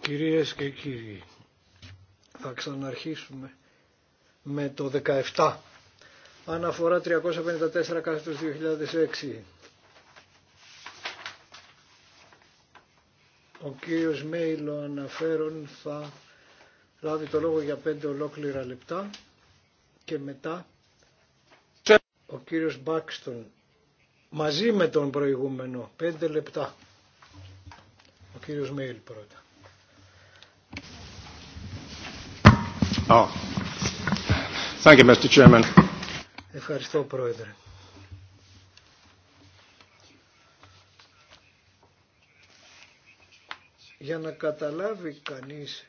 Κυρίες και κύριοι, θα ξαναρχίσουμε με το 17. Αναφορά 354 κάθετος 2006. Ο κύριος Μέιλο αναφέρον θα λάβει το λόγο για 5 ολόκληρα λεπτά και μετά ο κύριος Μπάκστον μαζί με τον προηγούμενο 5 λεπτά. Ο κύριος Μέιλ πρώτα. Oh. Ευχαριστώ, Πρόεδρε. Για να καταλάβει κανείς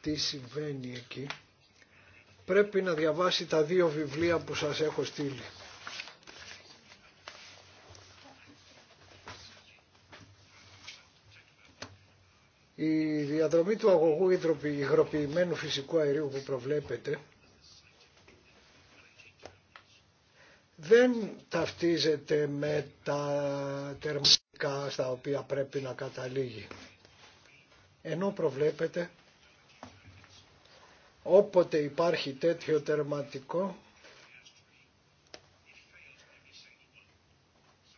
τι συμβαίνει εκεί, πρέπει να διαβάσει τα δύο βιβλία που σας έχω στείλει διαδρομή του αγωγού υγροποιημένου φυσικού αερίου που προβλέπετε δεν ταυτίζεται με τα τερματικά στα οποία πρέπει να καταλήγει. Ενώ προβλέπετε όποτε υπάρχει τέτοιο τερματικό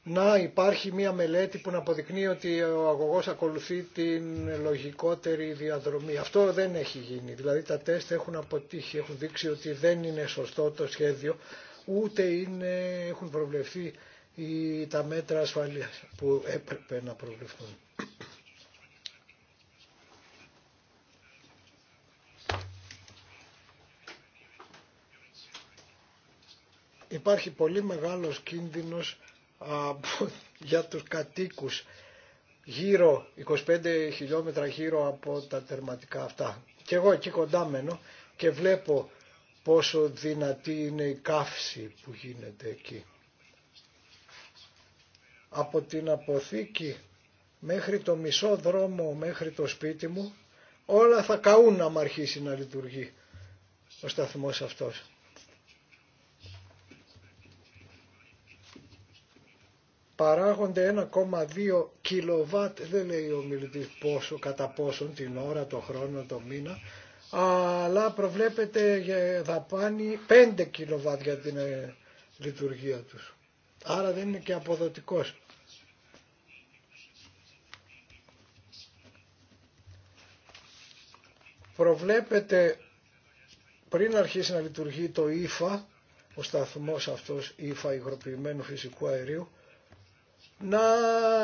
να υπάρχει μια μελέτη που να αποδεικνύει ότι ο αγωγός ακολουθεί την λογικότερη διαδρομή. Αυτό δεν έχει γίνει. Δηλαδή τα τεστ έχουν αποτύχει, έχουν δείξει ότι δεν είναι σωστό το σχέδιο, ούτε είναι, έχουν προβλεφθεί οι, τα μέτρα ασφαλείας που έπρεπε να προβλεφθούν. Υπάρχει πολύ μεγάλος κίνδυνος για τους κατοίκους γύρω 25 χιλιόμετρα γύρω από τα τερματικά αυτά. Και εγώ εκεί κοντά μένω και βλέπω πόσο δυνατή είναι η καύση που γίνεται εκεί. Από την αποθήκη μέχρι το μισό δρόμο, μέχρι το σπίτι μου, όλα θα καούν άμα αρχίσει να λειτουργεί ο σταθμός αυτός. παράγονται 1,2 κιλοβάτ, δεν λέει ο μιλητής πόσο, κατά πόσον, την ώρα, το χρόνο, το μήνα, αλλά προβλέπεται για δαπάνη 5 κιλοβάτ για την ε, λειτουργία τους. Άρα δεν είναι και αποδοτικός. Προβλέπεται πριν αρχίσει να λειτουργεί το ΙΦΑ, ο σταθμός αυτός ΙΦΑ υγροποιημένου φυσικού αερίου, να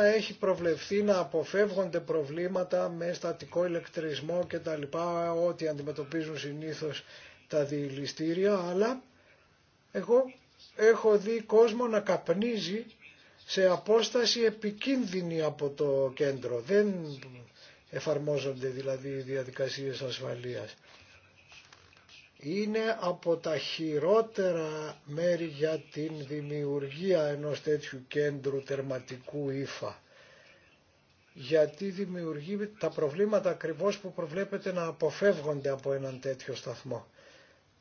έχει προβλεφθεί να αποφεύγονται προβλήματα με στατικό ηλεκτρισμό και τα λοιπά, ό,τι αντιμετωπίζουν συνήθως τα διηληστήρια, αλλά εγώ έχω δει κόσμο να καπνίζει σε απόσταση επικίνδυνη από το κέντρο. Δεν εφαρμόζονται δηλαδή οι διαδικασίες ασφαλείας είναι από τα χειρότερα μέρη για την δημιουργία ενός τέτοιου κέντρου τερματικού ύφα γιατί δημιουργεί τα προβλήματα ακριβώς που προβλέπεται να αποφεύγονται από έναν τέτοιο σταθμό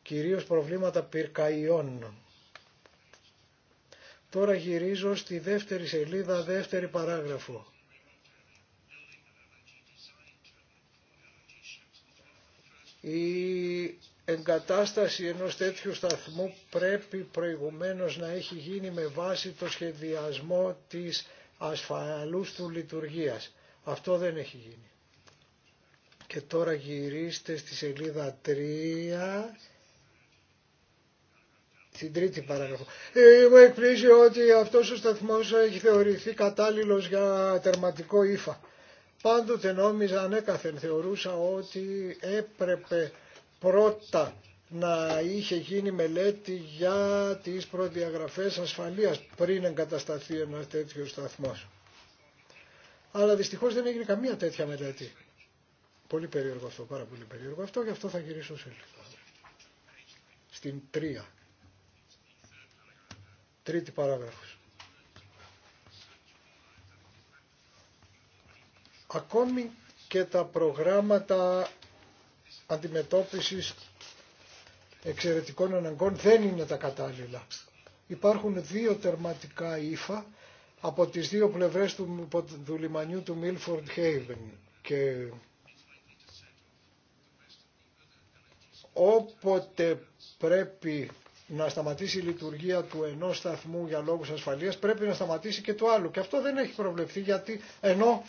κυρίως προβλήματα πυρκαϊών. Τώρα γυρίζω στη δεύτερη σελίδα, δεύτερη παράγραφο. Η εγκατάσταση ενός τέτοιου σταθμού πρέπει προηγουμένως να έχει γίνει με βάση το σχεδιασμό της ασφαλούς του λειτουργίας. Αυτό δεν έχει γίνει. Και τώρα γυρίστε στη σελίδα 3, στην τρίτη παράγραφο. Είμαι εκπλήσει ότι αυτός ο σταθμός έχει θεωρηθεί κατάλληλος για τερματικό ύφα. Πάντοτε νόμιζα ανέκαθεν θεωρούσα ότι έπρεπε πρώτα να είχε γίνει μελέτη για τις προδιαγραφές ασφαλείας πριν εγκατασταθεί ένα τέτοιο σταθμός. Αλλά δυστυχώς δεν έγινε καμία τέτοια μελέτη. Πολύ περίεργο αυτό, πάρα πολύ περίεργο αυτό, γι' αυτό θα γυρίσω σε λίγο. Στην τρία. Τρίτη παράγραφος. Ακόμη και τα προγράμματα αντιμετώπισης εξαιρετικών αναγκών δεν είναι τα κατάλληλα. Υπάρχουν δύο τερματικά ύφα από τις δύο πλευρές του, του λιμανιού του Milford Haven και όποτε πρέπει να σταματήσει η λειτουργία του ενός σταθμού για λόγους ασφαλείας πρέπει να σταματήσει και του άλλου. Και αυτό δεν έχει προβλεφθεί γιατί ενώ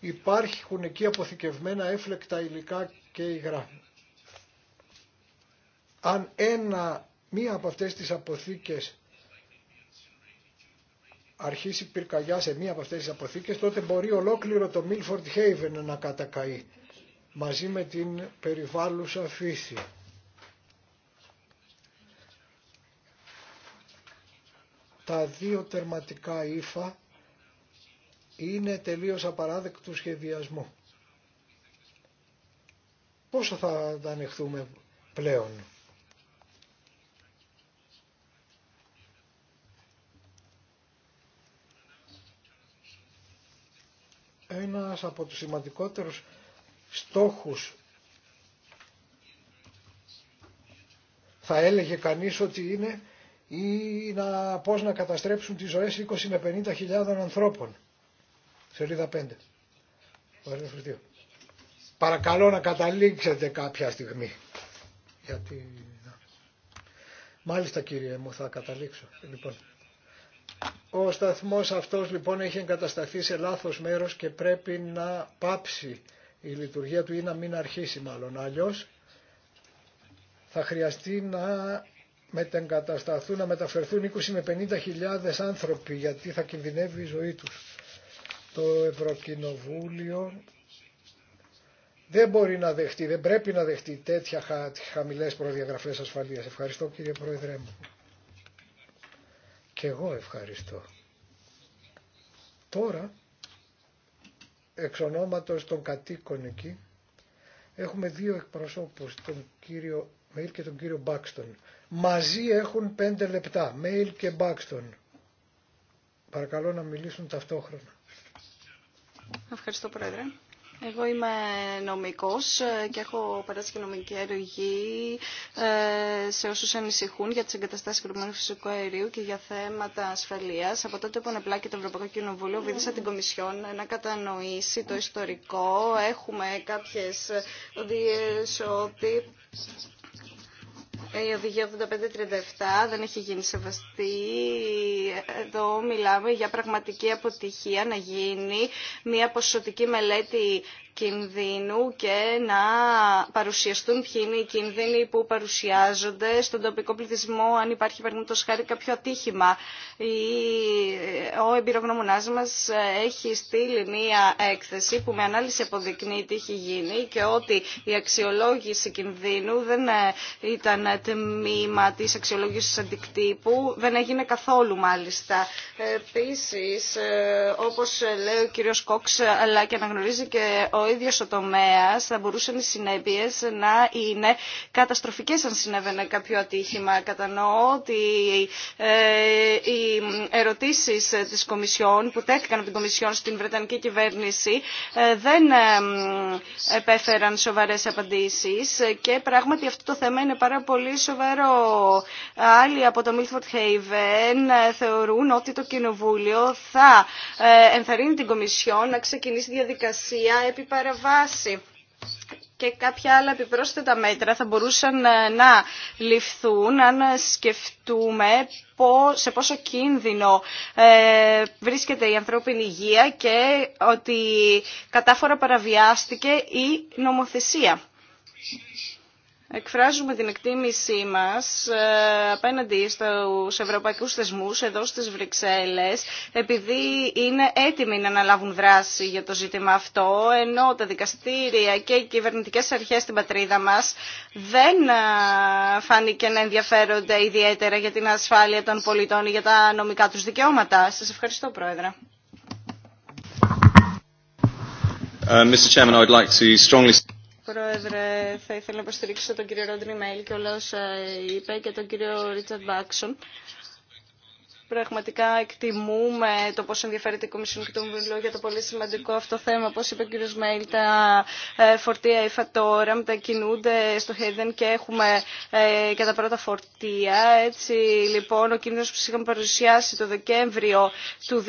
Υπάρχουν εκεί αποθηκευμένα έφλεκτα υλικά και υγρά. Αν ένα, μία από αυτές τις αποθήκες αρχίσει πυρκαγιά σε μία από αυτές τις αποθήκες, τότε μπορεί ολόκληρο το Milford Haven να κατακαεί μαζί με την περιβάλλουσα φύση. Τα δύο τερματικά ύφα είναι τελείως απαράδεκτου σχεδιασμού. Πόσο θα τα πλέον. Ένας από τους σημαντικότερους στόχους θα έλεγε κανείς ότι είναι ή να, πώς να καταστρέψουν τις ζωές 20 με 50 χιλιάδων ανθρώπων. Σελίδα 5. Παρακαλώ να καταλήξετε κάποια στιγμή. Γιατί... Μάλιστα κύριε μου θα καταλήξω. Λοιπόν. Ο σταθμός αυτός λοιπόν έχει εγκατασταθεί σε λάθος μέρος και πρέπει να πάψει η λειτουργία του ή να μην αρχίσει μάλλον. Αλλιώς θα χρειαστεί να μετεγκατασταθούν, να μεταφερθούν 20 με 50 άνθρωποι γιατί θα κινδυνεύει η ζωή τους το Ευρωκοινοβούλιο δεν μπορεί να δεχτεί, δεν πρέπει να δεχτεί τέτοια χαμηλές προδιαγραφές ασφαλείας. Ευχαριστώ κύριε Πρόεδρε μου. Και εγώ ευχαριστώ. Τώρα, εξ ονόματος των κατοίκων εκεί, έχουμε δύο εκπροσώπους, τον κύριο Μέιλ και τον κύριο Μπάξτον. Μαζί έχουν πέντε λεπτά, Μέιλ και Μπάξτον. Παρακαλώ να μιλήσουν ταυτόχρονα. Ευχαριστώ, Πρόεδρε. Εγώ είμαι νομικός ε, και έχω περάσει και νομική αρρωγή ε, σε όσους ανησυχούν για τις εγκαταστάσεις κρυμμένου φυσικού αερίου και για θέματα ασφαλείας. Από τότε που και το Ευρωπαϊκό Κοινοβούλιο, βήθησα την Κομισιόν να κατανοήσει το ιστορικό. Έχουμε κάποιες οδηγίες ότι ε, η οδηγία 8537 δεν έχει γίνει σεβαστή. Εδώ μιλάμε για πραγματική αποτυχία να γίνει μια ποσοτική μελέτη κινδύνου και να παρουσιαστούν ποιοι είναι οι κίνδυνοι που παρουσιάζονται στον τοπικό πληθυσμό αν υπάρχει το χάρη κάποιο ατύχημα. Ο εμπειρογνώμονά μα έχει στείλει μία έκθεση που με ανάλυση αποδεικνύει τι έχει γίνει και ότι η αξιολόγηση κινδύνου δεν ε, ήταν τμήμα τη αξιολόγησης αντικτύπου, δεν έγινε καθόλου μάλιστα. Επίσης, ε, όπως ε, λέει ο κύριος Κόξ, αλλά και αναγνωρίζει και ο ίδιος ο τομέα θα μπορούσαν οι συνέπειες να είναι καταστροφικές αν συνέβαινε κάποιο ατύχημα. Κατανοώ ότι ε, οι ερωτήσεις της Κομισιόν που τέθηκαν από την Κομισιόν στην Βρετανική κυβέρνηση ε, δεν ε, επέφεραν σοβαρέ απαντήσεις και πράγματι αυτό το θέμα είναι πάρα πολύ σοβαρό. Άλλοι από το Milford Haven θεωρούν ότι το Κοινοβούλιο θα ενθαρρύνει την Κομισιόν να ξεκινήσει διαδικασία επί παραβάσει και κάποια άλλα επιπρόσθετα μέτρα θα μπορούσαν ε, να ληφθούν αν σκεφτούμε σε πόσο κίνδυνο ε, βρίσκεται η ανθρώπινη υγεία και ότι κατάφορα παραβιάστηκε η νομοθεσία. Εκφράζουμε την εκτίμησή μας ε, απέναντι στους ευρωπαϊκούς θεσμούς εδώ στις Βρυξέλλες επειδή είναι έτοιμοι να αναλάβουν δράση για το ζήτημα αυτό ενώ τα δικαστήρια και οι κυβερνητικές αρχές στην πατρίδα μας δεν ε, φάνηκε να ενδιαφέρονται ιδιαίτερα για την ασφάλεια των πολιτών ή για τα νομικά τους δικαιώματα. Σας ευχαριστώ Πρόεδρε. Uh, Πρόεδρε, θα ήθελα να υποστηρίξω τον κύριο Ρόντρι Μέιλ και όλα όσα είπε και τον κύριο Ρίτσαρντ Μπάξον. Πραγματικά εκτιμούμε το πόσο ενδιαφέρεται η Κομισιόν και το Μιλό για το πολύ σημαντικό αυτό θέμα. όπω είπε ο κ. Μέιλ, τα ε, φορτία ΕΦΑ τώρα μετακινούνται στο Χέιντεν και έχουμε ε, και τα πρώτα φορτία. Έτσι, λοιπόν, ο κίνδυνο που είχαμε παρουσιάσει το Δεκέμβριο του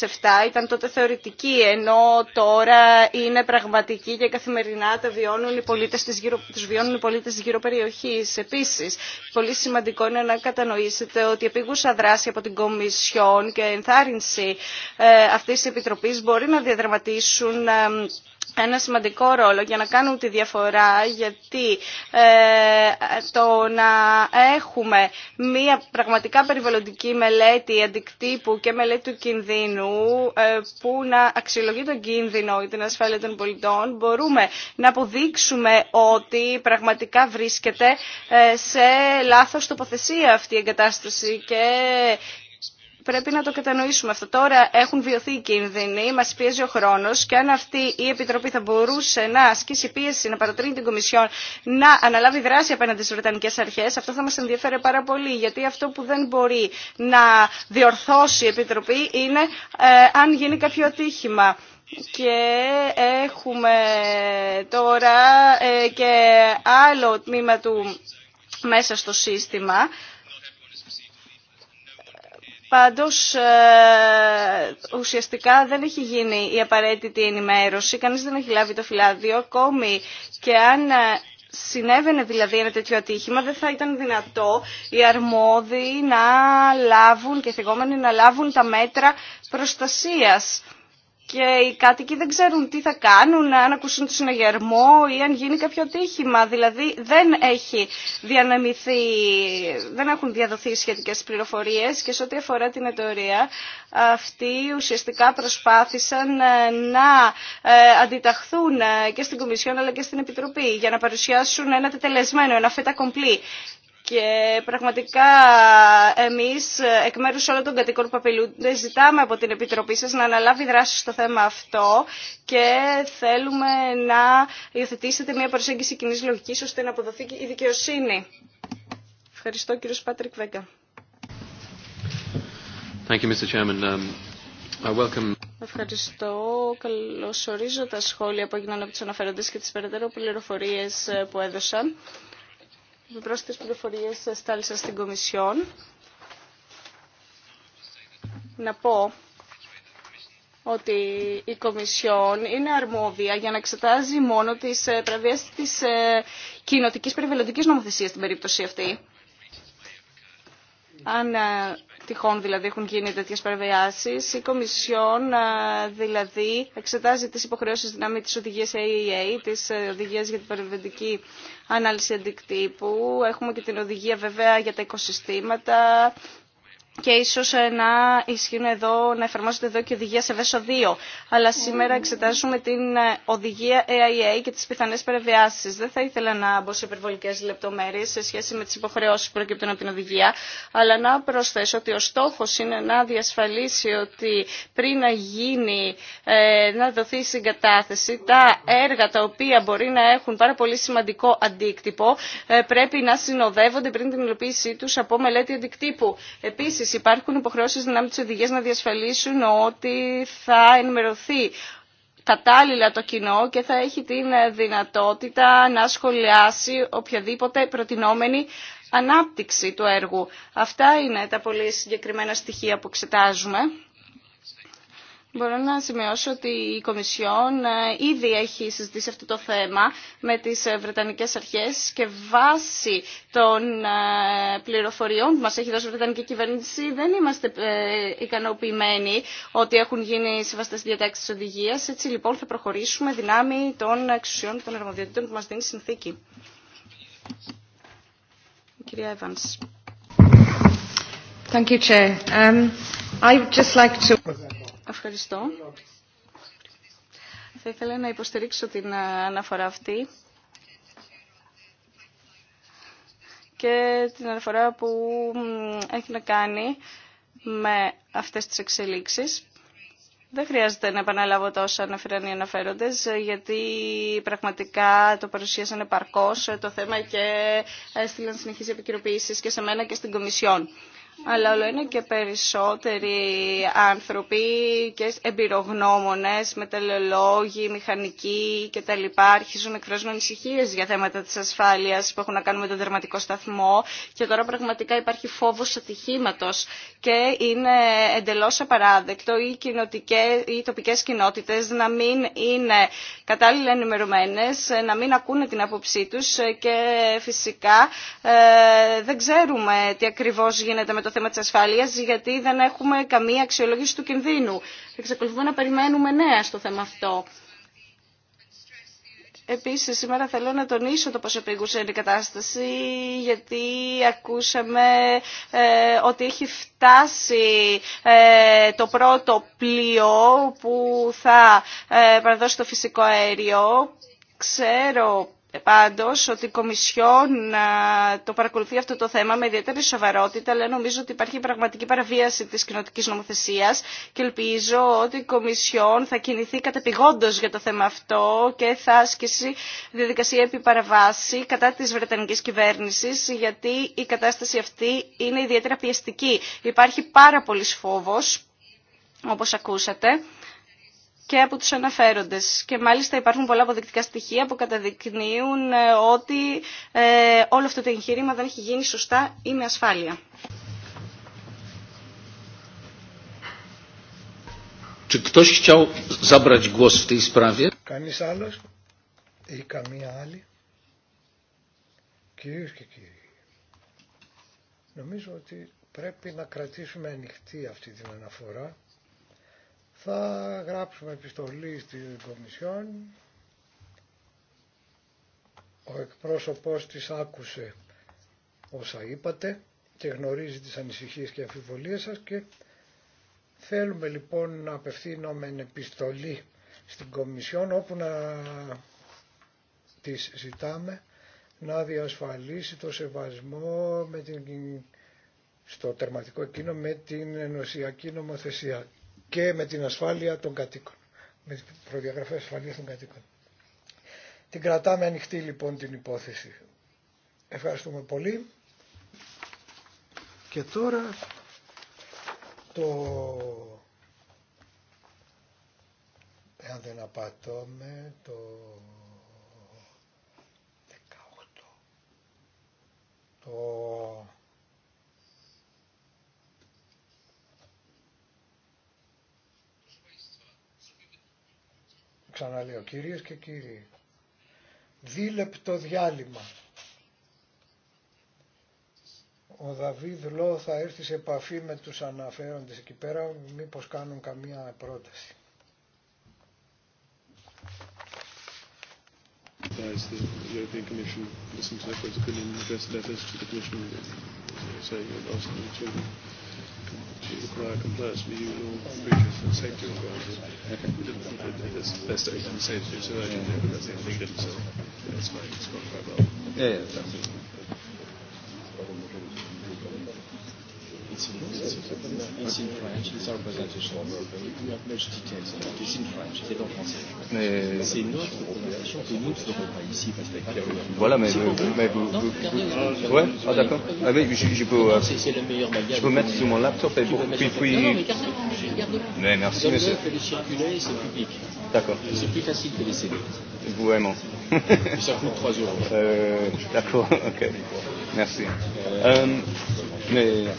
2007 ήταν τότε θεωρητική, ενώ τώρα είναι πραγματική και καθημερινά τα βιώνουν οι πολίτε της γύρω, γύρω περιοχής. Επίσης, πολύ σημαντικό είναι να κατανοήσετε ότι επίγουσα δράση από την Κομισιόν και ενθάρρυνση ε, αυτής της Επιτροπής μπορεί να διαδραματίσουν ε, ένα σημαντικό ρόλο για να κάνουν τη διαφορά γιατί ε, το να έχουμε μία πραγματικά περιβαλλοντική μελέτη αντικτύπου και μελέτη του κινδύνου ε, που να αξιολογεί τον κίνδυνο ή την ασφάλεια των πολιτών μπορούμε να αποδείξουμε ότι πραγματικά βρίσκεται ε, σε λάθος τοποθεσία αυτή η εγκατάσταση και Πρέπει να το κατανοήσουμε αυτό. Τώρα έχουν βιωθεί οι κίνδυνοι, μα πιέζει ο χρόνο και αν αυτή η Επιτροπή θα μπορούσε να ασκήσει πίεση, να παρατρύνει την Κομισιόν να αναλάβει δράση απέναντι στι Βρετανικέ Αρχέ, αυτό θα μα ενδιαφέρει πάρα πολύ. Γιατί αυτό που δεν μπορεί να διορθώσει η Επιτροπή είναι ε, αν γίνει κάποιο ατύχημα. Και έχουμε τώρα ε, και άλλο τμήμα του μέσα στο σύστημα Πάντως, ε, ουσιαστικά δεν έχει γίνει η απαραίτητη ενημέρωση, κανείς δεν έχει λάβει το φυλάδιο ακόμη και αν ε, συνέβαινε δηλαδή ένα τέτοιο ατύχημα, δεν θα ήταν δυνατό οι αρμόδιοι να λάβουν και οι θυγόμενοι να λάβουν τα μέτρα προστασίας και οι κάτοικοι δεν ξέρουν τι θα κάνουν, αν ακούσουν το συναγερμό ή αν γίνει κάποιο τύχημα. Δηλαδή δεν, έχει διανεμηθεί, δεν έχουν διαδοθεί σχετικές πληροφορίες και σε ό,τι αφορά την εταιρεία αυτοί ουσιαστικά προσπάθησαν ε, να ε, αντιταχθούν ε, και στην Κομισιόν αλλά και στην Επιτροπή για να παρουσιάσουν ένα τετελεσμένο, ένα φέτα κομπλή. Και πραγματικά εμείς εκ μέρους όλων των κατοικών που απειλούνται ζητάμε από την Επιτροπή σας να αναλάβει δράση στο θέμα αυτό και θέλουμε να υιοθετήσετε μια προσέγγιση κοινή λογικής ώστε να αποδοθεί η δικαιοσύνη. Ευχαριστώ κύριο Πάτρικ Βέγκα. Um, Ευχαριστώ. Καλωσορίζω τα σχόλια που έγιναν από του αναφέροντε και τι περαιτέρω πληροφορίε ε, που έδωσαν με πρόσθετες πληροφορίες στάλησα στην Κομισιόν. Να πω ότι η Κομισιόν είναι αρμόδια για να εξετάζει μόνο τις ε, πραβίες της ε, κοινοτικής περιβαλλοντικής νομοθεσίας στην περίπτωση αυτή. Αν ε, τυχόν δηλαδή έχουν γίνει τέτοιε παρεμβάσει. Η Κομισιόν ε, δηλαδή εξετάζει τι υποχρεώσει δυνάμει τη οδηγία AEA, τη ε, οδηγία για την περιβαλλοντική ανάλυση αντικτύπου. Έχουμε και την οδηγία βέβαια για τα οικοσυστήματα, και ίσω ε, να ισχύουν εδώ, να εφαρμόζεται εδώ και οδηγία σε βέσο 2. Αλλά σήμερα εξετάζουμε την ε, οδηγία AIA και τι πιθανέ περιβιάσει. Δεν θα ήθελα να μπω σε υπερβολικέ λεπτομέρειε σε σχέση με τι υποχρεώσει που προκύπτουν από την οδηγία, αλλά να προσθέσω ότι ο στόχο είναι να διασφαλίσει ότι πριν να γίνει, ε, να δοθεί συγκατάθεση, τα έργα τα οποία μπορεί να έχουν πάρα πολύ σημαντικό αντίκτυπο πρέπει να συνοδεύονται πριν την υλοποίησή του από μελέτη αντικτύπου. Επίση υπάρχουν υποχρεώσεις δυνάμει της οδηγίας να διασφαλίσουν ότι θα ενημερωθεί κατάλληλα το κοινό και θα έχει την δυνατότητα να σχολιάσει οποιαδήποτε προτινόμενη ανάπτυξη του έργου. Αυτά είναι τα πολύ συγκεκριμένα στοιχεία που εξετάζουμε. Μπορώ να σημειώσω ότι η Κομισιόν ε, ήδη έχει συζητήσει αυτό το θέμα με τις ε, Βρετανικές Αρχές και βάσει των ε, πληροφοριών που μας έχει δώσει η Βρετανική Κυβέρνηση δεν είμαστε ικανοποιημένοι ότι έχουν γίνει σεβαστές διατάξεις της οδηγίας. Έτσι λοιπόν θα προχωρήσουμε δυνάμει των εξουσιών των αρμοδιοτήτων που μας δίνει η συνθήκη. κυρία Thank you, um, I just like to... Ευχαριστώ. Θα ήθελα να υποστηρίξω την ε, αναφορά αυτή και την αναφορά που έχει να κάνει με αυτές τις εξελίξεις. Δεν χρειάζεται να επαναλάβω τόσα αναφέραν οι αναφέροντες, γιατί πραγματικά το παρουσίασαν επαρκώς το θέμα και ε, έστειλαν συνεχείς επικαιροποιήσεις και σε μένα και στην Κομισιόν αλλά όλο είναι και περισσότεροι άνθρωποι και εμπειρογνώμονες, μεταλλολόγοι, μηχανικοί κτλ. αρχίζουν να εκφράζουν ανησυχίε για θέματα της ασφάλειας που έχουν να κάνουν με τον δερματικό σταθμό και τώρα πραγματικά υπάρχει φόβος ατυχήματο και είναι εντελώς απαράδεκτο οι, οι τοπικές κοινότητες να μην είναι κατάλληλα ενημερωμένε, να μην ακούνε την άποψή τους και φυσικά ε, δεν ξέρουμε τι ακριβώς γίνεται με το το θέμα τη ασφάλεια, γιατί δεν έχουμε καμία αξιολόγηση του κινδύνου. Εξακολουθούμε να περιμένουμε νέα στο θέμα αυτό. Επίσης, σήμερα θέλω να τονίσω το πόσο επίγουσα είναι η κατάσταση, γιατί ακούσαμε ε, ότι έχει φτάσει ε, το πρώτο πλοίο που θα ε, παραδώσει το φυσικό αέριο. Ξέρω πάντως ότι η Κομισιόν το παρακολουθεί αυτό το θέμα με ιδιαίτερη σοβαρότητα, αλλά νομίζω ότι υπάρχει πραγματική παραβίαση της κοινοτικής νομοθεσίας και ελπίζω ότι η Κομισιόν θα κινηθεί κατεπηγόντως για το θέμα αυτό και θα ασκήσει διαδικασία επί κατά της Βρετανικής κυβέρνησης, γιατί η κατάσταση αυτή είναι ιδιαίτερα πιεστική. Υπάρχει πάρα πολύ φόβος, όπως ακούσατε και από τους αναφέροντες. Και μάλιστα υπάρχουν πολλά αποδεικτικά στοιχεία που καταδεικνύουν ε, ότι ε, όλο αυτό το εγχείρημα δεν έχει γίνει σωστά ή με ασφάλεια. Κανείς άλλος ή καμία άλλη. Κυρίες και κύριοι, νομίζω ότι πρέπει να κρατήσουμε ανοιχτή αυτή την αναφορά θα γράψουμε επιστολή στην Κομισιόν. Ο εκπρόσωπός της άκουσε όσα είπατε και γνωρίζει τις ανησυχίες και αμφιβολίες σας και θέλουμε λοιπόν να απευθύνουμε επιστολή στην Κομισιόν όπου να της ζητάμε να διασφαλίσει το σεβασμό με την, στο τερματικό εκείνο με την ενωσιακή νομοθεσία και με την ασφάλεια των κατοίκων, με την προδιαγραφές ασφαλείας των κατοίκων. Την κρατάμε ανοιχτή λοιπόν την υπόθεση. Ευχαριστούμε πολύ. Και τώρα το... Εάν δεν απατώμε το... 18. Το Ξαναλέω, κυρίες και κύριοι, δίλεπτο διάλειμμα. Ο Δαβίδ Λό θα έρθει σε επαφή με τους αναφέροντες εκεί πέρα, μήπως κάνουν καμία πρόταση. guys, the European Commission listened to their political and addressed letters to the Commission so you asking them to require compliance with EU law breaches and safety requirements. It's best to open safety so urgently, but that's the thing, so that's fine, it's quite well. Yeah, yeah, that's Voilà, mais, it's in French, vous, vous, presentation vous... vous, ouais, ah d'accord. Ah mais je, je peux... Euh, C'est le meilleur moyen. Je peux mettre sous mon laptop et pour... Puis, puis... Non, non, mais garde-le, garde-le. Mais merci, Donc, monsieur. Garde-le, fais-le circuler, c'est public. D'accord. C'est plus facile que les CD. Vraiment. Ça coûte 3 euros. Euh, d'accord, ok. Merci. Euh, Euh, Yeah, yeah,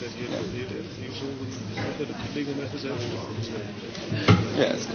Yeah, it's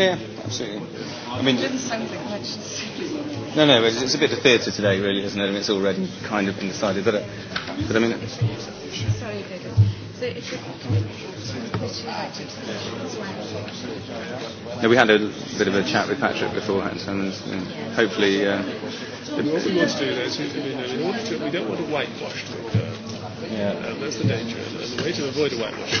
Yeah, absolutely. I mean, no, no, it's, it's a bit of theatre today, really, isn't it? I mean, it's already kind of been decided, but, uh, but I mean. Sorry, No, we had a bit of a chat with Patrick beforehand, and, hopefully. Uh, what we want to do though is, in order to, we don't want a whitewash to occur. Yeah. that's the danger, and the way to avoid a whitewash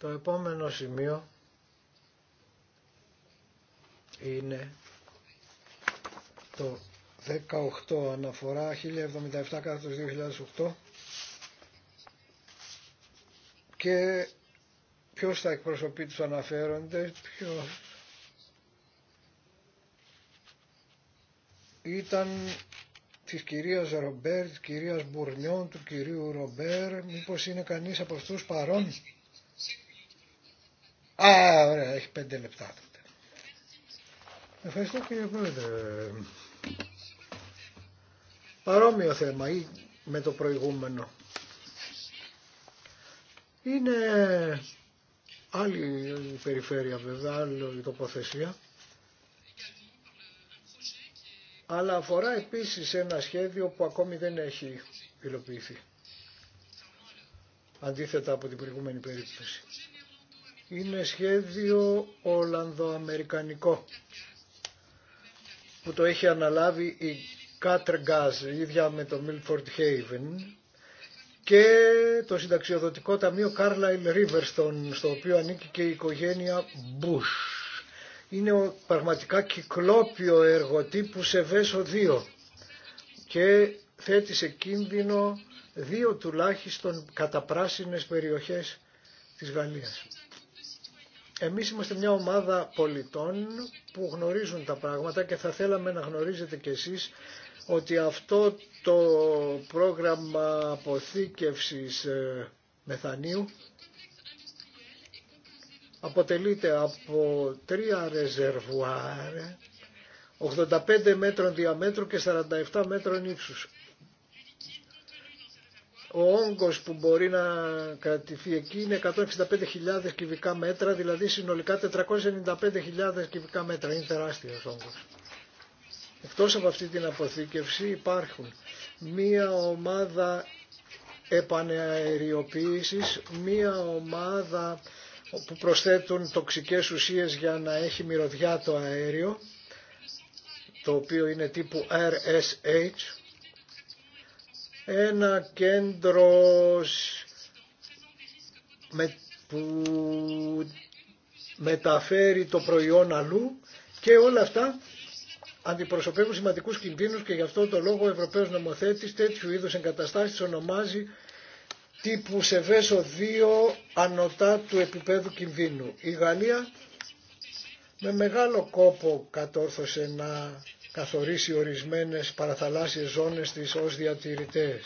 Το επόμενο σημείο είναι το 18 αναφορά 1077 2008 και ποιος θα εκπροσωπεί τους αναφέρονται, ποιος ήταν της κυρίας Ρομπέρ, της κυρίας Μπουρνιόν, του κυρίου Ρομπέρ, μήπως είναι κανείς από αυτούς παρόν. Α, ωραία, έχει πέντε λεπτά τότε. Ευχαριστώ κύριε Πρόεδρε. Παρόμοιο θέμα ή με το προηγούμενο. Είναι άλλη περιφέρεια βέβαια, άλλη τοποθεσία. Αλλά αφορά επίσης ένα σχέδιο που ακόμη δεν έχει υλοποιηθεί. Αντίθετα από την προηγούμενη περίπτωση είναι σχέδιο Ολλανδοαμερικανικό που το έχει αναλάβει η Κάτρ η ίδια με το Milford Haven και το συνταξιοδοτικό ταμείο Carlisle Riverstone στο οποίο ανήκει και η οικογένεια Bush. Είναι πραγματικά κυκλόπιο έργο τύπου σε Βέσο 2 και θέτει σε κίνδυνο δύο τουλάχιστον καταπράσινες περιοχές της Γαλλίας. Εμείς είμαστε μια ομάδα πολιτών που γνωρίζουν τα πράγματα και θα θέλαμε να γνωρίζετε κι εσείς ότι αυτό το πρόγραμμα αποθήκευσης ε, μεθανίου αποτελείται από τρία ρεζερβουάρ 85 μέτρων διαμέτρου και 47 μέτρων ύψους ο όγκος που μπορεί να κρατηθεί εκεί είναι 165.000 κυβικά μέτρα, δηλαδή συνολικά 495.000 κυβικά μέτρα. Είναι τεράστιος όγκος. Εκτός από αυτή την αποθήκευση υπάρχουν μία ομάδα επαναεριοποίησης, μία ομάδα που προσθέτουν τοξικές ουσίες για να έχει μυρωδιά το αέριο, το οποίο είναι τύπου RSH, ένα κέντρο που μεταφέρει το προϊόν αλλού και όλα αυτά αντιπροσωπεύουν σημαντικούς κινδύνους και γι' αυτό το λόγο ο Ευρωπαίος Νομοθέτης τέτοιου είδους εγκαταστάσεις ονομάζει τύπου σε βέσο 2 ανωτά του επίπεδου κινδύνου. Η Γαλλία με μεγάλο κόπο κατόρθωσε να καθορίσει ορισμένες παραθαλάσσιες ζώνες της ως διατηρητές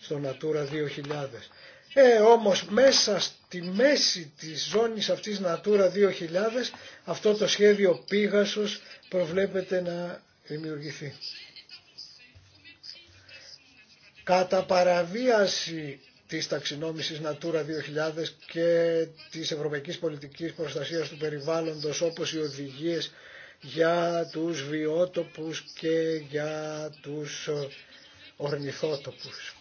στο Natura 2000. Ε, όμως μέσα στη μέση της ζώνης αυτής Natura 2000 αυτό το σχέδιο πήγασος προβλέπεται να δημιουργηθεί. Κατά παραβίαση της ταξινόμησης Natura 2000 και της Ευρωπαϊκής Πολιτικής Προστασίας του Περιβάλλοντος όπως οι οδηγίες για τους βιότοπους και για τους ε, ορνηθότοπους.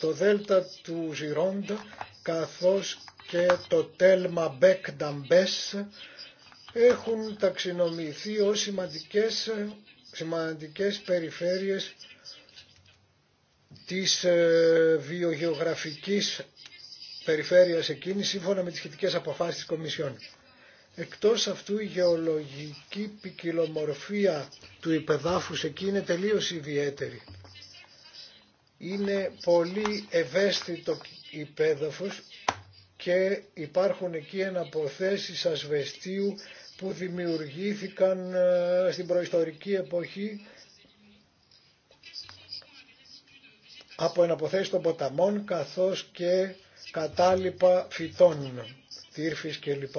Το δέλτα του Ζιρόντ καθώς και το τέλμα Μπέκ Νταμπές έχουν ταξινομηθεί ως σημαντικές, σημαντικές περιφέρειες της ε, βιογεωγραφικής περιφέρειας εκείνη σύμφωνα με τις σχετικές αποφάσεις της Κομισιόν. Εκτός αυτού η γεωλογική ποικιλομορφία του υπεδάφους εκεί είναι τελείως ιδιαίτερη. Είναι πολύ ευαίσθητο υπέδαφος και υπάρχουν εκεί εναποθέσεις ασβεστίου που δημιουργήθηκαν ε, στην προϊστορική εποχή από εναποθέσεις των ποταμών καθώς και κατάλοιπα φυτών, τύρφης κλπ.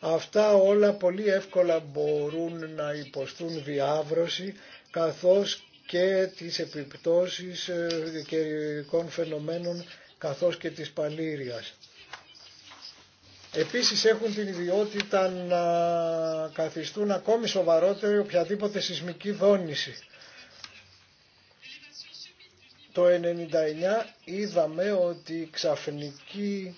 Αυτά όλα πολύ εύκολα μπορούν να υποστούν διάβρωση καθώς και τις επιπτώσεις ε, καιρικών φαινομένων καθώς και της παλήριας. Επίσης έχουν την ιδιότητα να καθιστούν ακόμη σοβαρότερη οποιαδήποτε σεισμική δόνηση το 1999 είδαμε ότι η ξαφνική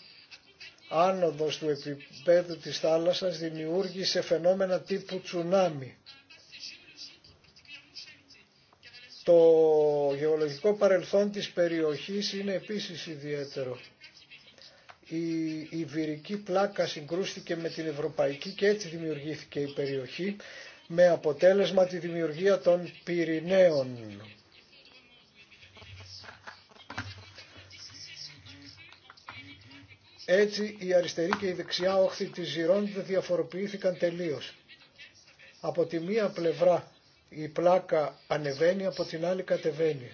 άνοδος του επίπεδου της θάλασσας δημιούργησε φαινόμενα τύπου τσουνάμι. Το γεωλογικό παρελθόν της περιοχής είναι επίσης ιδιαίτερο. Η Ιβυρική πλάκα συγκρούστηκε με την Ευρωπαϊκή και έτσι δημιουργήθηκε η περιοχή με αποτέλεσμα τη δημιουργία των Πυρηναίων. Έτσι η αριστερή και η δεξιά όχθη της Ζηρών διαφοροποιήθηκαν τελείως. Από τη μία πλευρά η πλάκα ανεβαίνει, από την άλλη κατεβαίνει.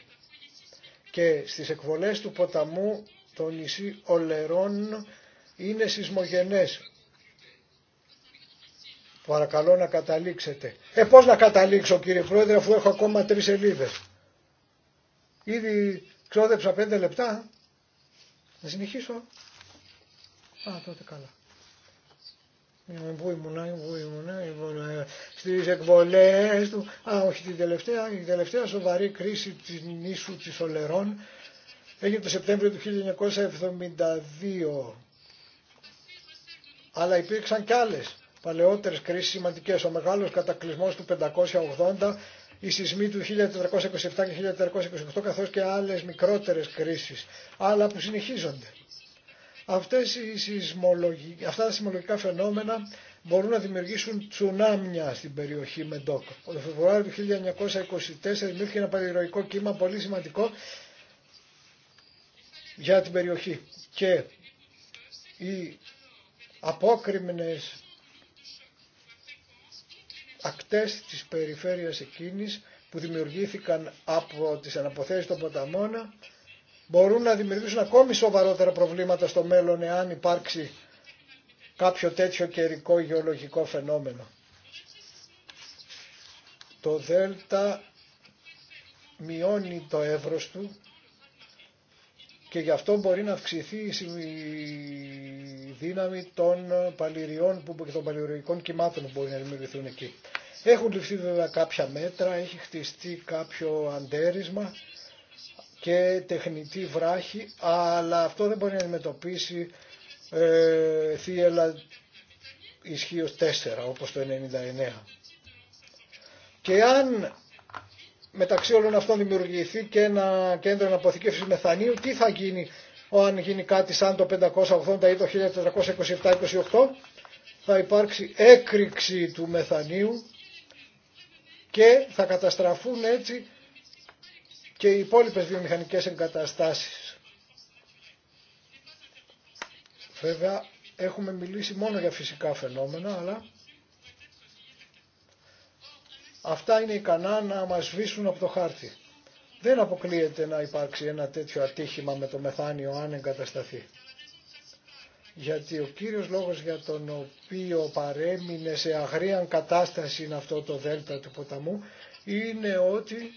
Και στις εκβολές του ποταμού το νησί Ολερών είναι σεισμογενές. Παρακαλώ να καταλήξετε. Ε, πώς να καταλήξω κύριε Πρόεδρε αφού έχω ακόμα τρεις σελίδες. Ήδη ξόδεψα πέντε λεπτά. Να συνεχίσω. Α, τότε καλά. Πού ε, ήμουνα, στις εκβολές του. Α, όχι, την τελευταία, η τελευταία σοβαρή κρίση της νήσου της Ολερών έγινε το Σεπτέμβριο του 1972. Αλλά υπήρξαν κι άλλες παλαιότερες κρίσεις σημαντικές. Ο μεγάλος κατακλυσμός του 580, οι σεισμοί του 1427 και 1428 καθώς και άλλες μικρότερες κρίσεις, άλλα που συνεχίζονται. Αυτές οι Αυτά τα σεισμολογικά φαινόμενα μπορούν να δημιουργήσουν τσουνάμια στην περιοχή Μεντόκ. Το Φεβρουάριο του 1924 δημιουργήθηκε ένα παλιροϊκό κύμα πολύ σημαντικό για την περιοχή και οι απόκριμνες ακτές της περιφέρειας εκείνης που δημιουργήθηκαν από τις αναποθέσεις των ποταμών μπορούν να δημιουργήσουν ακόμη σοβαρότερα προβλήματα στο μέλλον εάν υπάρξει κάποιο τέτοιο καιρικό γεωλογικό φαινόμενο. Το Δέλτα μειώνει το εύρος του και γι' αυτό μπορεί να αυξηθεί η δύναμη των παλιριών που, και των παλιριωικών κυμάτων που μπορεί να δημιουργηθούν εκεί. Έχουν ληφθεί βέβαια κάποια μέτρα, έχει χτιστεί κάποιο αντέρισμα και τεχνητή βράχη, αλλά αυτό δεν μπορεί να αντιμετωπίσει ε, θύελα ισχύω 4 όπως το 99. Και αν μεταξύ όλων αυτών δημιουργηθεί και ένα κέντρο αναποθηκεύσης μεθανίου, τι θα γίνει αν γίνει κάτι σαν το 580 ή το 1427-28, θα υπάρξει έκρηξη του μεθανίου και θα καταστραφούν έτσι και οι υπόλοιπε βιομηχανικές εγκαταστάσεις. Βέβαια έχουμε μιλήσει μόνο για φυσικά φαινόμενα, αλλά αυτά είναι ικανά να μας σβήσουν από το χάρτη. Δεν αποκλείεται να υπάρξει ένα τέτοιο ατύχημα με το μεθάνιο αν εγκατασταθεί. Γιατί ο κύριος λόγος για τον οποίο παρέμεινε σε αγρίαν κατάσταση αυτό το δέλτα του ποταμού είναι ότι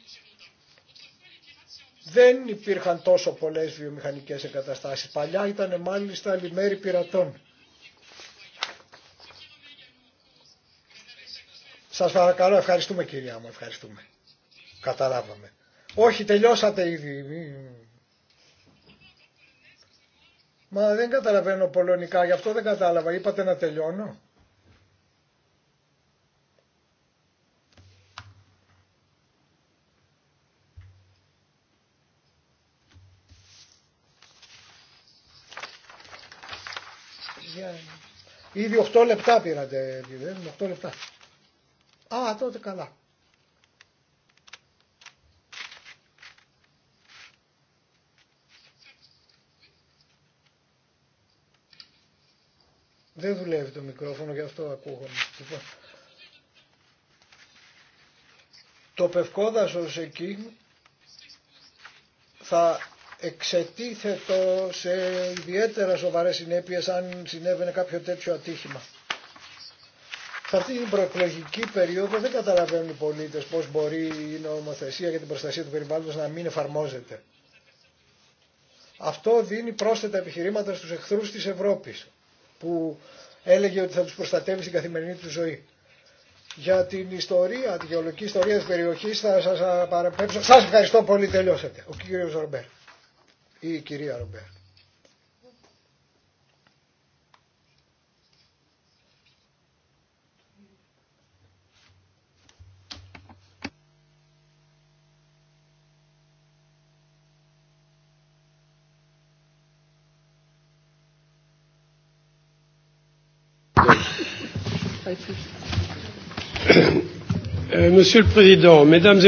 δεν υπήρχαν τόσο πολλές βιομηχανικές εγκαταστάσεις. Παλιά ήταν μάλιστα λιμέρι πειρατών. Σας παρακαλώ, ευχαριστούμε κυρία μου, ευχαριστούμε. Καταλάβαμε. Όχι, τελειώσατε ήδη. Μα δεν καταλαβαίνω πολωνικά, γι' αυτό δεν κατάλαβα. Είπατε να τελειώνω. Ήδη 8 λεπτά πήρατε, κύριε, 8 λεπτά. Α, τότε καλά. Δεν δουλεύει το μικρόφωνο, γι' αυτό ακούγομαι. Λοιπόν. το πευκόδασος εκεί θα εξετίθετο σε ιδιαίτερα σοβαρές συνέπειες αν συνέβαινε κάποιο τέτοιο ατύχημα. Σε αυτή την προεκλογική περίοδο δεν καταλαβαίνουν οι πολίτες πώς μπορεί η νομοθεσία για την προστασία του περιβάλλοντος να μην εφαρμόζεται. Αυτό δίνει πρόσθετα επιχειρήματα στους εχθρούς της Ευρώπης που έλεγε ότι θα τους προστατεύει στην καθημερινή του ζωή. Για την ιστορία, τη γεωλογική ιστορία της περιοχής θα σας παραπέμψω. Σας ευχαριστώ πολύ, τελειώσατε. Ο κύριος Ρομπέρ ή η κυρία Ρομπέρ.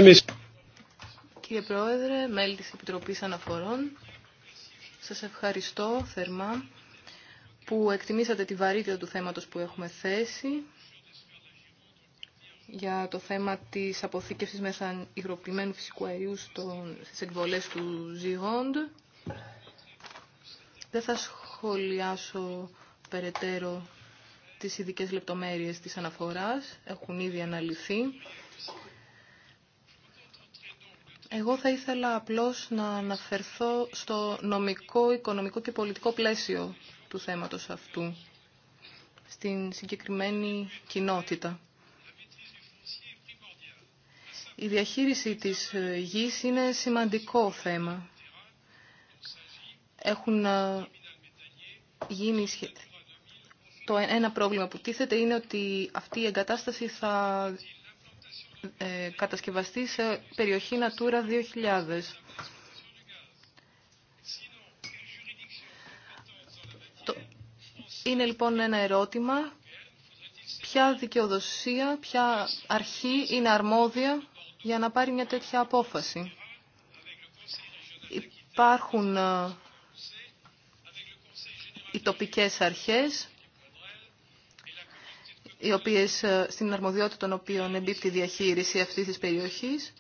Ε, Κύριε Πρόεδρε, μέλη της Επιτροπής Αναφορών, σας ευχαριστώ θερμά που εκτιμήσατε τη βαρύτητα του θέματος που έχουμε θέσει για το θέμα της αποθήκευσης μέσα υγροποιημένου φυσικού αερίου στον, στις του Ζιγόντ. Δεν θα σχολιάσω περαιτέρω τις ειδικές λεπτομέρειες της αναφοράς, έχουν ήδη αναλυθεί. Εγώ θα ήθελα απλώς να αναφερθώ στο νομικό, οικονομικό και πολιτικό πλαίσιο του θέματος αυτού, στην συγκεκριμένη κοινότητα. Η διαχείριση της γης είναι σημαντικό θέμα. Έχουν ε, γίνει το ένα πρόβλημα που τίθεται είναι ότι αυτή η εγκατάσταση θα ε, κατασκευαστεί σε περιοχή Natura 2000. Είναι λοιπόν ένα ερώτημα, ποια δικαιοδοσία, ποια αρχή είναι αρμόδια για να πάρει μια τέτοια απόφαση. Υπάρχουν ε, οι τοπικές αρχές οι οποίες, ε, στην αρμοδιότητα των οποίων εμπίπτει η διαχείριση αυτής της περιοχής.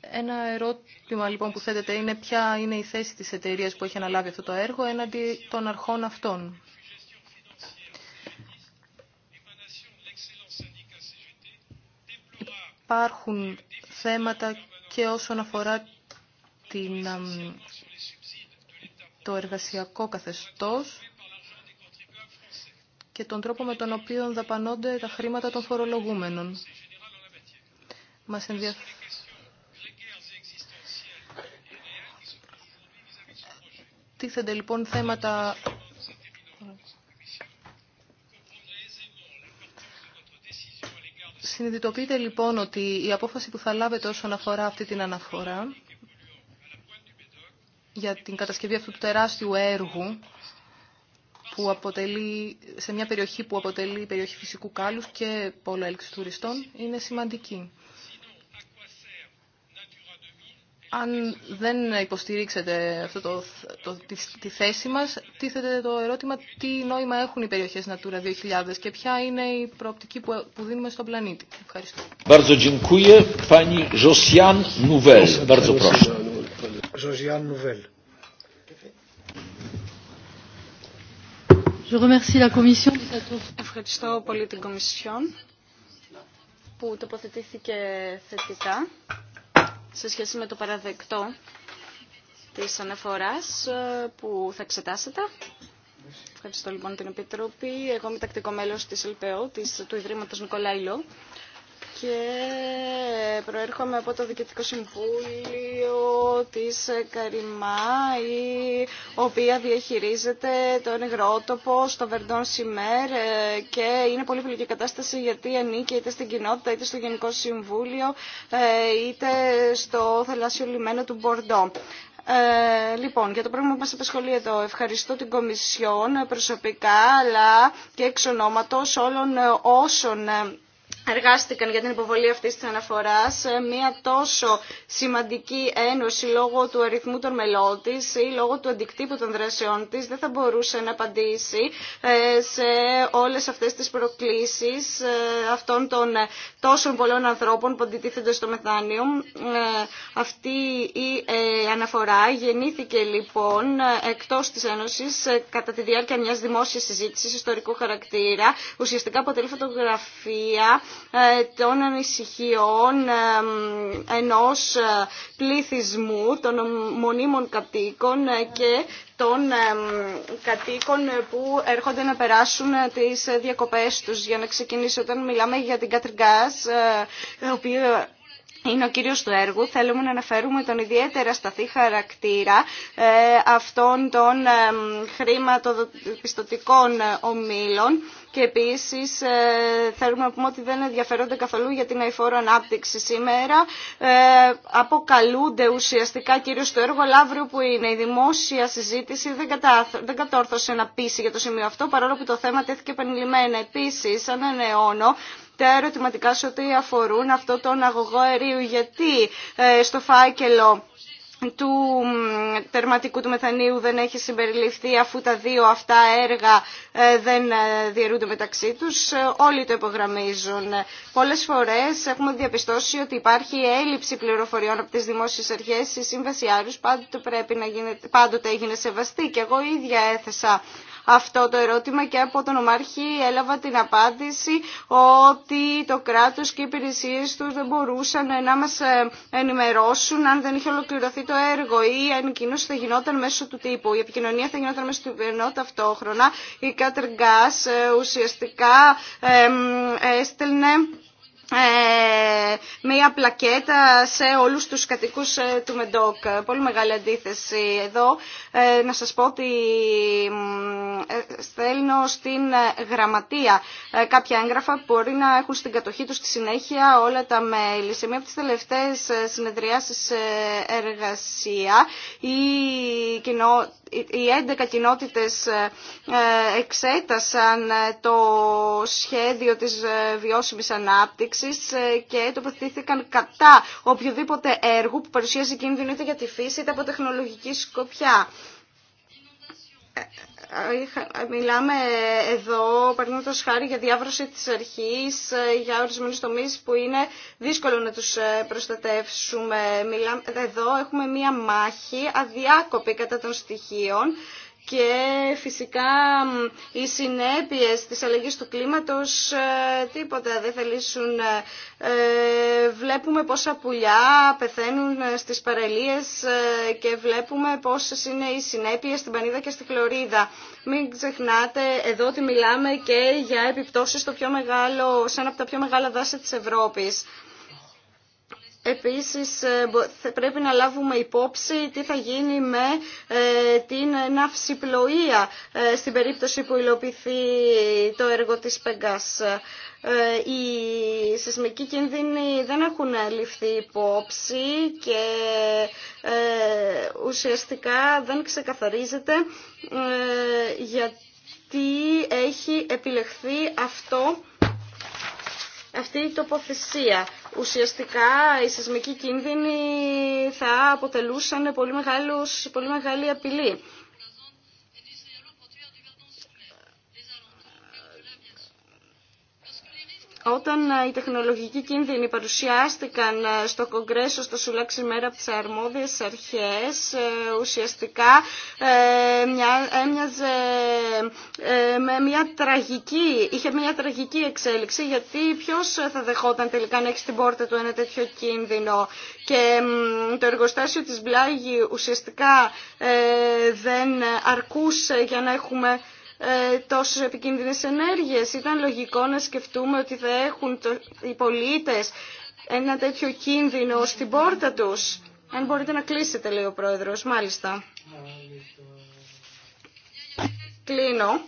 Ένα ερώτημα λοιπόν που θέτεται είναι ποια είναι η θέση της εταιρεία που έχει αναλάβει αυτό το έργο έναντι των αρχών αυτών. Υπάρχουν θέματα και όσον αφορά την, το εργασιακό καθεστώς και τον τρόπο με τον οποίο δαπανώνται τα χρήματα των φορολογούμενων. Μας ενδιαφέρει. Τίθενται λοιπόν θέματα Συνειδητοποιείτε λοιπόν ότι η απόφαση που θα λάβετε όσον αφορά αυτή την αναφορά για την κατασκευή αυτού του τεράστιου έργου που αποτελεί, σε μια περιοχή που αποτελεί περιοχή φυσικού κάλους και πόλο έλξη τουριστών είναι σημαντική. Αν δεν υποστηρίξετε αυτό το, τη, θέση μας, τίθεται το ερώτημα τι νόημα έχουν οι περιοχές Natura 2000 και ποια είναι η προοπτική που, δίνουμε στον πλανήτη. Ευχαριστώ. Bardzo dziękuję. Pani Josiane Bardzo proszę. Josiane Ευχαριστώ πολύ την Κομισιόν που τοποθετήθηκε θετικά σε σχέση με το παραδεκτό της αναφοράς ε, που θα εξετάσετε. Ευχαριστώ λοιπόν την Επιτροπή. Εγώ είμαι τακτικό μέλος της ΕΛΠΕΟ, του Ιδρύματος Νικολάηλο και προέρχομαι από το Διοικητικό Συμβούλιο της Καριμά, η οποία διαχειρίζεται τον υγρότοπο στο Βερντόν Σιμέρ ε, και είναι πολύ φιλική κατάσταση γιατί ανήκει είτε στην κοινότητα είτε στο Γενικό Συμβούλιο ε, είτε στο θαλάσσιο λιμένο του Μπορντό. Ε, λοιπόν, για το πρόβλημα που μας απασχολεί εδώ, ευχαριστώ την Κομισιόν προσωπικά αλλά και εξ ονόματος όλων όσων εργάστηκαν για την υποβολή αυτής της αναφοράς μια τόσο σημαντική ένωση λόγω του αριθμού των μελών τη ή λόγω του αντικτύπου των δράσεών τη δεν θα μπορούσε να απαντήσει ε, σε όλες αυτές τι προκλήσεις ε, αυτών των ε, τόσων πολλών ανθρώπων που αντιτίθενται στο μεθάνιο. Αυτή η αναφορά γεννήθηκε λοιπόν εκτός τη Ένωση, κατά τη διάρκεια μια δημόσια συζήτηση, ιστορικού χαρακτήρα. Ουσιαστικά αποτελεί φωτογραφία ε, των ανησυχιών ε, ενός ε, πληθυσμού των μονίμων κατοίκων και των κατοίκων που έρχονται να περάσουν τις διακοπές τους. Για να ξεκινήσω, όταν μιλάμε για την Κατριγκάς, είναι ο κύριος του έργου. Θέλουμε να αναφέρουμε τον ιδιαίτερα σταθή χαρακτήρα αυτών των χρηματοπιστωτικών ομίλων και επίσης ε, θέλουμε να πούμε ότι δεν ενδιαφερόνται καθόλου για την αηφόρο ανάπτυξη σήμερα. Ε, αποκαλούνται ουσιαστικά κυρίως το έργο, αλλά αύριο που είναι η δημόσια συζήτηση δεν, δεν κατόρθωσε να πείσει για το σημείο αυτό, παρόλο που το θέμα τέθηκε επανειλημμένα. Επίσης, ανανεώνω τα ερωτηματικά σε ό,τι αφορούν αυτό τον αγωγό αερίου, γιατί ε, στο φάκελο του τερματικού του μεθανίου δεν έχει συμπεριληφθεί αφού τα δύο αυτά έργα ε, δεν ε, διαιρούνται μεταξύ τους. Ε, όλοι το υπογραμμίζουν. Πολλές φορές έχουμε διαπιστώσει ότι υπάρχει έλλειψη πληροφοριών από τις δημόσιες αρχές. Η σύμβαση πάντοτε, πρέπει να γίνεται, πάντοτε έγινε σεβαστή και εγώ ίδια έθεσα αυτό το ερώτημα και από τον Ομάρχη έλαβα την απάντηση ότι το κράτος και οι υπηρεσίες τους δεν μπορούσαν να μας ε, ενημερώσουν αν δεν είχε ολοκληρωθεί το έργο ή αν η κοινώση θα γινόταν μέσω του τύπου. Η επικοινωνία θα γινόταν μέσω του τύπου ενώ ταυτόχρονα η Κάτερ ε, ουσιαστικά έστελνε ε, μία πλακέτα σε όλους τους κατοικούς ε, του Μεντόκ. Πολύ μεγάλη αντίθεση εδώ. Ε, να σας πω ότι στέλνω στην γραμματεία κάποια έγγραφα που μπορεί να έχουν στην κατοχή τους στη συνέχεια όλα τα μέλη. Σε μία από τις τελευταίες συνεδριάσεις εργασία η οι 11 κοινότητες εξέτασαν το σχέδιο της βιώσιμης ανάπτυξης εξή ε, και τοποθετήθηκαν κατά οποιοδήποτε έργο που παρουσίαζει κίνδυνο είτε για τη φύση είτε από τεχνολογική σκοπιά. Ε, ε, μιλάμε εδώ, παραδείγματο χάρη, για διάβρωση τη αρχή για ορισμένου τομεί, που είναι δύσκολο να του προστατεύσουμε. Μιλάμε, εδώ έχουμε μία μάχη αδιάκοπη κατά των στοιχείων και φυσικά οι συνέπειες της αλλαγής του κλίματος ε, τίποτα δεν θα λύσουν. Ε, ε, βλέπουμε πόσα πουλιά πεθαίνουν στις παραλίες και βλέπουμε πόσες είναι οι συνέπειες στην Πανίδα και στη Φλωρίδα. Μην ξεχνάτε εδώ ότι μιλάμε και για επιπτώσεις στο πιο μεγάλο, σε ένα από τα πιο μεγάλα δάση της Ευρώπης. Επίσης ε, πρέπει να λάβουμε υπόψη τι θα γίνει με ε, την ναυσιπλοεία ε, στην περίπτωση που υλοποιηθεί το έργο της Πεγκάς. Οι σεισμικοί κίνδυνοι δεν έχουν ληφθεί υπόψη και ουσιαστικά δεν ξεκαθαρίζεται γιατί έχει επιλεχθεί αυτό αυτή η τοποθεσία ουσιαστικά οι σεισμικοί κίνδυνοι θα αποτελούσαν πολύ, μεγάλους, πολύ μεγάλη απειλή. Όταν ε, οι τεχνολογικοί κίνδυνοι παρουσιάστηκαν ε, στο Κογκρέσο, στο Σουλάξ μέρα από τις αρμόδιες αρχές, ε, ουσιαστικά έμοιαζε με μια τραγική, είχε μια τραγική εξέλιξη, γιατί ποιος θα δεχόταν τελικά να έχει στην πόρτα του ένα τέτοιο κίνδυνο. Και το εργοστάσιο της Μπλάγη ουσιαστικά δεν αρκούσε για να έχουμε ε, τόσες επικίνδυνες ενέργειες. Ήταν λογικό να σκεφτούμε ότι θα έχουν οι πολίτες ένα τέτοιο κίνδυνο στην πόρτα τους. Αν μπορείτε να κλείσετε, λέει ο Πρόεδρος. Μάλιστα. Κλείνω.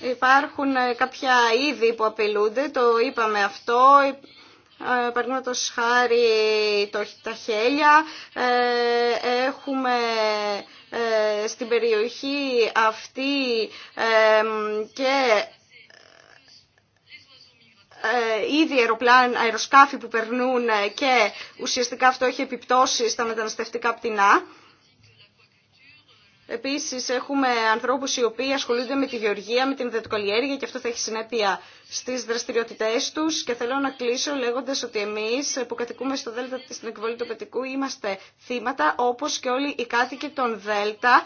Υπάρχουν ε, κάποια είδη που απειλούνται, το είπαμε αυτό, ε, παραδείγματο χάρη το, τα χέλια, ε, έχουμε ε, στην περιοχή αυτή ε, και ε, ήδη αεροπλάν, αεροσκάφη που περνούν και ουσιαστικά αυτό έχει επιπτώσει στα μεταναστευτικά πτηνά. Επίσης έχουμε ανθρώπους οι οποίοι ασχολούνται με τη γεωργία, με την δεδοκολιέργεια και αυτό θα έχει συνέπεια στις δραστηριότητές τους και θέλω να κλείσω λέγοντας ότι εμείς που κατοικούμε στο Δέλτα στην εκβολή του Πετικού είμαστε θύματα όπως και όλοι οι κάτοικοι των Δέλτα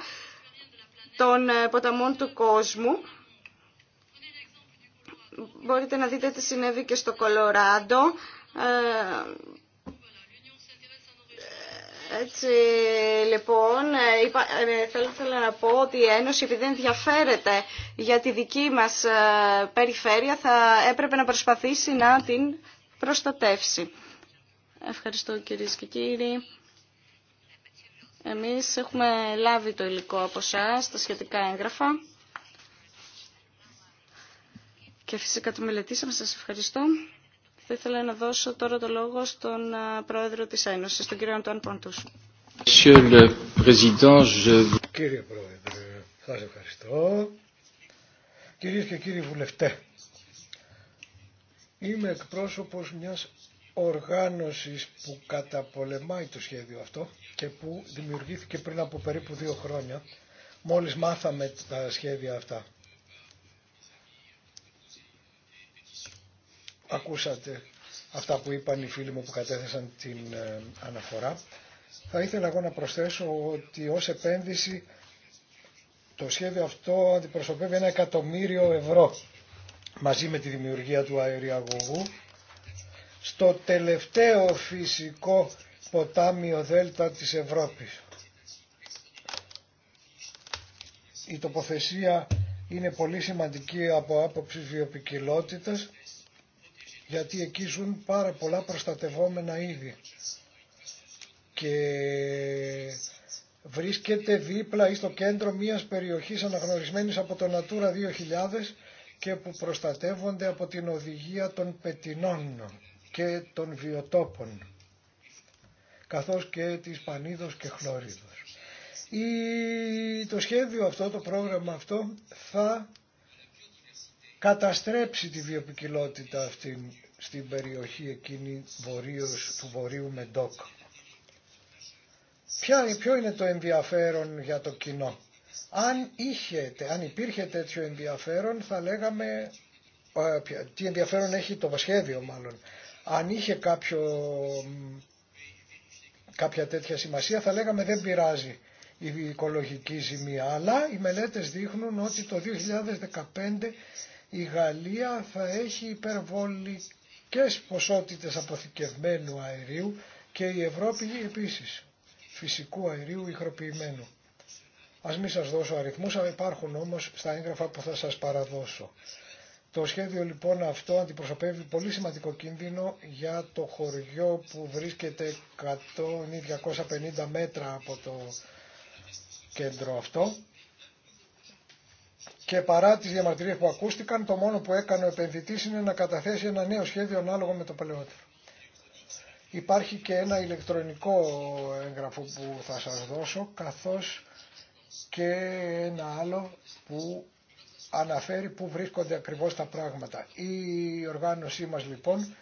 των ε, ποταμών του κόσμου. Μπορείτε να δείτε τι συνέβη και στο Κολοράντο ε, έτσι λοιπόν, ε, θέλω, θέλω να πω ότι η Ένωση επειδή ενδιαφέρεται για τη δική μας ε, περιφέρεια θα έπρεπε να προσπαθήσει να την προστατεύσει. Ευχαριστώ κυρίε και κύριοι. Εμείς έχουμε λάβει το υλικό από εσά, τα σχετικά έγγραφα. Και φυσικά το μελετήσαμε. Σας ευχαριστώ. Θα ήθελα να δώσω τώρα το λόγο στον Πρόεδρο της Ένωσης, τον κύριο Αντουάν Ποντούς. Κύριε Πρόεδρε, σας ευχαριστώ. Κυρίες και κύριοι βουλευτέ, είμαι εκπρόσωπος μιας οργάνωσης που καταπολεμάει το σχέδιο αυτό και που δημιουργήθηκε πριν από περίπου δύο χρόνια, μόλις μάθαμε τα σχέδια αυτά. ακούσατε αυτά που είπαν οι φίλοι μου που κατέθεσαν την ε, αναφορά. Θα ήθελα εγώ να προσθέσω ότι ως επένδυση το σχέδιο αυτό αντιπροσωπεύει ένα εκατομμύριο ευρώ μαζί με τη δημιουργία του αεριαγωγού στο τελευταίο φυσικό ποτάμιο δέλτα της Ευρώπης. Η τοποθεσία είναι πολύ σημαντική από άποψη βιοπικιλότητας γιατί εκεί ζουν πάρα πολλά προστατευόμενα είδη και βρίσκεται δίπλα ή στο κέντρο μιας περιοχής αναγνωρισμένης από το Natura 2000 και που προστατεύονται από την οδηγία των πετινών και των βιοτόπων καθώς και της πανίδος και χλωρίδος. Η... Το σχέδιο αυτό, το πρόγραμμα αυτό θα καταστρέψει τη βιοποικιλότητα αυτήν στην περιοχή εκείνη του βορείου Μεντόκ. Ποια, ποιο είναι το ενδιαφέρον για το κοινό. Αν, είχε, αν υπήρχε τέτοιο ενδιαφέρον θα λέγαμε, ε, τι ενδιαφέρον έχει το βασχέδιο μάλλον, αν είχε κάποιο, κάποια τέτοια σημασία θα λέγαμε δεν πειράζει η οικολογική ζημία. Αλλά οι μελέτες δείχνουν ότι το 2015 η Γαλλία θα έχει υπερβολικές ποσότητες αποθηκευμένου αερίου και η Ευρώπη επίσης φυσικού αερίου υγροποιημένου. Ας μην σας δώσω αριθμούς, αλλά υπάρχουν όμως στα έγγραφα που θα σας παραδώσω. Το σχέδιο λοιπόν αυτό αντιπροσωπεύει πολύ σημαντικό κίνδυνο για το χωριό που βρίσκεται 100 250 μέτρα από το κέντρο αυτό και παρά τι διαμαρτυρίες που ακούστηκαν, το μόνο που έκανε ο επενδυτή είναι να καταθέσει ένα νέο σχέδιο ανάλογο με το παλαιότερο. Υπάρχει και ένα ηλεκτρονικό έγγραφο που θα σας δώσω, καθώς και ένα άλλο που αναφέρει πού βρίσκονται ακριβώς τα πράγματα. Η οργάνωσή μας λοιπόν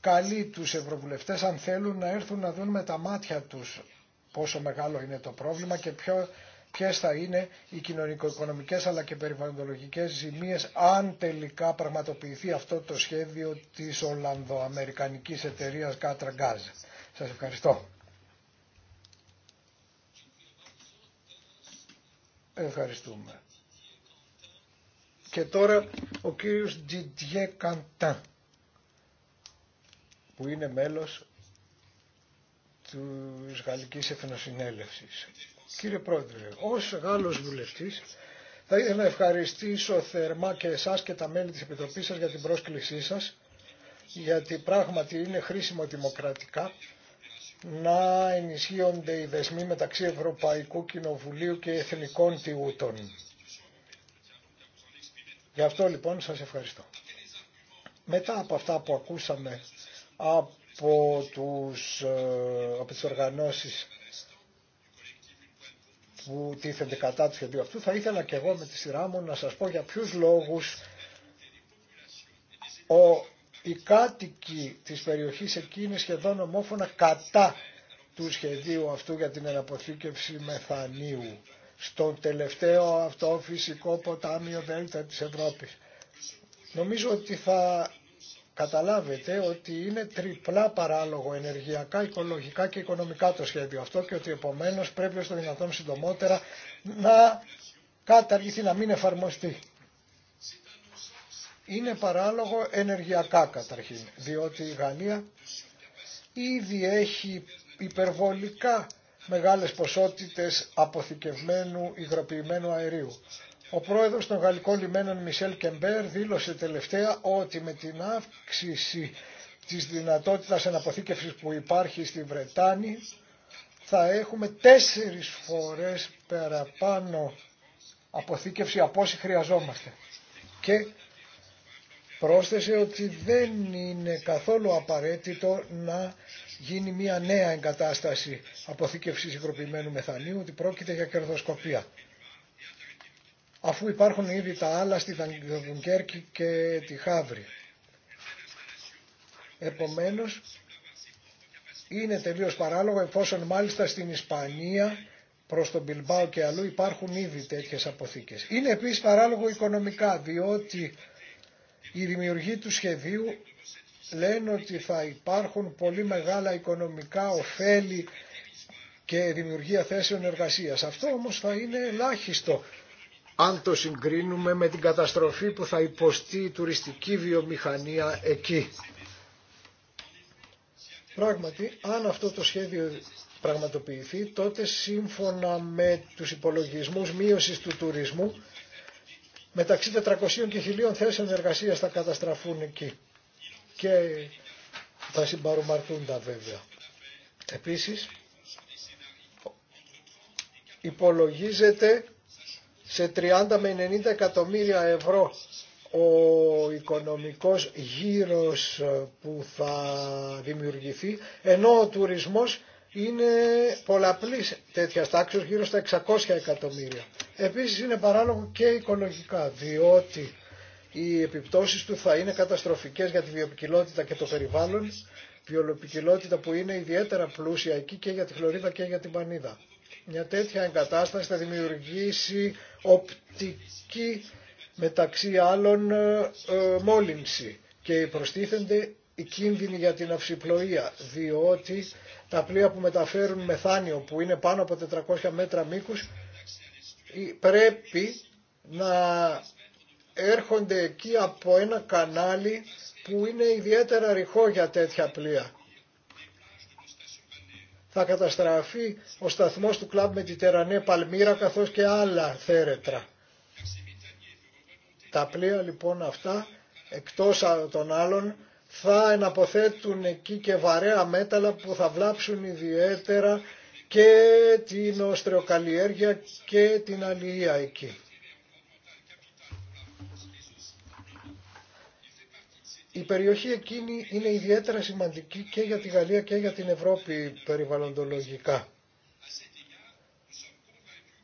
καλεί τους ευρωβουλευτές αν θέλουν να έρθουν να δουν με τα μάτια τους πόσο μεγάλο είναι το πρόβλημα και ποιο Ποιε θα είναι οι κοινωνικο οικονομικέ αλλά και περιβαλλοντολογικές ζημίε, αν τελικά πραγματοποιηθεί αυτό το σχέδιο της Ολλανδοαμερικανική Εταιρεία Κάτρα Γκάζ. Σας ευχαριστώ. Ευχαριστούμε. Και τώρα ο κύριος Didier Καντά που είναι μέλος της Γαλλικής Εθνοσυνέλευσης. Κύριε Πρόεδρε, ως Γάλλος βουλευτής θα ήθελα να ευχαριστήσω θερμά και εσάς και τα μέλη της Επιτροπής σας για την πρόσκλησή σας γιατί πράγματι είναι χρήσιμο δημοκρατικά να ενισχύονται οι δεσμοί μεταξύ Ευρωπαϊκού Κοινοβουλίου και Εθνικών Τιούτων. Γι' αυτό λοιπόν σας ευχαριστώ. Μετά από αυτά που ακούσαμε από, τους, ε, από τις οργανώσεις που τίθενται κατά του σχεδίου αυτού. Θα ήθελα και εγώ με τη σειρά μου να σας πω για ποιους λόγους ο, οι κάτοικοι της περιοχής εκείνη σχεδόν ομόφωνα κατά του σχεδίου αυτού για την εναποθήκευση μεθανίου στο τελευταίο αυτό φυσικό ποτάμιο δέλτα της Ευρώπης. Νομίζω ότι θα καταλάβετε ότι είναι τριπλά παράλογο ενεργειακά, οικολογικά και οικονομικά το σχέδιο αυτό και ότι επομένως πρέπει ως το δυνατόν συντομότερα να καταργηθεί, να μην εφαρμοστεί. Είναι παράλογο ενεργειακά καταρχήν, διότι η Γαλλία ήδη έχει υπερβολικά μεγάλες ποσότητες αποθηκευμένου υγροποιημένου αερίου ο πρόεδρος των Γαλλικών Λιμένων Μισελ Κεμπέρ δήλωσε τελευταία ότι με την αύξηση της δυνατότητας αναποθήκευσης που υπάρχει στη Βρετάνη θα έχουμε τέσσερις φορές παραπάνω αποθήκευση από όσοι χρειαζόμαστε. Και πρόσθεσε ότι δεν είναι καθόλου απαραίτητο να γίνει μια νέα εγκατάσταση αποθήκευσης υγροποιημένου μεθανίου, ότι πρόκειται για κερδοσκοπία αφού υπάρχουν ήδη τα άλλα στη Δανκέρκη και τη Χάβρη. Επομένως, είναι τελείως παράλογο εφόσον μάλιστα στην Ισπανία προς τον Μπιλμπάο και αλλού υπάρχουν ήδη τέτοιες αποθήκες. Είναι επίσης παράλογο οικονομικά διότι η δημιουργοί του σχεδίου λένε ότι θα υπάρχουν πολύ μεγάλα οικονομικά ωφέλη και δημιουργία θέσεων εργασίας. Αυτό όμως θα είναι ελάχιστο αν το συγκρίνουμε με την καταστροφή που θα υποστεί η τουριστική βιομηχανία εκεί. Πράγματι, αν αυτό το σχέδιο πραγματοποιηθεί, τότε σύμφωνα με τους υπολογισμούς μείωσης του τουρισμού, μεταξύ 400 και 1000 θέσεων εργασίας θα καταστραφούν εκεί και θα συμπαρομαρτούν τα βέβαια. Επίσης, υπολογίζεται σε 30 με 90 εκατομμύρια ευρώ ο οικονομικός γύρος ε, που θα δημιουργηθεί, ενώ ο τουρισμός είναι πολλαπλής τέτοια τάξης γύρω στα 600 εκατομμύρια. Επίσης είναι παράλογο και οικολογικά, διότι οι επιπτώσεις του θα είναι καταστροφικές για τη βιοποικιλότητα και το περιβάλλον, βιοποικιλότητα που είναι ιδιαίτερα πλούσια εκεί και για τη χλωρίδα και για την πανίδα. Μια τέτοια εγκατάσταση θα δημιουργήσει οπτική μεταξύ άλλων ε, ε, μόλυνση και προστίθενται οι κίνδυνοι για την αυσιπλοεία διότι τα πλοία που μεταφέρουν μεθάνιο που είναι πάνω από 400 μέτρα μήκους ε, πρέπει να έρχονται εκεί από ένα κανάλι που είναι ιδιαίτερα ρηχό για τέτοια πλοία θα καταστραφεί ο σταθμός του κλαμπ τερανέ Παλμύρα καθώς και άλλα θέρετρα. Τα πλοία λοιπόν αυτά εκτός των άλλων θα εναποθέτουν εκεί και βαρέα μέταλλα που θα βλάψουν ιδιαίτερα και την οστρεοκαλλιέργεια και την αλληλεία εκεί. Η περιοχή εκείνη είναι ιδιαίτερα σημαντική και για τη Γαλλία και για την Ευρώπη περιβαλλοντολογικά.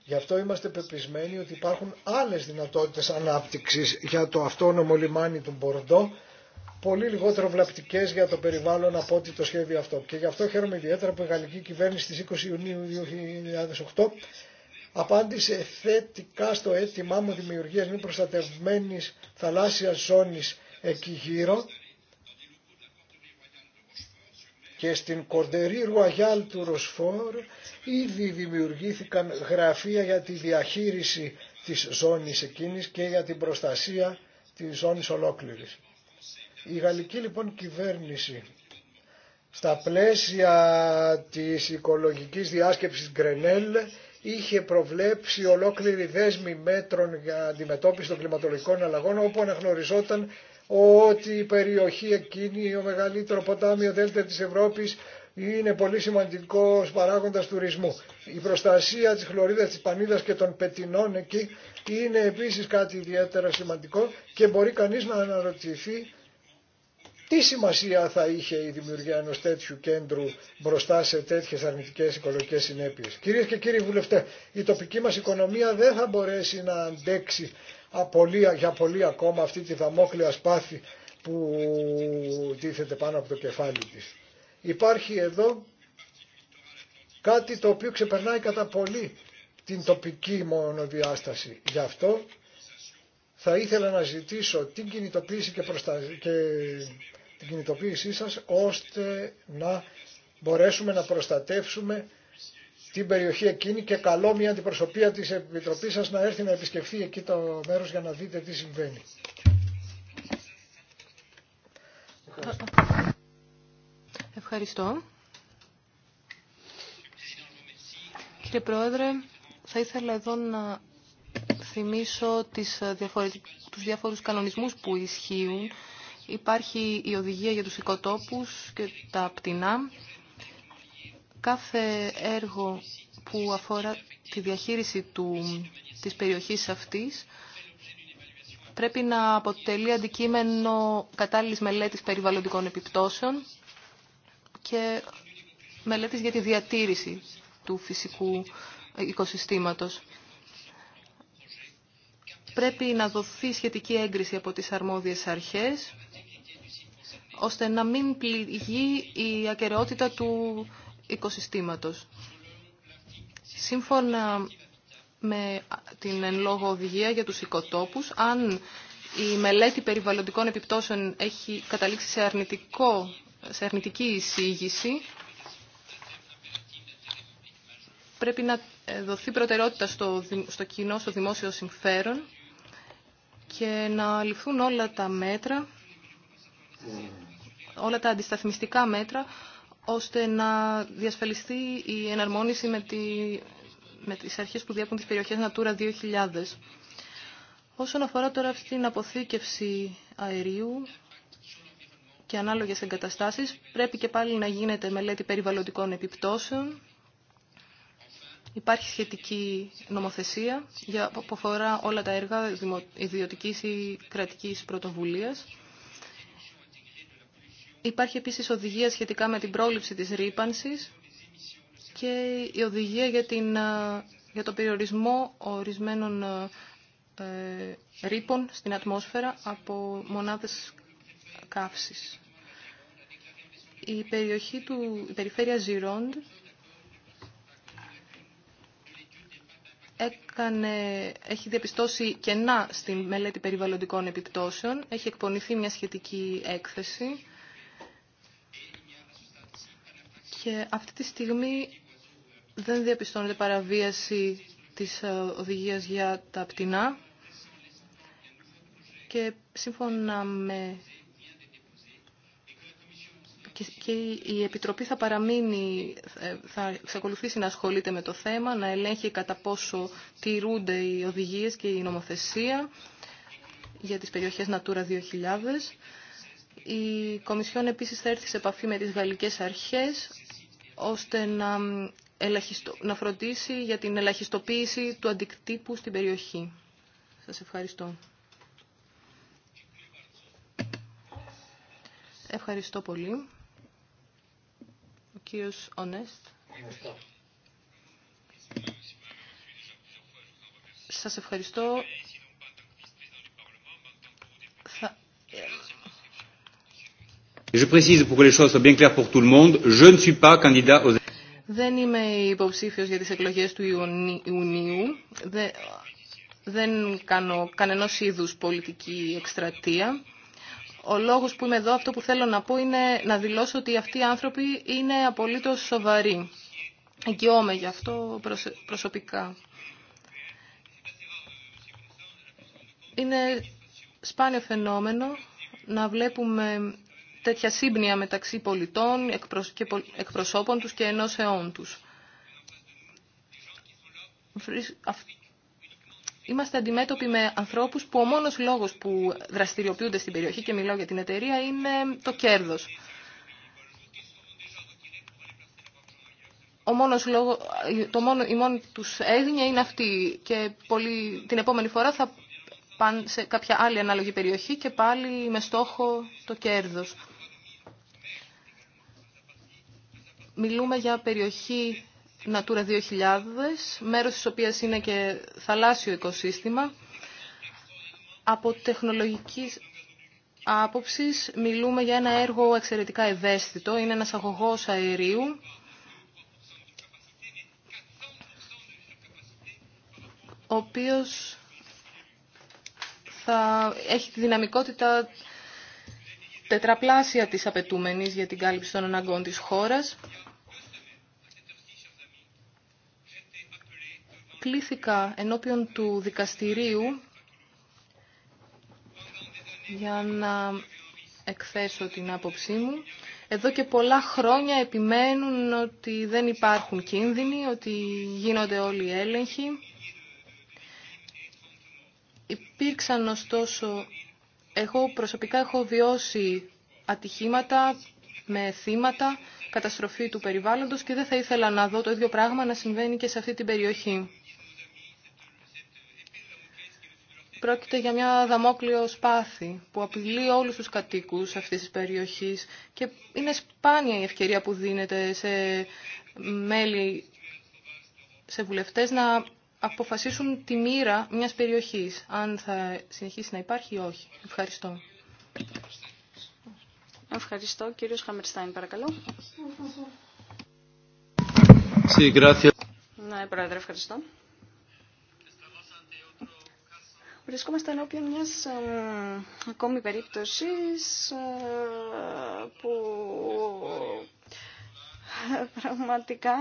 Γι' αυτό είμαστε πεπισμένοι ότι υπάρχουν άλλες δυνατότητες ανάπτυξης για το αυτόνομο λιμάνι του Μπορντό, πολύ λιγότερο βλαπτικές για το περιβάλλον από ό,τι το σχέδιο αυτό. Και γι' αυτό χαίρομαι ιδιαίτερα που η γαλλική κυβέρνηση στις 20 Ιουνίου 2008 απάντησε θετικά στο αίτημά μου δημιουργίας μη προστατευμένης θαλάσσιας ζώνης εκεί γύρω και στην κοντερή Ρουαγιάλ του Ροσφόρ ήδη δημιουργήθηκαν γραφεία για τη διαχείριση της ζώνης εκείνης και για την προστασία της ζώνης ολόκληρης. Η γαλλική λοιπόν κυβέρνηση στα πλαίσια της οικολογικής διάσκεψης Γκρενέλ είχε προβλέψει ολόκληρη δέσμη μέτρων για αντιμετώπιση των κλιματολογικών αλλαγών όπου αναγνωριζόταν ότι η περιοχή εκείνη, ο μεγαλύτερο ποτάμιο δέλτα της Ευρώπης είναι πολύ σημαντικός παράγοντας τουρισμού. Η προστασία της χλωρίδας, της πανίδας και των πετινών εκεί είναι επίσης κάτι ιδιαίτερα σημαντικό και μπορεί κανείς να αναρωτηθεί τι σημασία θα είχε η δημιουργία ενός τέτοιου κέντρου μπροστά σε τέτοιες αρνητικές οικολογικές συνέπειες. Κυρίες και κύριοι βουλευτέ, η τοπική μας οικονομία δεν θα μπορέσει να αντέξει για πολύ ακόμα αυτή τη δαμόκλεια σπάθη που τίθεται πάνω από το κεφάλι της. Υπάρχει εδώ κάτι το οποίο ξεπερνάει κατά πολύ την τοπική μονοδιάσταση. Γι' αυτό θα ήθελα να ζητήσω την κινητοποίηση και, την κινητοποίησή σας ώστε να μπορέσουμε να προστατεύσουμε την περιοχή εκείνη και καλώ μια αντιπροσωπεία της Επιτροπής σας να έρθει να επισκεφθεί εκεί το μέρος για να δείτε τι συμβαίνει. Ευχαριστώ. Κύριε Πρόεδρε, θα ήθελα εδώ να θυμίσω τις ε, τους διάφορους κανονισμούς που ισχύουν. Υπάρχει η οδηγία για τους οικοτόπους και τα πτηνά Κάθε έργο που αφορά τη διαχείριση του, της περιοχής αυτής πρέπει να αποτελεί αντικείμενο κατάλληλης μελέτης περιβαλλοντικών επιπτώσεων και μελέτης για τη διατήρηση του φυσικού οικοσυστήματος. Πρέπει να δοθεί σχετική έγκριση από τις αρμόδιες αρχές, ώστε να μην πληγεί η ακεραιότητα του οικοσυστήματος. Σύμφωνα με την εν λόγω οδηγία για τους οικοτόπους, αν η μελέτη περιβαλλοντικών επιπτώσεων έχει καταλήξει σε, αρνητικό, σε αρνητική εισήγηση, πρέπει να δοθεί προτεραιότητα στο, στο κοινό, στο δημόσιο συμφέρον και να ληφθούν όλα τα μέτρα, όλα τα αντισταθμιστικά μέτρα ώστε να διασφαλιστεί η εναρμόνιση με, τη, με τις αρχές που διέπουν τις περιοχές Natura 2000. Όσον αφορά τώρα την αποθήκευση αερίου και ανάλογες εγκαταστάσεις, πρέπει και πάλι να γίνεται μελέτη περιβαλλοντικών επιπτώσεων. Υπάρχει σχετική νομοθεσία για, που αφορά όλα τα έργα ιδιωτικής ή κρατικής πρωτοβουλίας. Υπάρχει επίσης οδηγία σχετικά με την πρόληψη της ρήπανσης και η οδηγία για, την, ε, για το περιορισμό ορισμένων ε, ε, ρήπων στην ατμόσφαιρα από μονάδες καύσης. Η περιοχή του, η περιφέρεια Ζιρόντ έκανε, έχει διαπιστώσει κενά στη μελέτη περιβαλλοντικών επιπτώσεων. Έχει εκπονηθεί μια σχετική έκθεση και αυτή τη στιγμή δεν διαπιστώνεται παραβίαση της ε, οδηγίας για τα πτηνά και σύμφωνα με και η Επιτροπή θα παραμείνει, ε, θα εξακολουθήσει να ασχολείται με το θέμα, να ελέγχει κατά πόσο τηρούνται οι οδηγίες και η νομοθεσία για τις περιοχές Natura 2000. Η Κομισιόν επίσης θα έρθει σε επαφή με τις γαλλικές αρχές ώστε να, ελαχιστο... να φροντίσει για την ελαχιστοποίηση του αντικτύπου στην περιοχή. Σας ευχαριστώ. Ευχαριστώ πολύ. Ο κύριος Ονέστ. Σας ευχαριστώ. δεν είμαι υποψήφιος για τις εκλογές του Ιουνίου. Δεν, κάνω κανενός είδους πολιτική εκστρατεία. Ο λόγος που είμαι εδώ, αυτό που θέλω να πω είναι να δηλώσω ότι αυτοί οι άνθρωποι είναι απολύτως σοβαροί. Εγγυώμαι γι' αυτό προσωπικά. Είναι σπάνιο φαινόμενο να βλέπουμε τέτοια σύμπνοια μεταξύ πολιτών και εκπροσώπων τους και αιών τους. Είμαστε αντιμέτωποι με ανθρώπους που ο μόνος λόγος που δραστηριοποιούνται στην περιοχή και μιλάω για την εταιρεία είναι το κέρδος. Ο μόνος λόγος, το μόνο, η μόνη τους έγνοια είναι αυτή και πολύ, την επόμενη φορά θα σε κάποια άλλη ανάλογη περιοχή και πάλι με στόχο το κέρδος. Μιλούμε για περιοχή Natura 2000, μέρος της οποίας είναι και θαλάσσιο οικοσύστημα. Από τεχνολογικής άποψης μιλούμε για ένα έργο εξαιρετικά ευαίσθητο. Είναι ένας αγωγός αερίου. ο οποίος θα έχει τη δυναμικότητα τετραπλάσια της απαιτούμενη για την κάλυψη των αναγκών της χώρας. Κλήθηκα ενώπιον του δικαστηρίου για να εκθέσω την άποψή μου. Εδώ και πολλά χρόνια επιμένουν ότι δεν υπάρχουν κίνδυνοι, ότι γίνονται όλοι οι έλεγχοι. Υπήρξαν ωστόσο, εγώ προσωπικά έχω βιώσει ατυχήματα με θύματα, καταστροφή του περιβάλλοντος και δεν θα ήθελα να δω το ίδιο πράγμα να συμβαίνει και σε αυτή την περιοχή. Πρόκειται για μια δαμόκλειο σπάθη που απειλεί όλους τους κατοίκους αυτής της περιοχής και είναι σπάνια η ευκαιρία που δίνεται σε μέλη, σε βουλευτές να αποφασίσουν τη μοίρα μιας περιοχής, αν θα συνεχίσει να υπάρχει ή όχι. Ευχαριστώ. Ευχαριστώ. Κύριος Χαμερστάιν, παρακαλώ. Ναι, Πρόεδρε, ευχαριστώ. Βρισκόμαστε ενώπιον μιας ακόμη περίπτωσης ε, που ε, πραγματικά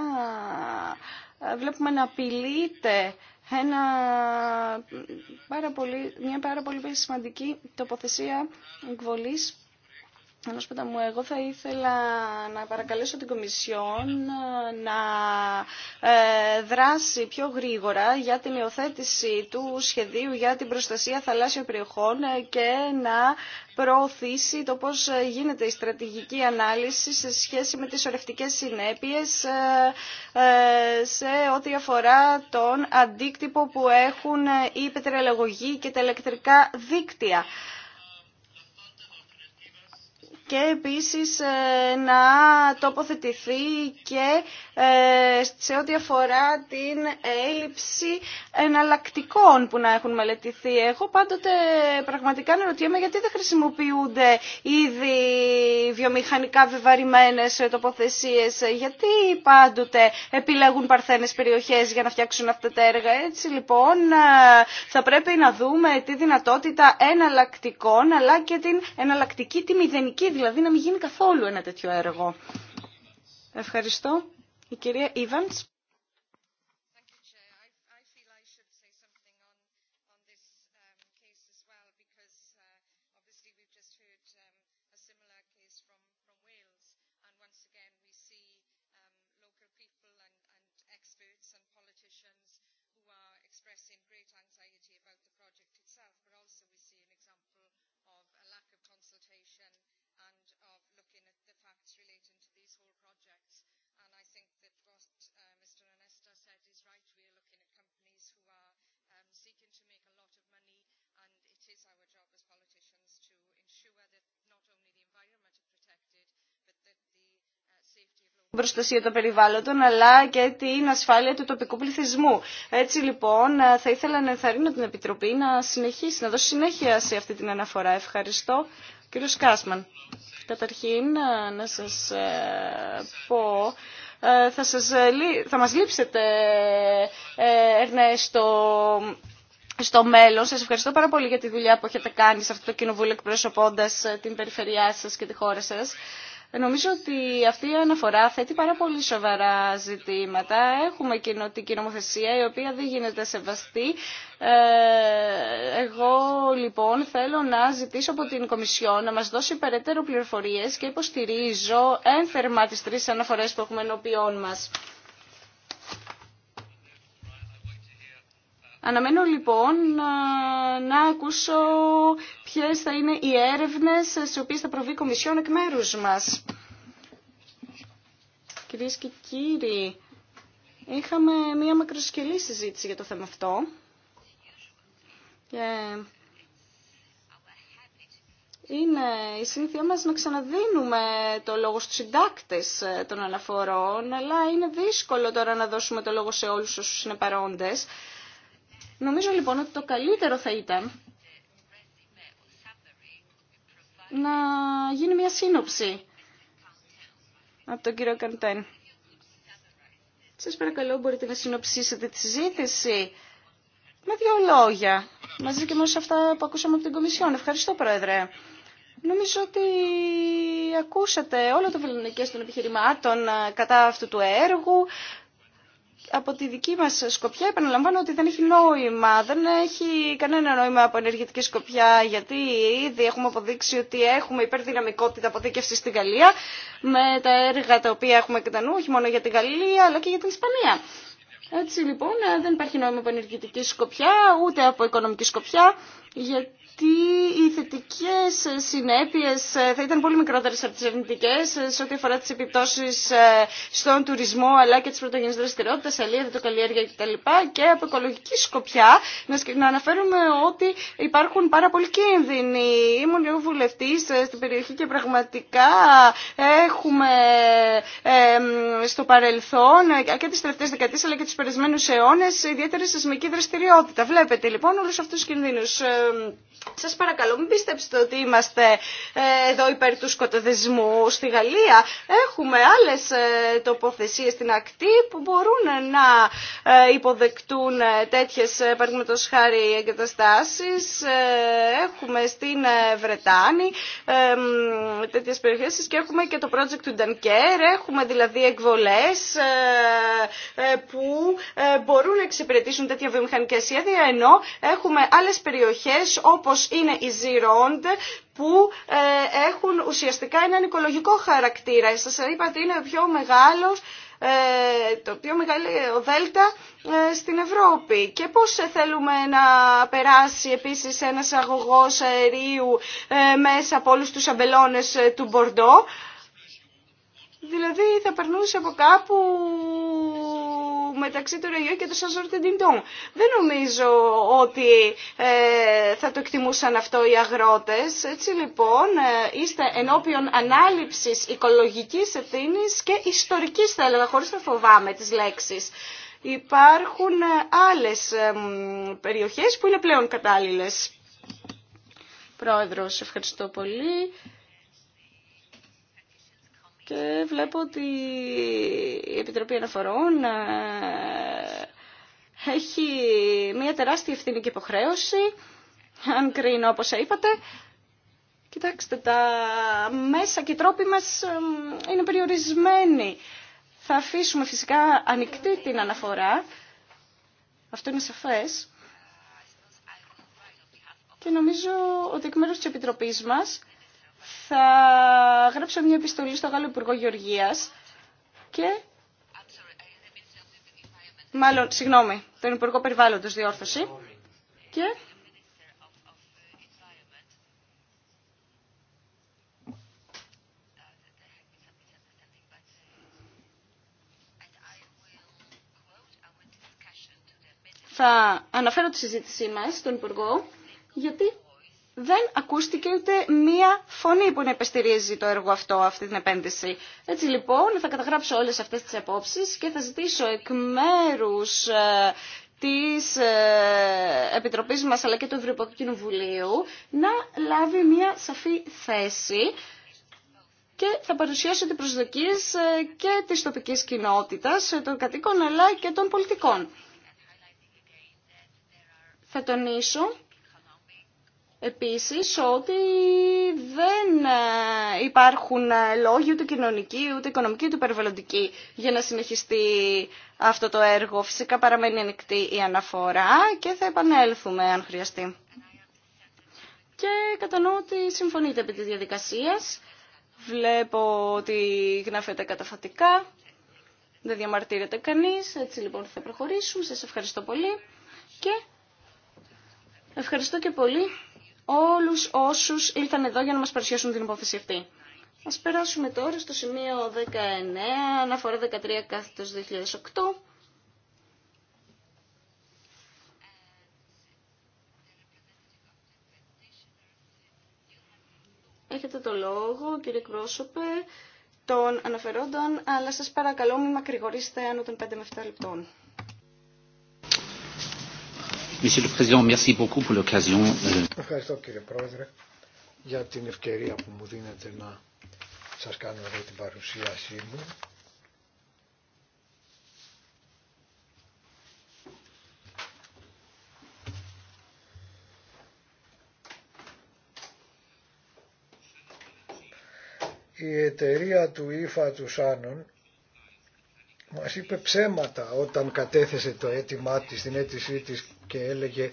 ε, βλέπουμε να απειλείται ένα πάρα πολύ, μια πάρα πολύ σημαντική τοποθεσία εκβολής ενώ μου, εγώ θα ήθελα να παρακαλέσω την Κομισιόν ε, να ε, δράσει πιο γρήγορα για την υιοθέτηση του σχεδίου για την προστασία θαλάσσιων περιοχών ε, και να προωθήσει το πώς γίνεται η στρατηγική ανάλυση σε σχέση με τις ορευτικές συνέπειες σε ό,τι αφορά τον αντίκτυπο που έχουν οι πετρελαγωγοί και τα ηλεκτρικά δίκτυα και επίσης ε, να τοποθετηθεί και ε, σε ό,τι αφορά την έλλειψη εναλλακτικών που να έχουν μελετηθεί. Εγώ πάντοτε πραγματικά ρωτιέμαι γιατί δεν χρησιμοποιούνται ήδη βιομηχανικά βεβαρημένες τοποθεσίες, γιατί πάντοτε επιλέγουν παρθένες περιοχές για να φτιάξουν αυτά τα έργα. Έτσι λοιπόν ε, θα πρέπει να δούμε τη δυνατότητα εναλλακτικών αλλά και την εναλλακτική, τη μηδενική δηλαδή να μην γίνει καθόλου ένα τέτοιο έργο. Ευχαριστώ. Η κυρία προστασία των περιβάλλοντων αλλά και την ασφάλεια του τοπικού πληθυσμού. Έτσι λοιπόν ε, θα ήθελα να ενθαρρύνω την Επιτροπή να συνεχίσει, να δώσει συνέχεια σε αυτή την αναφορά. Ευχαριστώ. Κύριος Κάσμαν, καταρχήν ε, να σας ε, πω θα, σας, θα μας λείψετε Ερνέστο στο μέλλον. Σας ευχαριστώ πάρα πολύ για τη δουλειά που έχετε κάνει σε αυτό το κοινοβούλιο εκπροσωπώντας την περιφερειά σας και τη χώρα σας. Νομίζω ότι αυτή η αναφορά θέτει πάρα πολύ σοβαρά ζητήματα. Έχουμε κοινωτική νομοθεσία η οποία δεν γίνεται σεβαστή. Ε, εγώ λοιπόν θέλω να ζητήσω από την Κομισιό να μας δώσει περαιτέρω πληροφορίες και υποστηρίζω ένθερμα τις τρεις αναφορές που έχουμε ενώπιόν μας. Αναμένω λοιπόν να ακούσω ποιες θα είναι οι έρευνες στι οποίες θα προβεί η Κομισιόν εκ μέρους μας. Κυρίες και κύριοι, είχαμε μία μακροσκελή συζήτηση για το θέμα αυτό. είναι η συνήθειά μας να ξαναδίνουμε το λόγο στους συντάκτες των αναφορών, αλλά είναι δύσκολο τώρα να δώσουμε το λόγο σε όλους όσους είναι παρόντες. Νομίζω λοιπόν ότι το καλύτερο θα ήταν να γίνει μια σύνοψη από τον κύριο Καντέν. Σας παρακαλώ, μπορείτε να συνοψίσετε τη συζήτηση με δύο λόγια, μαζί και μόνο αυτά που ακούσαμε από την Κομισιόν. Ευχαριστώ, Πρόεδρε. Νομίζω ότι ακούσατε όλο το βεληνικές των επιχειρημάτων ε, κατά αυτού του έργου από τη δική μας σκοπιά επαναλαμβάνω ότι δεν έχει νόημα, δεν έχει κανένα νόημα από ενεργητική σκοπιά γιατί ήδη έχουμε αποδείξει ότι έχουμε υπερδυναμικότητα αποθήκευση στην Γαλλία με τα έργα τα οποία έχουμε κατά νου, όχι μόνο για την Γαλλία αλλά και για την Ισπανία. Έτσι λοιπόν δεν υπάρχει νόημα από ενεργητική σκοπιά ούτε από οικονομική σκοπιά γιατί γιατί οι θετικέ συνέπειε ε, θα ήταν πολύ μικρότερε από τι αρνητικέ ε, σε ό,τι αφορά τι επιπτώσει ε, στον τουρισμό αλλά και τι πρωτογενεί δραστηριότητε, αλλήλια, το καλλιέργεια κτλ. Και από οικολογική σκοπιά να αναφέρουμε ότι υπάρχουν πάρα πολλοί κίνδυνοι. Ήμουν λίγο βουλευτή στην περιοχή και πραγματικά έχουμε στο παρελθόν και τι τελευταίε δεκαετίε αλλά και του περισμένου αιώνε, ιδιαίτερη σεισμική δραστηριότητα. Βλέπετε λοιπόν όλου αυτού του κίνδυνου. Σα παρακαλώ, μην πιστέψετε ότι είμαστε ε, εδώ υπέρ του σκοταδισμού στη Γαλλία. Έχουμε άλλες ε, τοποθεσίες στην ακτή που μπορούν να ε, υποδεκτούν τέτοιες παραδείγματο χάρη εγκαταστάσεις. Έχουμε στην Βρετάνη τέτοιες περιοχέ και έχουμε και το project του Ντανκέρ. Έχουμε δηλαδή εκβολές που μπορούν να εξυπηρετήσουν τέτοια βιομηχανικά σχέδια ενώ έχουμε άλλες περιοχές όπω είναι οι Ζιρόντε που ε, έχουν ουσιαστικά έναν οικολογικό χαρακτήρα. Σας είπα ότι είναι ο πιο μεγάλος ε, το πιο μεγάλο ε, δέλτα στην Ευρώπη. Και πώς θέλουμε να περάσει επίσης ένας αγωγός αερίου μέσα από όλους τους αμπελώνες του Μπορντό. Δηλαδή θα περνούσε από κάπου μεταξύ του Ρεγιό και του Σαζόρ Δεν νομίζω ότι ε, θα το εκτιμούσαν αυτό οι αγρότες. Έτσι λοιπόν ε, είστε ενώπιον ανάληψης οικολογικής ευθύνη και ιστορικής θα έλεγα, χωρίς να φοβάμαι τις λέξεις. Υπάρχουν ε, άλλες ε, περιοχές που είναι πλέον κατάλληλες. Πρόεδρος, ευχαριστώ πολύ. Και βλέπω ότι η Επιτροπή Αναφορών ε, έχει μια τεράστια ευθύνη και υποχρέωση, αν κρίνω όπως είπατε. Κοιτάξτε, τα μέσα και οι τρόποι μας ε, είναι περιορισμένοι. Θα αφήσουμε φυσικά ανοιχτή την αναφορά. Αυτό είναι σαφές. Και νομίζω ότι εκ μέρους της Επιτροπής μας θα γράψω μια επιστολή στο Γάλλο Υπουργό Γεωργίας και... Μάλλον, συγγνώμη, τον Υπουργό Περιβάλλοντος διόρθωση και... Θα αναφέρω τη συζήτησή μας στον Υπουργό, γιατί δεν ακούστηκε ούτε μία φωνή που να υπεστηρίζει το έργο αυτό, αυτή την επένδυση. Έτσι λοιπόν θα καταγράψω όλες αυτές τις απόψεις και θα ζητήσω εκ μέρους ε, της ε, Επιτροπής μας αλλά και του Ευρωπαϊκού Κοινοβουλίου να λάβει μία σαφή θέση και θα παρουσιάσω τις προσδοκίες ε, και της τοπικής κοινότητας, των κατοίκων αλλά και των πολιτικών. Θα τονίσω Επίσης ότι δεν ε, υπάρχουν ε, λόγοι ούτε κοινωνικοί, ούτε οικονομικοί, ούτε περιβαλλοντικοί για να συνεχιστεί αυτό το έργο. Φυσικά παραμένει ανοιχτή η αναφορά και θα επανέλθουμε αν χρειαστεί. Και κατανοώ ότι συμφωνείτε επί της διαδικασίας. Βλέπω ότι γνάφεται καταφατικά. Δεν διαμαρτύρεται κανείς. Έτσι λοιπόν θα προχωρήσουμε. Σας ευχαριστώ πολύ. Και ευχαριστώ και πολύ όλους όσους ήλθαν εδώ για να μας παρουσιάσουν την υπόθεση αυτή. Ας περάσουμε τώρα στο σημείο 19, αναφορά 13 κάθετος 2008. Έχετε το λόγο, κύριε πρόσωπε, των αναφερόντων, αλλά σας παρακαλώ μην μακρηγορήσετε άνω των 5 με 7 λεπτών. Monsieur le euh. Ευχαριστώ κύριε Πρόεδρε για την ευκαιρία που μου δίνετε να σας κάνω εδώ την παρουσίασή μου. Η εταιρεία του ΙΦΑ του Σάνων Μα είπε ψέματα όταν κατέθεσε το αίτημά της, την αίτησή τη και έλεγε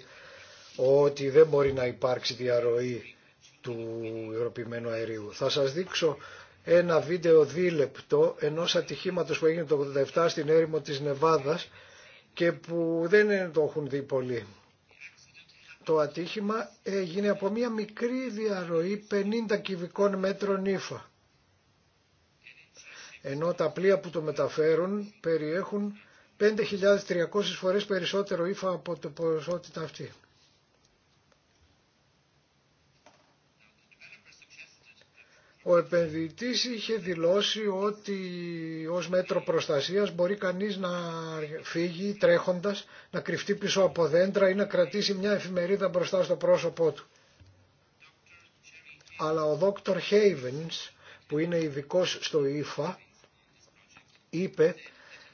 ότι δεν μπορεί να υπάρξει διαρροή του υγροποιημένου αερίου. Θα σας δείξω ένα βίντεο δίλεπτο ενός ατυχήματος που έγινε το 87 στην έρημο της Νεβάδας και που δεν το έχουν δει πολλοί. Το ατύχημα έγινε από μια μικρή διαρροή 50 κυβικών μέτρων ύφα ενώ τα πλοία που το μεταφέρουν περιέχουν 5.300 φορές περισσότερο ύφα από το ποσότητα αυτή. Ο επενδυτής είχε δηλώσει ότι ως μέτρο προστασίας μπορεί κανείς να φύγει τρέχοντας, να κρυφτεί πίσω από δέντρα ή να κρατήσει μια εφημερίδα μπροστά στο πρόσωπό του. Αλλά ο Δόκτωρ Χέιβενς, που είναι ειδικό στο ΙΦΑ, είπε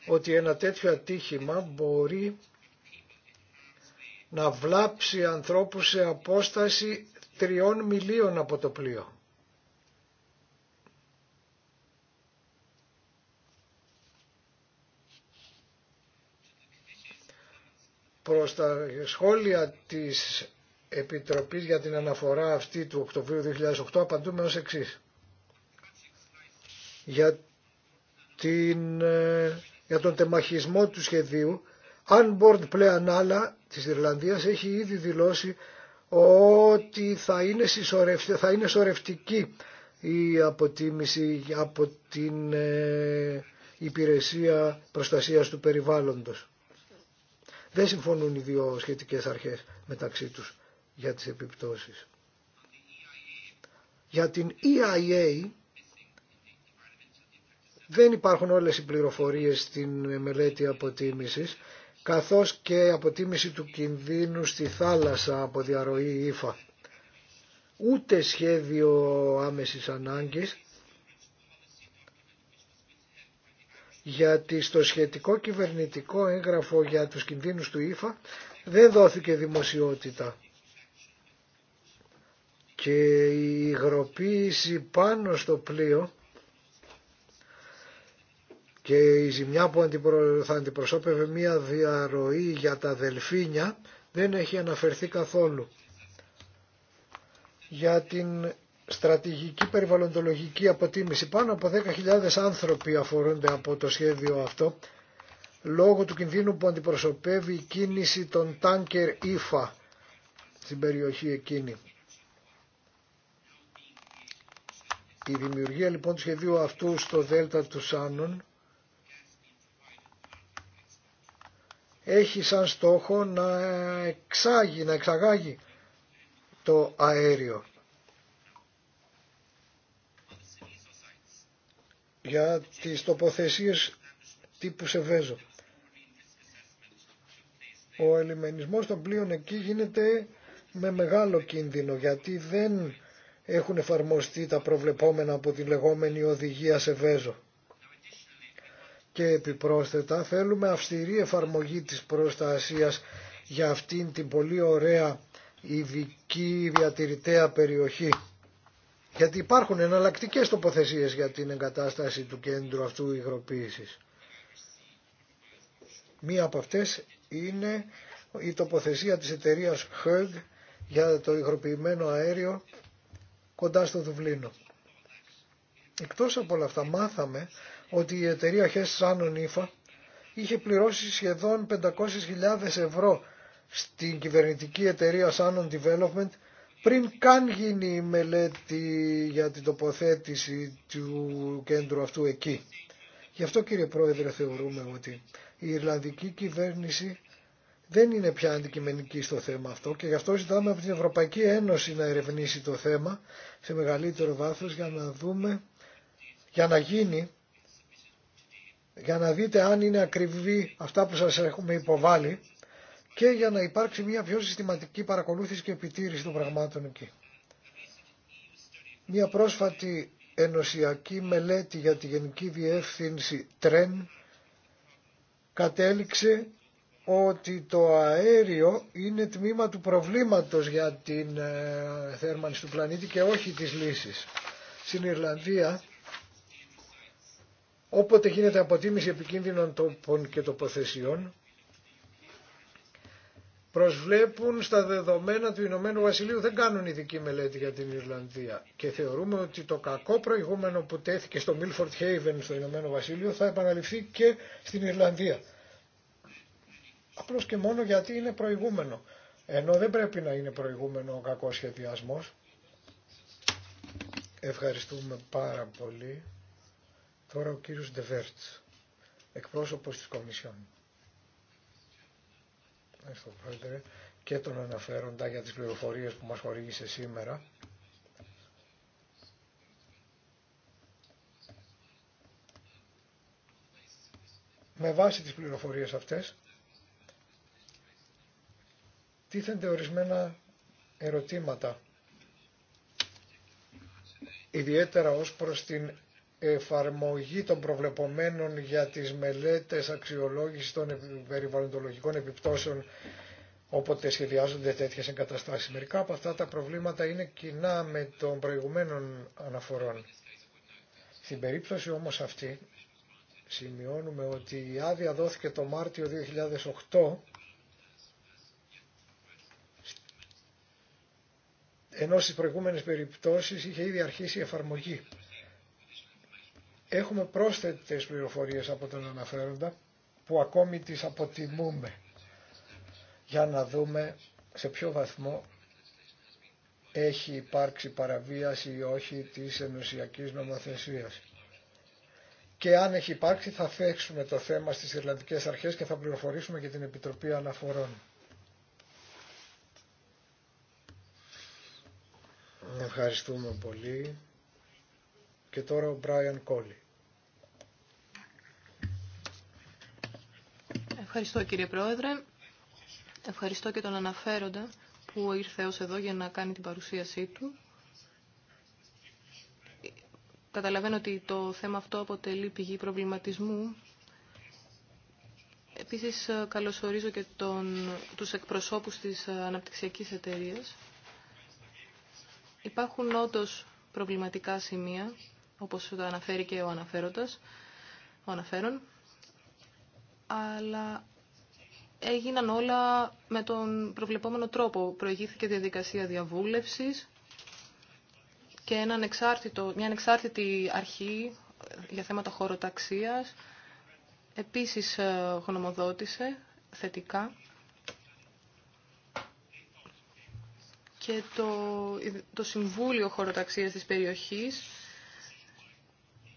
ότι ένα τέτοιο ατύχημα μπορεί να βλάψει ανθρώπους σε απόσταση τριών μιλίων από το πλοίο. Προς τα σχόλια της Επιτροπής για την αναφορά αυτή του Οκτωβρίου 2008 απαντούμε ως εξής. Για την, ε, για τον τεμαχισμό του σχεδίου, αν Board πλέον άλλα της Ιρλανδίας έχει ήδη δηλώσει ότι θα είναι, θα η αποτίμηση από την ε, υπηρεσία προστασίας του περιβάλλοντος. Δεν συμφωνούν οι δύο σχετικές αρχές μεταξύ τους για τις επιπτώσεις. Για την EIA δεν υπάρχουν όλες οι πληροφορίες στην μελέτη αποτίμησης, καθώς και αποτίμηση του κινδύνου στη θάλασσα από διαρροή ύφα. Ούτε σχέδιο άμεσης ανάγκης, γιατί στο σχετικό κυβερνητικό έγγραφο για τους κινδύνους του ύφα δεν δόθηκε δημοσιότητα. Και η υγροποίηση πάνω στο πλοίο και η ζημιά που θα αντιπροσώπευε μία διαρροή για τα δελφίνια δεν έχει αναφερθεί καθόλου. Για την στρατηγική περιβαλλοντολογική αποτίμηση πάνω από 10.000 άνθρωποι αφορούνται από το σχέδιο αυτό λόγω του κινδύνου που αντιπροσωπεύει η κίνηση των τάνκερ ΙΦΑ στην περιοχή εκείνη. Η δημιουργία λοιπόν του σχεδίου αυτού στο Δέλτα του Σάνων έχει σαν στόχο να εξάγει, να εξαγάγει το αέριο. Για τις τοποθεσίες τύπου Σεβέζο. Ο ελιμενισμός των πλοίων εκεί γίνεται με μεγάλο κίνδυνο γιατί δεν έχουν εφαρμοστεί τα προβλεπόμενα από τη λεγόμενη οδηγία Σεβέζο και επιπρόσθετα θέλουμε αυστηρή εφαρμογή της προστασίας για αυτήν την πολύ ωραία ειδική διατηρητέα περιοχή. Γιατί υπάρχουν εναλλακτικές τοποθεσίες για την εγκατάσταση του κέντρου αυτού υγροποίησης. Μία από αυτές είναι η τοποθεσία της εταιρείας HERG για το υγροποιημένο αέριο κοντά στο Δουβλίνο. Εκτός από όλα αυτά μάθαμε ότι η εταιρεία Χέσ Άνων Ήφα είχε πληρώσει σχεδόν 500.000 ευρώ στην κυβερνητική εταιρεία Shannon Development πριν καν γίνει η μελέτη για την τοποθέτηση του κέντρου αυτού εκεί. Γι' αυτό κύριε Πρόεδρε θεωρούμε ότι η Ιρλανδική κυβέρνηση δεν είναι πια αντικειμενική στο θέμα αυτό και γι' αυτό ζητάμε από την Ευρωπαϊκή Ένωση να ερευνήσει το θέμα σε μεγαλύτερο βάθος για να δούμε, για να γίνει για να δείτε αν είναι ακριβή αυτά που σας έχουμε υποβάλει και για να υπάρξει μια πιο συστηματική παρακολούθηση και επιτήρηση των πραγμάτων εκεί. Μια πρόσφατη ενωσιακή μελέτη για τη Γενική Διεύθυνση Τρέν κατέληξε ότι το αέριο είναι τμήμα του προβλήματος για την ε, θέρμανση του πλανήτη και όχι της λύσης. Στην Ιρλανδία Όποτε γίνεται αποτίμηση επικίνδυνων τόπων και τοποθεσιών, προσβλέπουν στα δεδομένα του Ηνωμένου Βασιλείου, δεν κάνουν ειδική μελέτη για την Ιρλανδία. Και θεωρούμε ότι το κακό προηγούμενο που τέθηκε στο Milford Haven στο Ηνωμένο Βασίλειο θα επαναληφθεί και στην Ιρλανδία. Απλώς και μόνο γιατί είναι προηγούμενο. Ενώ δεν πρέπει να είναι προηγούμενο ο κακός σχεδιασμός. Ευχαριστούμε πάρα πολύ. Τώρα ο κύριος Ντεβέρτ, εκπρόσωπος της Κομισιόν. και τον αναφέροντα για τις πληροφορίες που μας χορήγησε σήμερα. Με βάση τις πληροφορίες αυτές, τίθενται ορισμένα ερωτήματα, ιδιαίτερα ως προς την εφαρμογή των προβλεπωμένων για τις μελέτες αξιολόγηση των περιβαλλοντολογικών επιπτώσεων όποτε σχεδιάζονται τέτοιες εγκαταστάσεις. Μερικά από αυτά τα προβλήματα είναι κοινά με των προηγουμένων αναφορών. Στην περίπτωση όμως αυτή σημειώνουμε ότι η άδεια δόθηκε το Μάρτιο 2008 ενώ στις προηγούμενες περιπτώσεις είχε ήδη αρχίσει η εφαρμογή. Έχουμε πρόσθετες πληροφορίες από τον αναφέροντα που ακόμη τις αποτιμούμε για να δούμε σε ποιο βαθμό έχει υπάρξει παραβίαση ή όχι της ενωσιακής νομοθεσίας. Και αν έχει υπάρξει θα θέξουμε το θέμα στις Ιρλανδικές Αρχές και θα πληροφορήσουμε και την Επιτροπή Αναφορών. Ευχαριστούμε πολύ. Και τώρα ο Μπράιαν Κόλλη. Ευχαριστώ κύριε Πρόεδρε. Ευχαριστώ και τον αναφέροντα που ήρθε ως εδώ για να κάνει την παρουσίασή του. Καταλαβαίνω ότι το θέμα αυτό αποτελεί πηγή προβληματισμού. Επίσης καλωσορίζω και τον, τους εκπροσώπους της αναπτυξιακής εταιρείας. Υπάρχουν όντως προβληματικά σημεία, όπως το αναφέρει και ο αναφέροντας, ο αλλά έγιναν όλα με τον προβλεπόμενο τρόπο. Προηγήθηκε διαδικασία διαβούλευσης και έναν μια ανεξάρτητη αρχή για θέματα χωροταξίας επίσης ε, γνωμοδότησε θετικά και το, το Συμβούλιο Χωροταξίας της περιοχής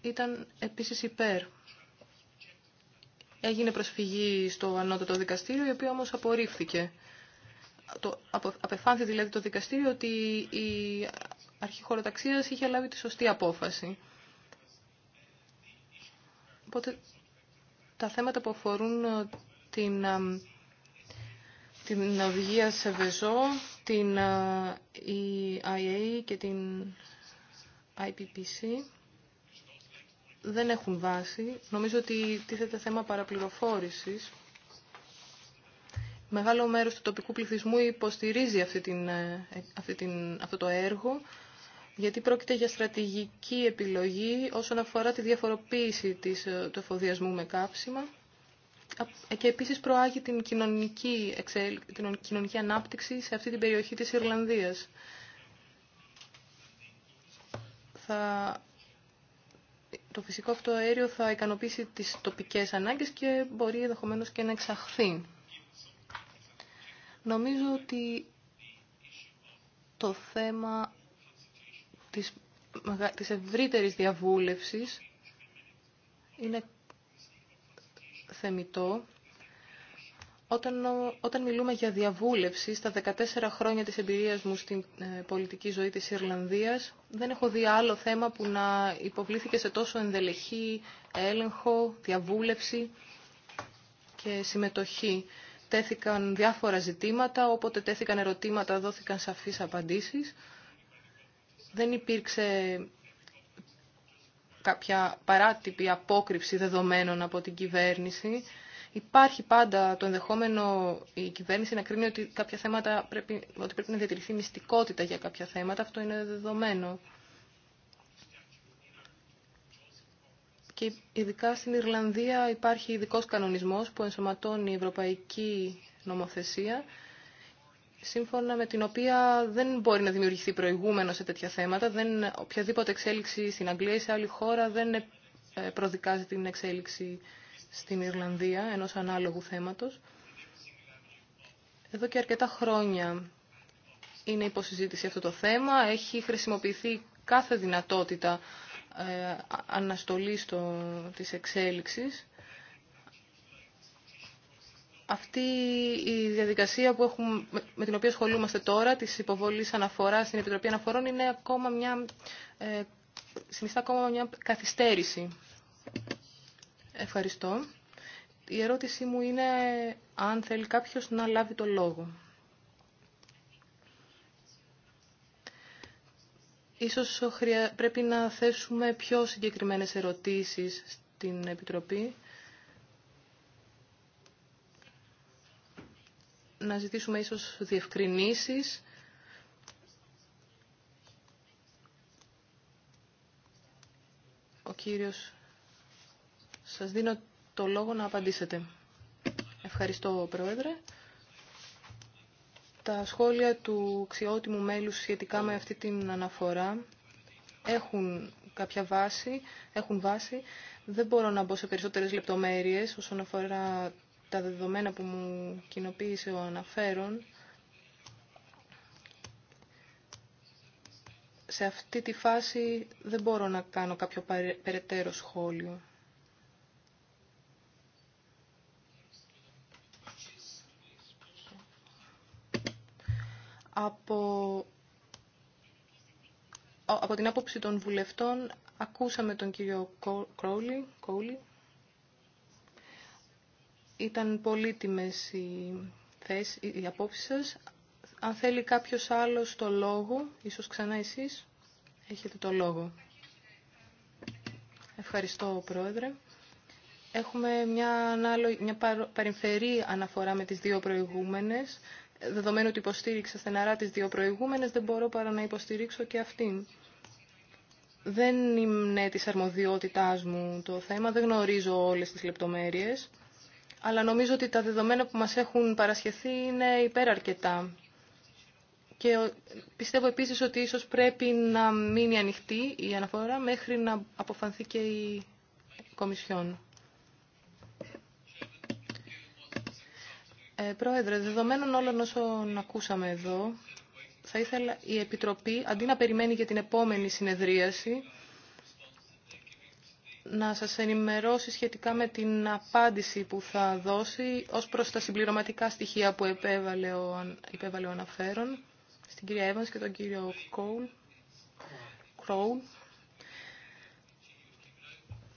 ήταν επίσης υπέρ. Έγινε προσφυγή στο ανώτατο δικαστήριο, η οποία όμως απορρίφθηκε. Το, απεφάνθη δηλαδή το δικαστήριο ότι η αρχή χωροταξίας είχε λάβει τη σωστή απόφαση. Οπότε τα θέματα που αφορούν ε, την, ε, την οδηγία σε Βεζό, την EIA ε, και την IPPC δεν έχουν βάση. Νομίζω ότι τίθεται θέμα παραπληροφόρησης. Μεγάλο μέρος του τοπικού πληθυσμού υποστηρίζει αυτή την, ε, την, αυτό το έργο, γιατί πρόκειται για στρατηγική επιλογή όσον αφορά τη διαφοροποίηση της, ε, του εφοδιασμού με κάψιμα και επίσης προάγει την κοινωνική, την κοινωνική ανάπτυξη σε αυτή την περιοχή της Ιρλανδίας. Θα το φυσικό αυτό αέριο θα ικανοποιήσει τις τοπικές ανάγκες και μπορεί ενδεχομένω και να εξαχθεί. Νομίζω ότι το θέμα της, της ευρύτερης διαβούλευσης είναι θεμητό όταν, όταν μιλούμε για διαβούλευση, στα 14 χρόνια της εμπειρίας μου στην ε, πολιτική ζωή της Ιρλανδίας, δεν έχω δει άλλο θέμα που να υποβλήθηκε σε τόσο ενδελεχή έλεγχο, διαβούλευση και συμμετοχή. Τέθηκαν διάφορα ζητήματα, όποτε τέθηκαν ερωτήματα δόθηκαν σαφείς απαντήσεις. Δεν υπήρξε κάποια παράτυπη απόκρυψη δεδομένων από την κυβέρνηση. Υπάρχει πάντα το ενδεχόμενο η κυβέρνηση να κρίνει ότι, κάποια θέματα πρέπει, ότι πρέπει να διατηρηθεί μυστικότητα για κάποια θέματα. Αυτό είναι δεδομένο. Και ειδικά στην Ιρλανδία υπάρχει ειδικό κανονισμός που ενσωματώνει η ευρωπαϊκή νομοθεσία, σύμφωνα με την οποία δεν μπορεί να δημιουργηθεί προηγούμενο σε τέτοια θέματα. Δεν, οποιαδήποτε εξέλιξη στην Αγγλία ή σε άλλη χώρα δεν ε, προδικάζει την εξέλιξη στην Ιρλανδία ενός ανάλογου θέματος. Εδώ και αρκετά χρόνια είναι υποσυζήτηση αυτό το θέμα. Έχει χρησιμοποιηθεί κάθε δυνατότητα ε, αναστολής το, της εξέλιξης. Αυτή η διαδικασία που έχουμε, με την οποία ασχολούμαστε τώρα, της υποβολής αναφοράς στην Επιτροπή Αναφορών, είναι ακόμα μια, ε, συνιστά ακόμα μια καθυστέρηση. Ευχαριστώ. Η ερώτησή μου είναι αν θέλει κάποιος να λάβει το λόγο. Ίσως πρέπει να θέσουμε πιο συγκεκριμένες ερωτήσεις στην Επιτροπή. Να ζητήσουμε ίσως διευκρινήσεις. Ο κύριος σας δίνω το λόγο να απαντήσετε. Ευχαριστώ, Πρόεδρε. Τα σχόλια του Ξιότιμου μέλου σχετικά με αυτή την αναφορά έχουν κάποια βάση, έχουν βάση. Δεν μπορώ να μπω σε περισσότερες λεπτομέρειες όσον αφορά τα δεδομένα που μου κοινοποίησε ο αναφέρον. Σε αυτή τη φάση δεν μπορώ να κάνω κάποιο περαιτέρω σχόλιο. από, από την άποψη των βουλευτών ακούσαμε τον κύριο Κρόλι, Ήταν πολύτιμες οι, θέσεις, οι απόψεις σας. Αν θέλει κάποιος άλλος το λόγο, ίσως ξανά εσείς, έχετε το λόγο. Ευχαριστώ, Πρόεδρε. Έχουμε μια, μια παρεμφερή αναφορά με τις δύο προηγούμενες δεδομένου ότι υποστήριξα στεναρά τις δύο προηγούμενες, δεν μπορώ παρά να υποστηρίξω και αυτήν. Δεν είναι της αρμοδιότητάς μου το θέμα, δεν γνωρίζω όλες τις λεπτομέρειες, αλλά νομίζω ότι τα δεδομένα που μας έχουν παρασχεθεί είναι υπεραρκετά. Και πιστεύω επίσης ότι ίσως πρέπει να μείνει ανοιχτή η αναφορά μέχρι να αποφανθεί και η Κομισιόν. Ε, πρόεδρε, δεδομένων όλων όσων ακούσαμε εδώ, θα ήθελα η Επιτροπή, αντί να περιμένει για την επόμενη συνεδρίαση, να σας ενημερώσει σχετικά με την απάντηση που θα δώσει ως προς τα συμπληρωματικά στοιχεία που επέβαλε ο, επέβαλε ο αναφέρον στην κυρία Εύανς και τον κύριο Κόουλ, Κρόουλ.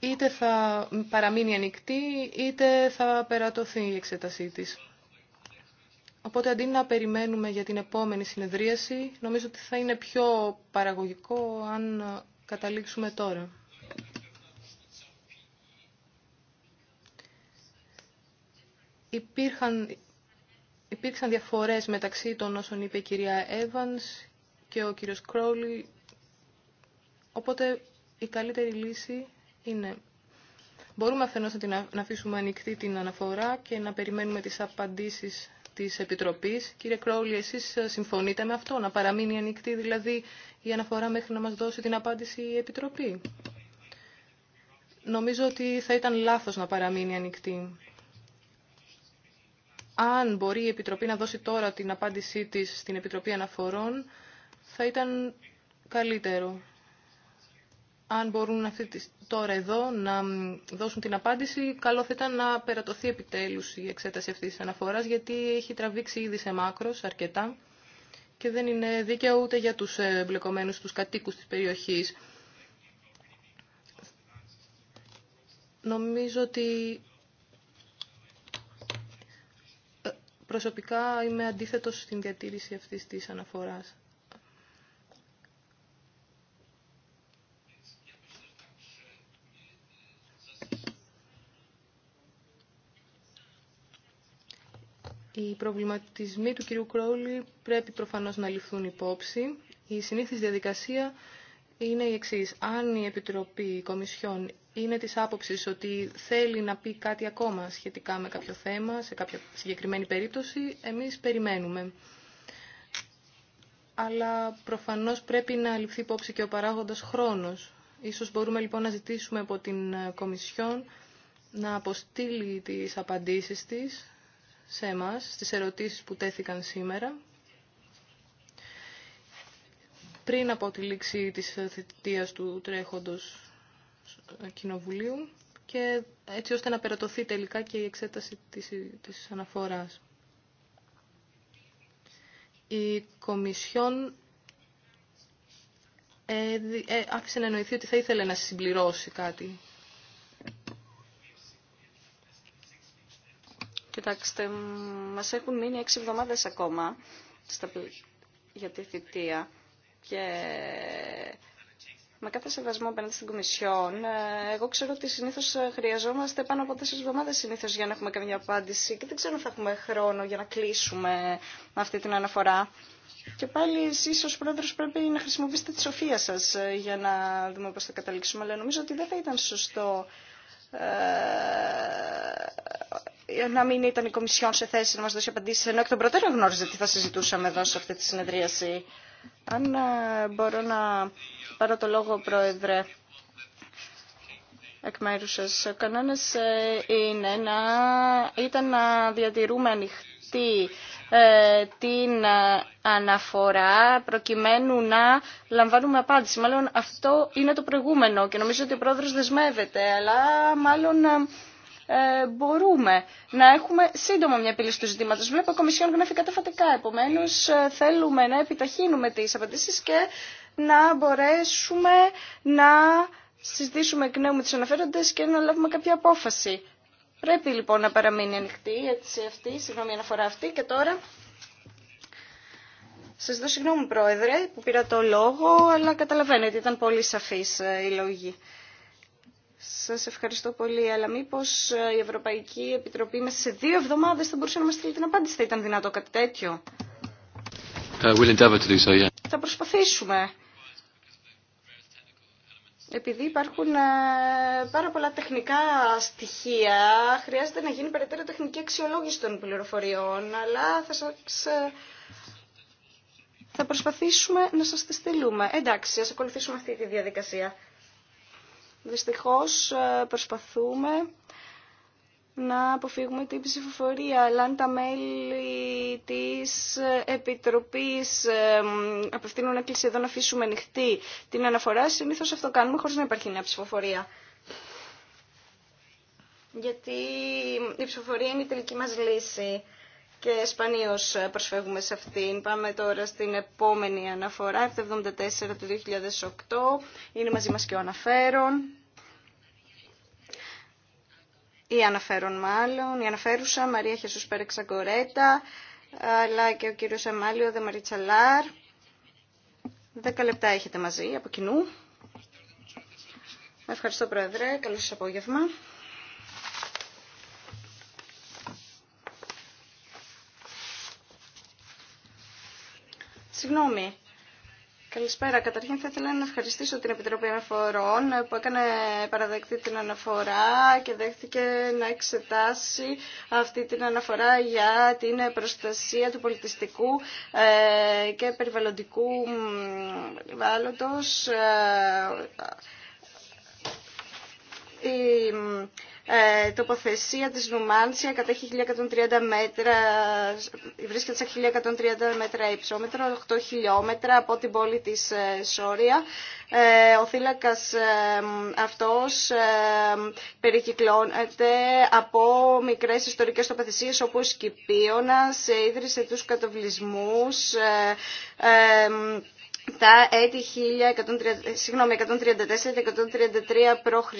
Είτε θα παραμείνει ανοιχτή, είτε θα περατωθεί η εξέτασή της. Οπότε αντί να περιμένουμε για την επόμενη συνεδρίαση, νομίζω ότι θα είναι πιο παραγωγικό αν καταλήξουμε τώρα. Υπήρχαν, υπήρξαν διαφορές μεταξύ των όσων είπε η κυρία Evans και ο κύριος Κρόλι. Οπότε η καλύτερη λύση είναι μπορούμε αφενός να, αφήσουμε ανοιχτή την αναφορά και να περιμένουμε τις απαντήσεις της Επιτροπής. Κύριε Κρόουλη, εσείς ε, συμφωνείτε με αυτό, να παραμείνει ανοιχτή δηλαδή η αναφορά μέχρι να μας δώσει την απάντηση η Επιτροπή. Νομίζω ότι θα ήταν λάθος να παραμείνει ανοιχτή. Αν μπορεί η Επιτροπή να δώσει τώρα την απάντησή της στην Επιτροπή Αναφορών, θα ήταν καλύτερο αν μπορούν τη, τώρα εδώ να δώσουν την απάντηση, καλό θα ήταν να περατωθεί επιτέλους η εξέταση αυτής της αναφοράς, γιατί έχει τραβήξει ήδη σε μάκρο αρκετά και δεν είναι δίκαιο ούτε για τους εμπλεκομένους, τους κατοίκους της περιοχής. Νομίζω ότι ε, προσωπικά είμαι αντίθετος στην διατήρηση αυτής της αναφοράς. Οι προβληματισμοί του κυρίου Κρόλη πρέπει προφανώς να ληφθούν υπόψη. Η συνήθις διαδικασία είναι η εξή. Αν η Επιτροπή Κομισιόν είναι της άποψης ότι θέλει να πει κάτι ακόμα σχετικά με κάποιο θέμα, σε κάποια συγκεκριμένη περίπτωση, εμείς περιμένουμε. Αλλά προφανώς πρέπει να ληφθεί υπόψη και ο παράγοντας χρόνος. Ίσως μπορούμε λοιπόν να ζητήσουμε από την Κομισιόν να αποστείλει τις απαντήσεις της σε εμάς, στις ερωτήσεις που τέθηκαν σήμερα. Πριν από τη λήξη της θητείας του τρέχοντος κοινοβουλίου και έτσι ώστε να περατωθεί τελικά και η εξέταση της, της αναφοράς. Η Κομισιόν ε, άφησε να εννοηθεί ότι θα ήθελε να συμπληρώσει κάτι Κοιτάξτε, μας έχουν μείνει έξι εβδομάδες ακόμα για τη θητεία και με κάθε σεβασμό απέναντι στην Κομισιόν, ε, εγώ ξέρω ότι συνήθως ε, χρειαζόμαστε πάνω από τέσσερις εβδομάδες συνήθως για να έχουμε καμία απάντηση και δεν ξέρω αν θα έχουμε χρόνο για να κλείσουμε αυτή την αναφορά. Και πάλι εσεί ω πρόεδρο πρέπει να χρησιμοποιήσετε τη σοφία σα ε, για να δούμε πώ θα καταλήξουμε. Αλλά νομίζω ότι δεν θα ήταν σωστό να μην ήταν η Κομισιόν σε θέση να μας δώσει απαντήσεις, ενώ εκ των προτέρων γνώριζε τι θα συζητούσαμε εδώ σε αυτή τη συνεδρίαση. Αν ε, μπορώ να πάρω το λόγο, Πρόεδρε, εκ μέρου σα, Ο κανόνας ε, είναι να ήταν να διατηρούμε ανοιχτή ε, την αναφορά προκειμένου να λαμβάνουμε απάντηση. Μάλλον αυτό είναι το προηγούμενο και νομίζω ότι ο πρόεδρος δεσμεύεται, αλλά μάλλον ε, μπορούμε να έχουμε σύντομα μια επίλυση του ζητήματο. Βλέπω η Κομισιόν γνέφει καταφατικά, επομένως ε, θέλουμε να επιταχύνουμε τι απαντήσει και να μπορέσουμε να συζητήσουμε εκ νέου με του αναφέροντες και να λάβουμε κάποια απόφαση. Πρέπει λοιπόν να παραμείνει ανοιχτή έτσι, αυτή, συγγνώμη αναφορά αυτή και τώρα... Σας δω συγγνώμη πρόεδρε που πήρα το λόγο, αλλά καταλαβαίνετε ήταν πολύ σαφής ε, η λόγη. Σας ευχαριστώ πολύ, αλλά μήπως ε, η Ευρωπαϊκή Επιτροπή μέσα σε δύο εβδομάδες θα μπορούσε να μας στείλει την απάντηση, θα ήταν δυνατό κάτι τέτοιο. Uh, so, yeah. Θα προσπαθήσουμε. Επειδή υπάρχουν ε, πάρα πολλά τεχνικά στοιχεία, χρειάζεται να γίνει περαιτέρω τεχνική αξιολόγηση των πληροφοριών, αλλά θα σας... Ε, θα προσπαθήσουμε να σας τη στείλουμε. Εντάξει, ας ακολουθήσουμε αυτή τη διαδικασία. Δυστυχώς ε, προσπαθούμε να αποφύγουμε την ψηφοφορία, αλλά αν τα μέλη της Επιτροπής ε, απευθύνουν έκκληση εδώ να αφήσουμε ανοιχτή την αναφορά, συνήθως αυτό κάνουμε χωρίς να υπάρχει μια ψηφοφορία. Γιατί η ψηφοφορία είναι η τελική μας λύση και σπανίως προσφεύγουμε σε αυτήν. Πάμε τώρα στην επόμενη αναφορά, 74 του 2008. Είναι μαζί μας και ο αναφέρον. Η αναφέρον μάλλον, η αναφέρουσα Μαρία Χεσούς Πέρεξα Κορέτα, αλλά και ο κύριος Αμάλιο Δεμαριτσαλάρ. Δέκα λεπτά έχετε μαζί, από κοινού. Ευχαριστώ Πρόεδρε, καλό σας απόγευμα. Συγγνώμη. Καλησπέρα. Καταρχήν θα ήθελα να ευχαριστήσω την Επιτροπή Αναφορών που έκανε παραδεκτή την αναφορά και δέχτηκε να εξετάσει αυτή την αναφορά για την προστασία του πολιτιστικού ε, και περιβαλλοντικού βάλλοντος. Ε, ε, τοποθεσία της Νουμάνσια κατά 1130 μέτρα, βρίσκεται σε 1130 μέτρα υψόμετρο, 8 χιλιόμετρα από την πόλη της ε, Σόρια. Ε, ο θύλακας αυτός περικυκλώνεται από μικρές ιστορικές τοποθεσίες όπου Σκυπίωνα σε ίδρυσε τους κατοβλισμούς τα έτη 134 133 π.Χ.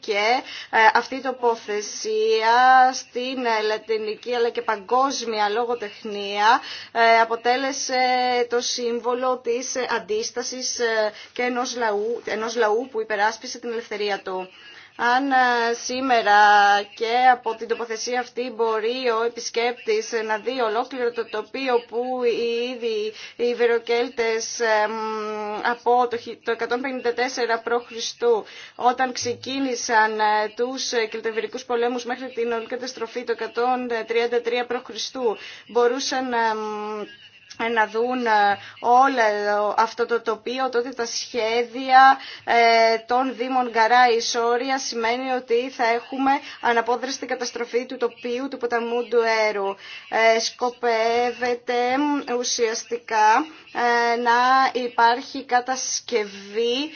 και ε, αυτή η τοποθεσία στην ε, λατινική αλλά και παγκόσμια λογοτεχνία ε, αποτέλεσε το σύμβολο της αντίστασης και ενός λαού, ενός λαού που υπεράσπισε την ελευθερία του αν ε, σήμερα και από την τοποθεσία αυτή μπορεί ο επισκέπτης να δει ολόκληρο το τοπίο που ήδη οι Βεροκέλτες από το 154 π.Χ. όταν ξεκίνησαν ε, τους κελτεβερικούς πολέμους μέχρι την ολική καταστροφή το 133 π.Χ. μπορούσαν ε, να δουν ε, όλο αυτό το τοπίο, τότε τα σχέδια ε, των Δήμων Γκαρά Ισόρια σημαίνει ότι θα έχουμε αναπόδραστη καταστροφή του τοπίου του ποταμού του Έρου. Σκοπεύεται ουσιαστικά να υπάρχει κατασκευή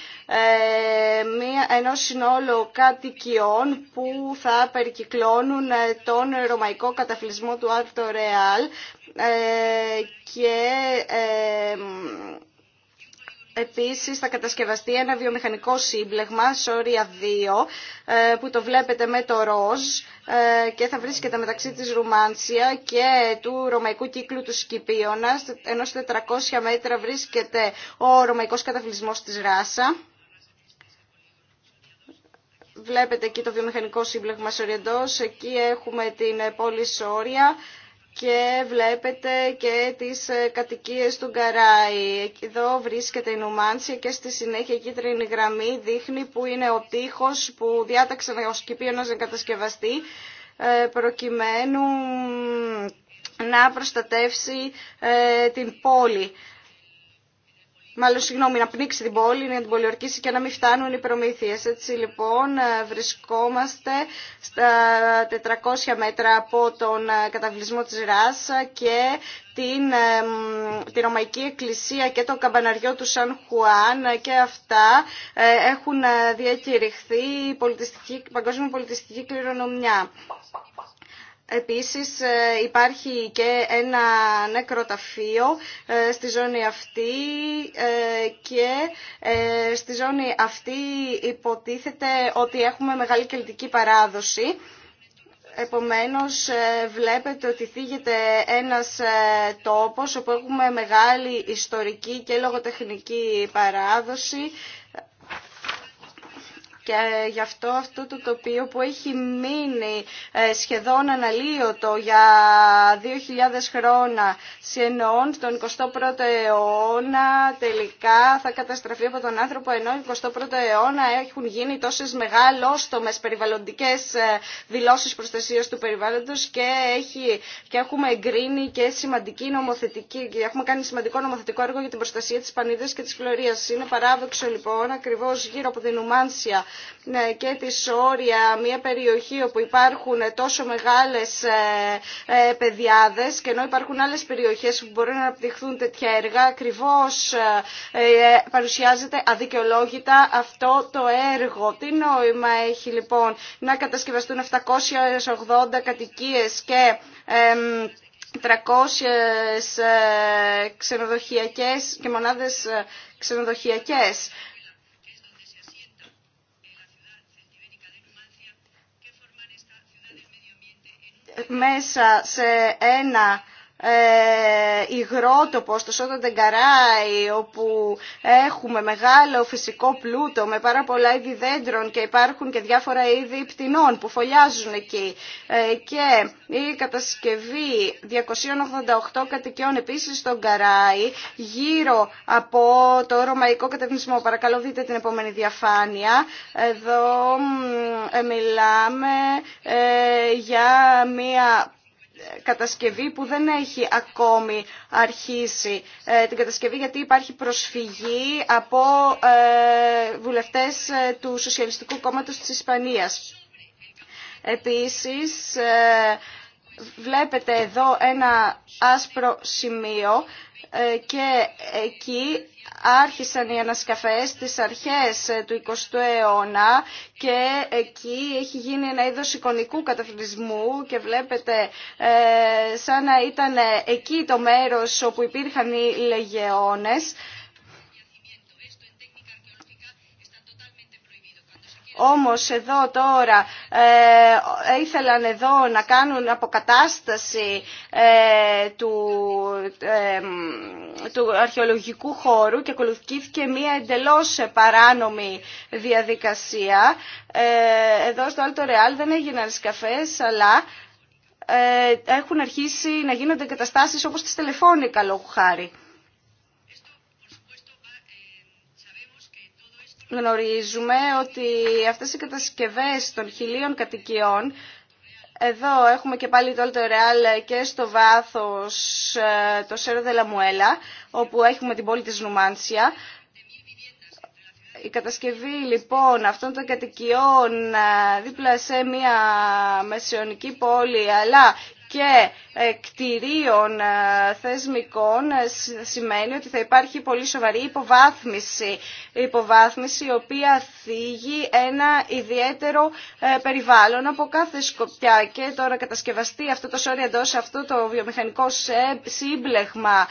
ενός συνόλου κατοικιών που θα περικυκλώνουν τον ρωμαϊκό καταφλισμό του Άρτο Ρεάλ ε, και ε, Επίσης θα κατασκευαστεί ένα βιομηχανικό σύμπλεγμα, Σόρια 2, ε, που το βλέπετε με το ροζ και θα βρίσκεται μεταξύ της Ρουμάνσια και του Ρωμαϊκού κύκλου του Σκυπίωνα, ενώ σε 400 μέτρα βρίσκεται ο Ρωμαϊκός καταφυλισμός της Ράσα. Βλέπετε εκεί το βιομηχανικό σύμπλεγμα 2 εκεί έχουμε την πόλη Σόρια, και βλέπετε και τις ε, κατοικίες του Γκαράη. Εδώ βρίσκεται η Νουμάνσια και στη συνέχεια η κίτρινη γραμμή δείχνει που είναι ο τείχος που διάταξε ο Σκυπίωνος να κατασκευαστεί ε, προκειμένου να προστατεύσει ε, την πόλη μάλλον συγγνώμη, να πνίξει την πόλη, να την πολιορκήσει και να μην φτάνουν οι προμήθειες. Έτσι λοιπόν ε, βρισκόμαστε στα 400 μέτρα από τον ε, καταβλισμό της Ράσα και την, ε, την Ρωμαϊκή Εκκλησία και το καμπαναριό του Σαν Χουάν και αυτά έχουν διακηρυχθεί η πολιτιστική, παγκόσμια πολιτιστική κληρονομιά. Επίσης ε, υπάρχει και ένα νεκροταφείο ε, στη ζώνη αυτή ε, και στη ζώνη αυτή υποτίθεται ότι έχουμε μεγάλη κελτική παράδοση. Επομένως βλέπετε ότι θίγεται ένας τόπος όπου έχουμε μεγάλη ιστορική και λογοτεχνική παράδοση και ε, γι' αυτό αυτό το τοπίο που έχει μείνει ε, σχεδόν αναλύωτο για 2.000 χρόνια συνεννοών στον 21ο αιώνα τελικά θα καταστραφεί από τον άνθρωπο ενώ τον 21ο αιώνα έχουν γίνει τόσες μεγάλοστομες περιβαλλοντικές ε, δηλώσεις προστασίας του περιβάλλοντος και, έχει, και έχουμε εγκρίνει και σημαντική νομοθετική και έχουμε κάνει σημαντικό νομοθετικό έργο για την προστασία της πανίδας και της φλωρίας. Είναι παράδοξο λοιπόν ακριβώς γύρω από την Ουμάνσια ναι, και τη Σόρια, μια περιοχή όπου υπάρχουν τόσο μεγάλες ε, ε, παιδιάδες και ενώ υπάρχουν άλλες περιοχές που μπορούν να αναπτυχθούν τέτοια έργα, Ακριβώ ε, παρουσιάζεται αδικαιολόγητα αυτό το έργο. Τι νόημα έχει λοιπόν να κατασκευαστούν 780 κατοικίες και 300 ξενοδοχειακές και μονάδες ξενοδοχειακές. μέσα σε ένα ε, στο στο Σότα Ντεγκαράι, όπου έχουμε μεγάλο φυσικό πλούτο με πάρα πολλά είδη δέντρων και υπάρχουν και διάφορα είδη πτηνών που φωλιάζουν εκεί. Ε, και η κατασκευή 288 κατοικιών επίσης στο Γκαράι, γύρω από το ρωμαϊκό κατευνισμό. Παρακαλώ δείτε την επόμενη διαφάνεια. Εδώ ε, μιλάμε ε, για μία κατασκευή που δεν έχει ακόμη αρχίσει ε, την κατασκευή γιατί υπάρχει προσφυγή από ε, βουλευτές ε, του Σοσιαλιστικού Κόμματος της Ισπανίας. Επίσης, βλέπετε εδώ ένα άσπρο σημείο ε, και εκεί άρχισαν οι ανασκαφές στις αρχές ε, του 20ου αιώνα και εκεί έχει γίνει ένα είδος εικονικού καταφυλισμού και βλέπετε ε, σαν να ήταν εκεί το μέρος όπου υπήρχαν οι λεγεώνες Όμως εδώ τώρα ε, ήθελαν εδώ να κάνουν αποκατάσταση ε, του, ε, του αρχαιολογικού χώρου και ακολουθήθηκε μία εντελώς παράνομη διαδικασία. Ε, εδώ στο Άλτο Ρεάλ δεν έγιναν σκαφές, αλλά έχουν αρχίσει να γίνονται εγκαταστάσεις όπως τις τηλεφώνικα λόγου χάρη. γνωρίζουμε ότι αυτές οι κατασκευές των χιλίων κατοικιών εδώ έχουμε και πάλι το Alto Real και στο βάθος ε, το Σέρο Δελαμουέλα, όπου έχουμε την πόλη της Νουμάνσια. Η κατασκευή λοιπόν αυτών των κατοικιών ε, δίπλα σε μια μεσαιωνική πόλη αλλά και ε, κτηρίων ε, θεσμικών ε, σημαίνει ότι θα υπάρχει πολύ σοβαρή υποβάθμιση, υποβάθμιση η οποία θίγει ένα ιδιαίτερο περιβάλλον από κάθε σκοπιά και τώρα κατασκευαστεί αυτό το σώριο εντό αυτό το βιομηχανικό σύμπλεγμα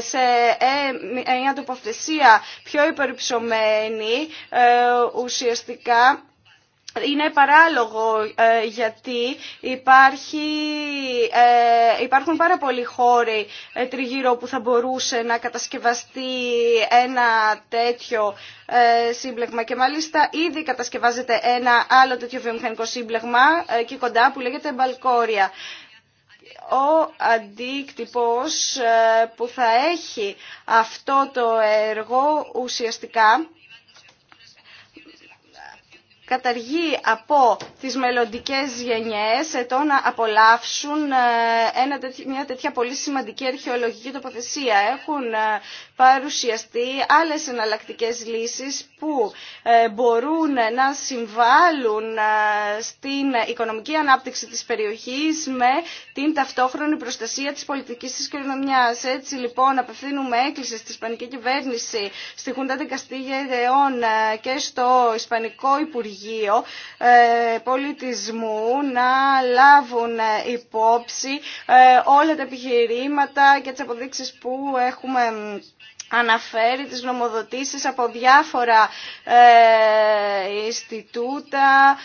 σε μια τοποθεσία πιο υπερυψωμένη ουσιαστικά είναι παράλογο ε, γιατί υπάρχει, ε, υπάρχουν πάρα πολλοί χώροι ε, τριγύρω που θα μπορούσε να κατασκευαστεί ένα τέτοιο σύμπλεγμα και μάλιστα ήδη κατασκευάζεται ένα άλλο τέτοιο βιομηχανικό σύμπλεγμα εκεί κοντά που λέγεται Μπαλκόρια ο αντίκτυπος που θα έχει αυτό το έργο ουσιαστικά καταργεί από τις μελλοντικέ γενιές ε, το να απολαύσουν ε, μια τέτοια πολύ σημαντική αρχαιολογική τοποθεσία. Έχουν ε, παρουσιαστεί άλλες εναλλακτικές λύσεις που ε, μπορούν να συμβάλλουν ε, στην οικονομική ανάπτυξη της περιοχής με την ταυτόχρονη προστασία της πολιτικής της κοινωνιάς. Έτσι λοιπόν απευθύνουμε έκκληση στη Ισπανική κυβέρνηση, στη Χούντα Δικαστήγερεών ε, και στο Ισπανικό Υπουργείο Πολιτισμού να λάβουν υπόψη όλα τα επιχειρήματα και τις αποδείξεις που έχουμε αναφέρει τις γνωμοδοτήσεις από διάφορα ε,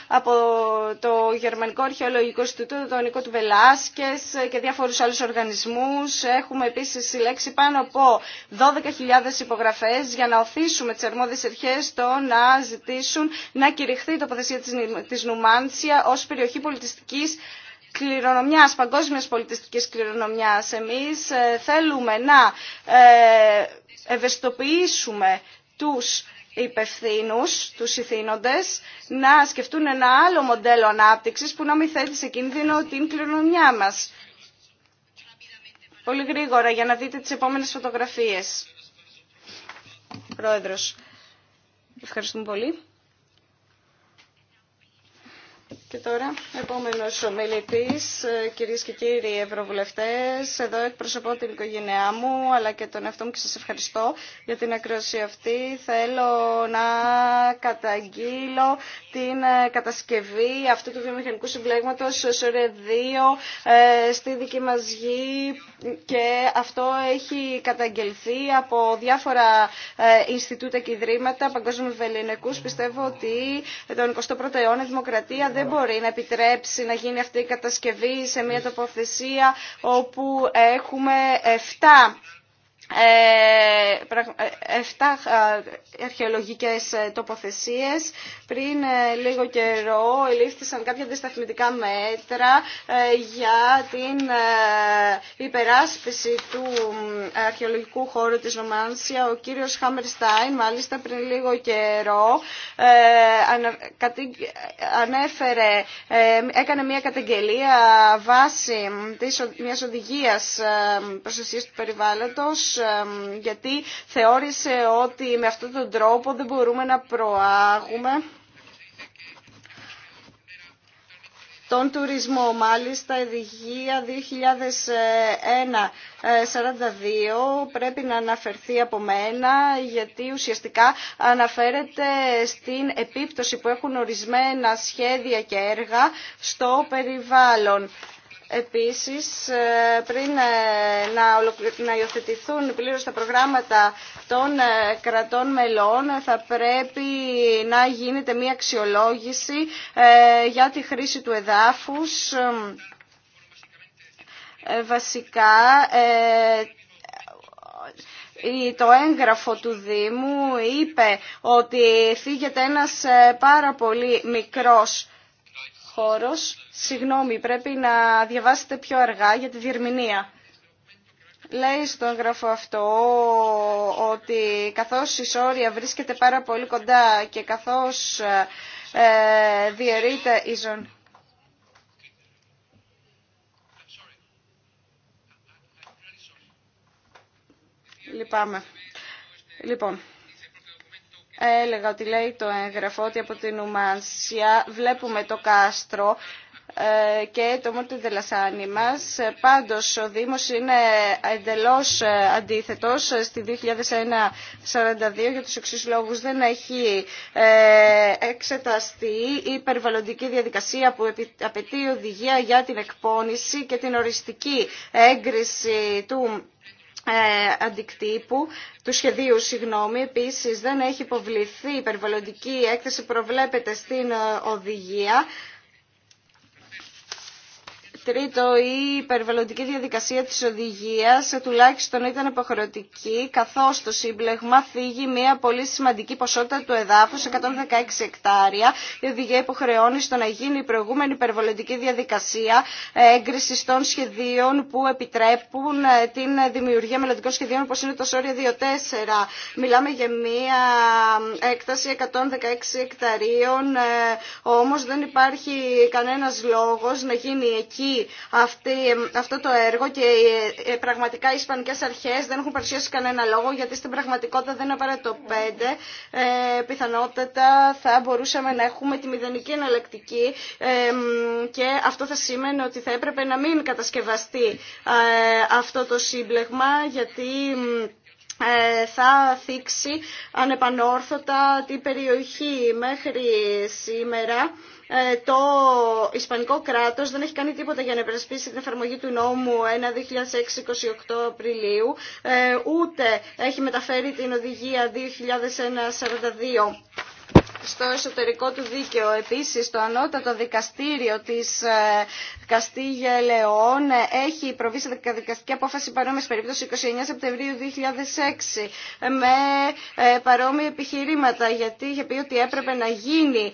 από το Γερμανικό Αρχαιολογικό Ινστιτούτο, το Νίκο του Βελάσκες και διάφορους άλλους οργανισμούς. Έχουμε επίσης συλλέξει πάνω από 12.000 υπογραφές για να οθήσουμε τις αρμόδιες αρχές στο να ζητήσουν να κηρυχθεί η τοποθεσία της Νουμάντσια ως περιοχή πολιτιστικής κληρονομιάς, παγκόσμιας πολιτιστικής κληρονομιάς. Εμείς ε, θέλουμε να ε, ευαισθητοποιήσουμε τους υπευθύνου, τους ηθήνοντες, να σκεφτούν ένα άλλο μοντέλο ανάπτυξης που να μην θέτει σε κίνδυνο την κληρονομιά μας. Πολύ γρήγορα για να δείτε τις επόμενες φωτογραφίες. Πρόεδρος, ευχαριστούμε πολύ. Και τώρα, επόμενο, ομιλητής, ε, κυρίε και κύριοι Ευρωβουλευτέ, εδώ εκπροσωπώ την οικογένειά μου, αλλά και τον εαυτό μου και σα ευχαριστώ για την ακρόαση αυτή. Θέλω να καταγγείλω την ε, κατασκευή αυτού του βιομηχανικού συμπλεγματο ΣΟΡΕ 2 ε, στη δική μα γη και αυτό έχει καταγγελθεί από διάφορα Ινστιτούτα και Ιδρύματα παγκόσμιου Βεληνικού. Πιστεύω ότι τον 21ο αιώνα η δημοκρατία δεν μπορεί μπορεί να επιτρέψει να γίνει αυτή η κατασκευή σε μια τοποθεσία όπου έχουμε 7 7 ε, ε, αρχαιολογικές ε, τοποθεσίες. Πριν λίγο καιρό ελήφθησαν κάποια αντισταθμητικά μέτρα για την υπεράσπιση του αρχαιολογικού χώρου της Νομάνσια. Ο κύριος Χάμερστάιν μάλιστα πριν λίγο καιρό ανέφερε, έκανε μια καταγγελία βάση της μιας οδηγίας προστασίας του περιβάλλοντος γιατί θεώρησε ότι με αυτόν τον τρόπο δεν μπορούμε να προάγουμε τον τουρισμό. Μάλιστα, η διγεια 2001 2001-42 πρέπει να αναφερθεί από μένα, γιατί ουσιαστικά αναφέρεται στην επίπτωση που έχουν ορισμένα σχέδια και έργα στο περιβάλλον. Επίσης, ε, πριν ε, να υιοθετηθούν πλήρως τα προγράμματα των ε, κρατών μελών, θα πρέπει να γίνεται μια αξιολόγηση για τη χρήση του εδάφους. Βασικά, το έγγραφο του Δήμου είπε ότι θίγεται ένας πάρα πολύ μικρός χώρος. Συγγνώμη, πρέπει να διαβάσετε πιο αργά για τη διερμηνία. Λέει στο έγγραφο αυτό ότι καθώς η Σόρια βρίσκεται πάρα πολύ κοντά και καθώς ε, διαιρείται η ζωνή. Λυπάμαι. Λοιπόν, έλεγα ότι λέει το έγγραφο ότι από την Ουμάνσια βλέπουμε το κάστρο ε, και το Μόρτι Δελασάνη μας. Πάντως ο Δήμος είναι εντελώς ε, αντίθετος στη 2001-42 για τους εξής λόγους δεν έχει ε, εξεταστεί η περιβαλλοντική διαδικασία που απαιτεί οδηγία για την εκπόνηση και την οριστική έγκριση του ε, αντικτύπου του σχεδίου, συγγνώμη, επίσης δεν έχει υποβληθεί η περιβαλλοντική έκθεση προβλέπεται στην ε, οδηγία Τρίτο, η περιβαλλοντική διαδικασία της οδηγίας τουλάχιστον ήταν υποχρεωτική, καθώς το σύμπλεγμα φύγει μια πολύ σημαντική ποσότητα του εδάφους, 116 εκτάρια. Η οδηγία υποχρεώνει στο να γίνει η προηγούμενη περιβαλλοντική διαδικασία έγκριση των σχεδίων που επιτρέπουν ε, την δημιουργία μελλοντικών σχεδίων, όπως είναι το Σόρια 2.4. Μιλάμε για μια έκταση 116 εκταρίων, ε, όμως δεν υπάρχει κανένας λόγος να γίνει εκεί αυτή, αυτό το έργο και ε, πραγματικά οι Ισπανικές αρχές δεν έχουν παρουσιάσει κανένα λόγο γιατί στην πραγματικότητα δεν είναι το 5. Ε, θα μπορούσαμε να έχουμε τη μηδενική εναλλακτική και αυτό θα σήμαινε ότι θα έπρεπε να μην κατασκευαστεί ε, αυτό το σύμπλεγμα γιατί ε, θα θίξει ανεπανόρθωτα την περιοχή μέχρι σήμερα. Ε, το Ισπανικό κράτος δεν έχει κάνει τίποτα για να υπερασπίσει την εφαρμογή του νόμου 1-2006-28 Απριλίου, ε, ούτε έχει μεταφέρει την οδηγία 2001-42 στο εσωτερικό του δίκαιο. Επίσης, το ανώτατο δικαστήριο της ε, Καστίγια Λεόν ε, έχει προβεί σε δικαστική απόφαση παρόμοια περίπτωση 29 Σεπτεμβρίου 2006 με ε, παρόμοια επιχειρήματα γιατί είχε πει ότι έπρεπε να γίνει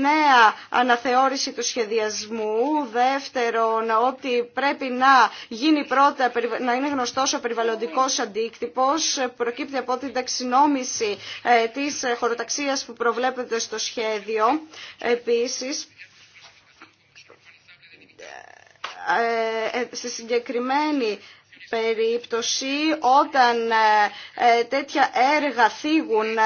νέα αναθεώρηση του σχεδιασμού. Δεύτερον, ότι πρέπει να γίνει πρώτα, να είναι γνωστός ο περιβαλλοντικός αντίκτυπος, προκύπτει από την ταξινόμηση της χωροταξίας που προβλέπει βλέπετε στο σχέδιο. Επίσης, σε ε, συγκεκριμένη περίπτωση όταν ε, ε, τέτοια έργα θίγουν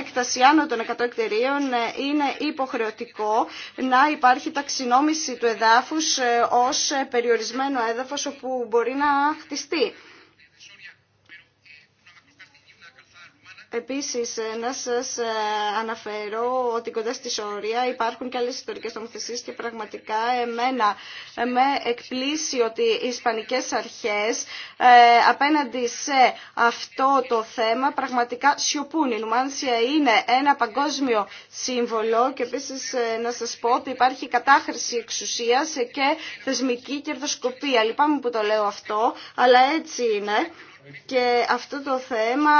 έκταση άνω των 100 εκτερίων είναι υποχρεωτικό να υπάρχει ταξινόμηση του εδάφους ως περιορισμένο έδαφος όπου μπορεί να χτιστεί. Επίσης, να σας ε, αναφέρω ότι κοντά στη Σόρια υπάρχουν και άλλες ιστορικές νομοθεσίες και πραγματικά εμένα ε, με εκπλήσει ότι οι Ισπανικές αρχές ε, απέναντι σε αυτό το θέμα πραγματικά σιωπούν. Η Νουμάνσια είναι ένα παγκόσμιο σύμβολο και επίσης να σας πω ότι υπάρχει κατάχρηση εξουσίας και θεσμική κερδοσκοπία. Λυπάμαι που το λέω αυτό, αλλά έτσι είναι. Και αυτό το θέμα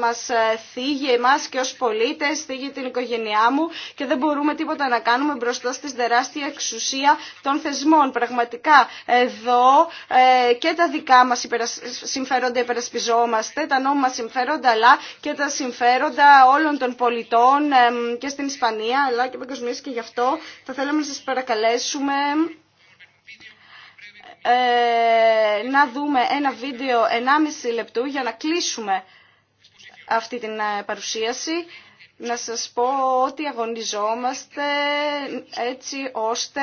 μας ε, θίγει εμάς και ως πολίτες, θίγει την οικογένειά μου και δεν μπορούμε τίποτα να κάνουμε μπροστά στις τεράστια εξουσία των θεσμών. Πραγματικά εδώ ε, και τα δικά μας συμφέροντα υπερασπιζόμαστε, τα νόμιμα συμφέροντα αλλά και τα συμφέροντα όλων των πολιτών και στην Ισπανία αλλά και παγκοσμίως και γι' αυτό θα θέλαμε να σας παρακαλέσουμε ε, να δούμε ένα βίντεο 1,5 λεπτού για να κλείσουμε αυτή την ε, παρουσίαση. Να σας πω ότι αγωνιζόμαστε έτσι ώστε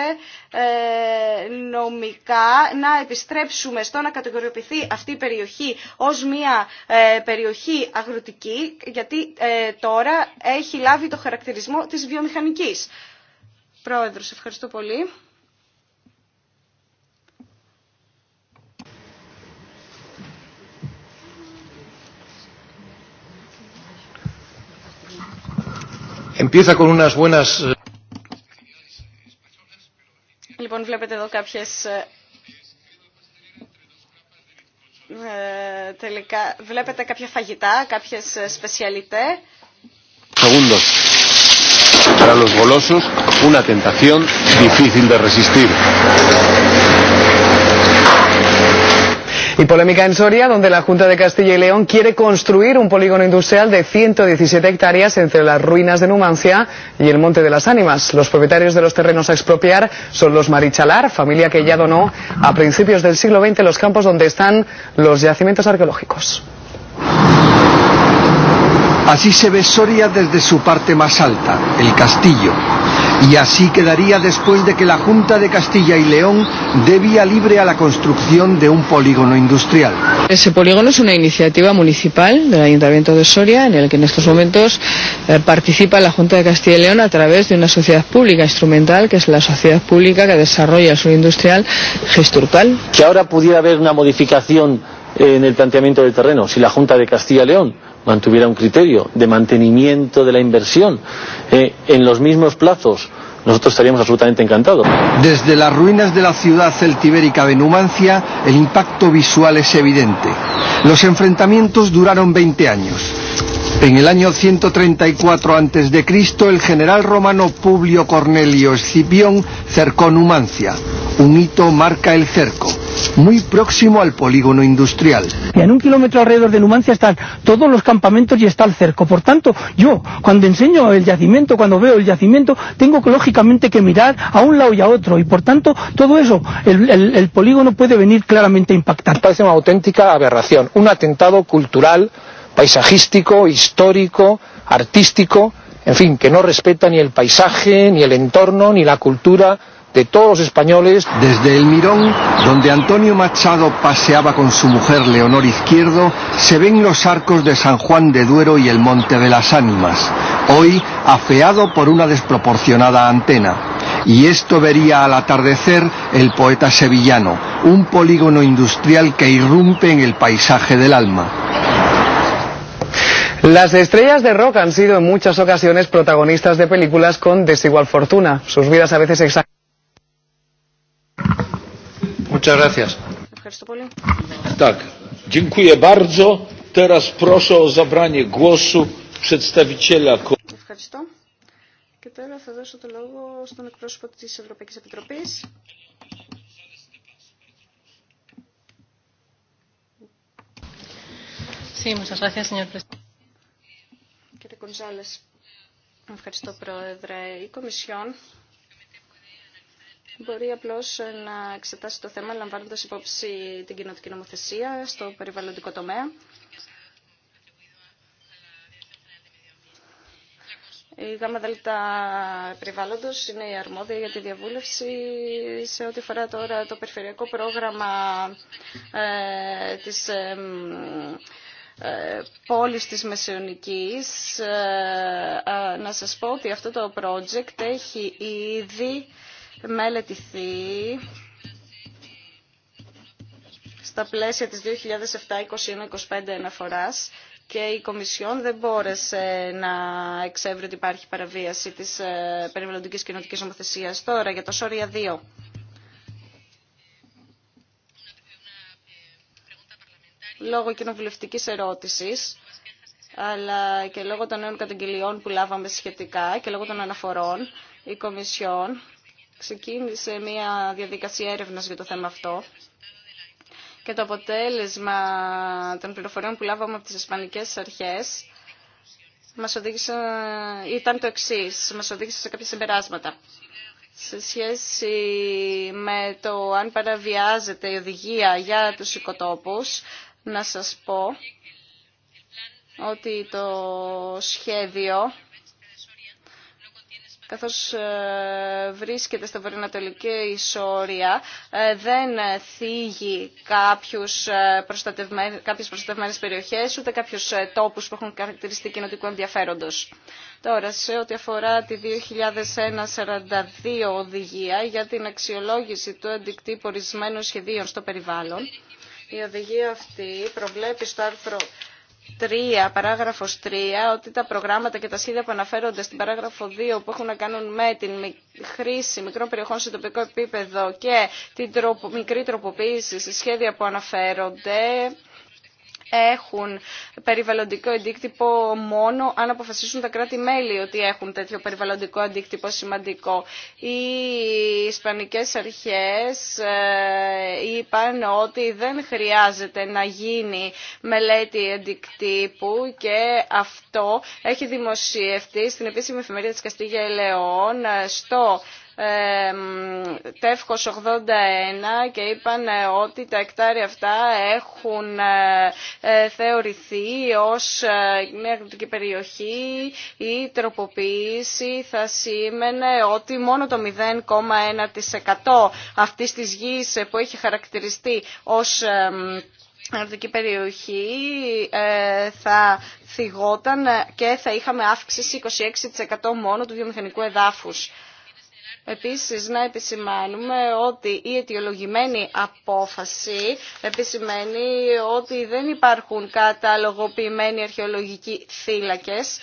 ε, νομικά να επιστρέψουμε στο να κατηγοριοποιηθεί αυτή η περιοχή ως μια περιοχή αγροτική γιατί τώρα έχει λάβει το χαρακτηρισμό της βιομηχανικής. Πρόεδρος, ευχαριστώ πολύ. Empieza con unas buenas... Λοιπόν, βλέπετε εδώ κάποιες ε, τελικά βλέπετε κάποια φαγητά, κάποιες σπεσιαλιτέ. Segundo, para los golosos una tentación difícil de resistir. Y polémica en Soria, donde la Junta de Castilla y León quiere construir un polígono industrial de 117 hectáreas entre las ruinas de Numancia y el Monte de las Ánimas. Los propietarios de los terrenos a expropiar son los Marichalar, familia que ya donó a principios del siglo XX los campos donde están los yacimientos arqueológicos. Así se ve Soria desde su parte más alta, el castillo, y así quedaría después de que la Junta de Castilla y León dé vía libre a la construcción de un polígono industrial. Ese polígono es una iniciativa municipal del Ayuntamiento de Soria en el que en estos momentos participa la Junta de Castilla y León a través de una sociedad pública instrumental que es la sociedad pública que desarrolla su industrial gesturcal. Que ahora pudiera haber una modificación en el planteamiento del terreno si la Junta de Castilla y León mantuviera un criterio de mantenimiento de la inversión en los mismos plazos, nosotros estaríamos absolutamente encantados. Desde las ruinas de la ciudad celtibérica de Numancia, el impacto visual es evidente. Los enfrentamientos duraron 20 años. En el año 134 a.C., el general romano Publio Cornelio Escipión cercó Numancia. Un hito marca el cerco, muy próximo al polígono industrial. Y en un kilómetro alrededor de Numancia están todos los campamentos y está el cerco. Por tanto, yo, cuando enseño el yacimiento, cuando veo el yacimiento, tengo que, lógicamente que mirar a un lado y a otro. Y por tanto, todo eso, el, el, el polígono puede venir claramente a impactar. Parece una auténtica aberración, un atentado cultural paisajístico, histórico, artístico, en fin, que no respeta ni el paisaje, ni el entorno, ni la cultura de todos los españoles. Desde el Mirón, donde Antonio Machado paseaba con su mujer Leonor Izquierdo, se ven los arcos de San Juan de Duero y el Monte de las Ánimas, hoy afeado por una desproporcionada antena. Y esto vería al atardecer el poeta sevillano, un polígono industrial que irrumpe en el paisaje del alma. Las estrellas de rock han sido en muchas ocasiones protagonistas de películas con desigual fortuna. Sus vidas a veces exactas. Muchas gracias. Tak, dziękuję bardzo. Teraz proszę o zabranie głosu przedstawiciela. Sí, muchas gracias, señor presidente. Ευχαριστώ, Πρόεδρε. Η Κομισιόν μπορεί απλώς να εξετάσει το θέμα λαμβάνοντας υπόψη την κοινωτική νομοθεσία στο περιβαλλοντικό τομέα. Η ΓΑΜΑ ΔΕΛΤΑ Περιβάλλοντος είναι η αρμόδια για τη διαβούλευση σε ό,τι αφορά τώρα το περιφερειακό πρόγραμμα ε, της ε, ε, πόλης της Μεσαιωνικής ε, να σας πω ότι αυτό το project έχει ήδη μελετηθεί στα πλαίσια της 2007-2021-25 2025 αναφορας και η Κομισιόν δεν μπόρεσε να εξεύρει ότι υπάρχει παραβίαση της ε, περιβαλλοντικής κοινωτικής νομοθεσίας. Τώρα για το ΣΟΡΙΑ 2. λόγω κοινοβουλευτική ερώτηση, αλλά και λόγω των νέων καταγγελιών που λάβαμε σχετικά και λόγω των αναφορών, η Κομισιόν ξεκίνησε μια διαδικασία έρευνας για το θέμα αυτό και το αποτέλεσμα των πληροφοριών που λάβαμε από τις Ισπανικές Αρχές μας οδήγησε, ήταν το εξής, μας οδήγησε σε κάποια συμπεράσματα σε σχέση με το αν παραβιάζεται η οδηγία για τους οικοτόπους να σας πω ότι το σχέδιο καθώς ε, βρίσκεται στα βορειοανατολική ισορία, ε, δεν θίγει κάποιους ε, προστατευμένες, κάποιες προστατευμένες περιοχές, ούτε κάποιους τόπους που έχουν χαρακτηριστεί κοινοτικού ενδιαφέροντος. Τώρα, σε ό,τι αφορά τη 2001-42 οδηγία για την αξιολόγηση του αντικτύπου ορισμένων σχεδίων στο περιβάλλον, η οδηγία αυτή προβλέπει στο άρθρο 3, παράγραφος 3, ότι τα προγράμματα και τα σχέδια που αναφέρονται στην παράγραφο 2 που έχουν να κάνουν με την χρήση μικρών περιοχών σε τοπικό επίπεδο και την μικρή τροποποίηση σε σχέδια που αναφέρονται έχουν περιβαλλοντικό αντίκτυπο μόνο αν αποφασίσουν τα κράτη-μέλη ότι έχουν τέτοιο περιβαλλοντικό αντίκτυπο σημαντικό. Οι Ισπανικές αρχές ε, είπαν ότι δεν χρειάζεται να γίνει μελέτη αντικτύπου και αυτό έχει δημοσιευτεί στην επίσημη εφημερίδα της Καστίγια Ελαιών ε, στο τεύχος 81 και είπαν ε, ότι τα εκτάρια αυτά έχουν ε, ε, θεωρηθεί ως μια αγροτική περιοχή η τροποποίηση θα σήμαινε ότι μόνο το 0,1% αυτής της γης που έχει χαρακτηριστεί ως αγροτική περιοχή θα θυγόταν και θα είχαμε αύξηση 26% μόνο του βιομηχανικού εδάφους. Επίσης να επισημάνουμε ότι η αιτιολογημένη απόφαση επισημαίνει ότι δεν υπάρχουν καταλογοποιημένοι αρχαιολογικοί θύλακες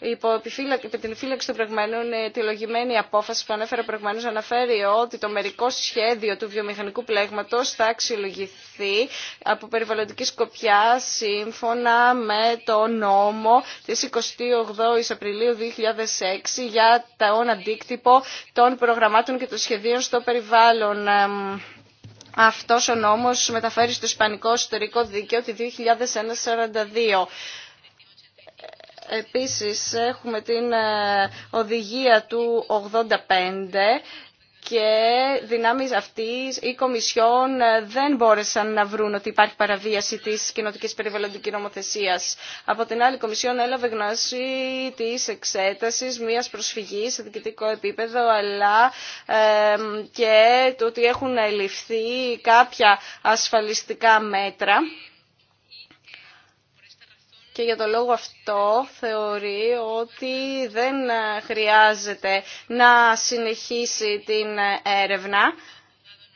υπό την φύλαξη των τη λογημένη απόφαση που ανέφερε προηγουμένω, αναφέρει ότι το μερικό σχέδιο του βιομηχανικού πλέγματο θα αξιολογηθεί από περιβαλλοντική σκοπιά σύμφωνα με το νόμο της 28 Απριλίου 2006 για τον αντίκτυπο των προγραμμάτων και των σχεδίων στο περιβάλλον. Αυτός ο νόμος μεταφέρει στο Ισπανικό Ιστορικό Δίκαιο τη 2001-42. Επίσης έχουμε την ε, οδηγία του 85 και δυνάμεις αυτής ή Κομισιόν ε, δεν μπόρεσαν να βρουν ότι υπάρχει παραβίαση της κοινοτικής περιβαλλοντικής νομοθεσίας. Από την άλλη, η Κομισιόν έλαβε γνώση της εξέτασης μιας προσφυγής σε διοικητικό επίπεδο, αλλά και το ότι έχουν ληφθεί κάποια ασφαλιστικά μέτρα και για το λόγο αυτό θεωρεί ότι δεν χρειάζεται να συνεχίσει την έρευνα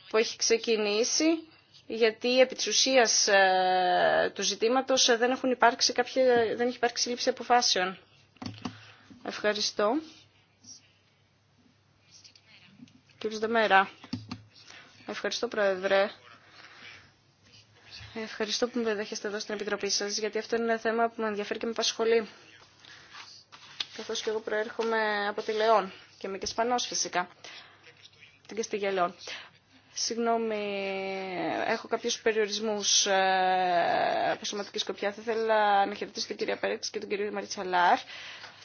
που έχει ξεκινήσει γιατί επί της ουσίας ε, του ζητήματος δεν, έχουν υπάρξει δεν έχει υπάρξει λήψη αποφάσεων. Ευχαριστώ. Κύριε Δεμέρα. Ευχαριστώ, Πρόεδρε. Ευχαριστώ που με δέχεστε εδώ στην Επιτροπή σας, γιατί αυτό είναι ένα θέμα που με ενδιαφέρει και με απασχολεί. Καθώς και εγώ προέρχομαι από τη Λεόν και είμαι και Σπανός φυσικά, την στη Λεόν. Συγγνώμη, έχω κάποιους περιορισμούς ε, από σωματική σκοπιά. Θα ήθελα να χαιρετήσω την κυρία Πέρεξ και τον κύριο Μαριτσαλάρ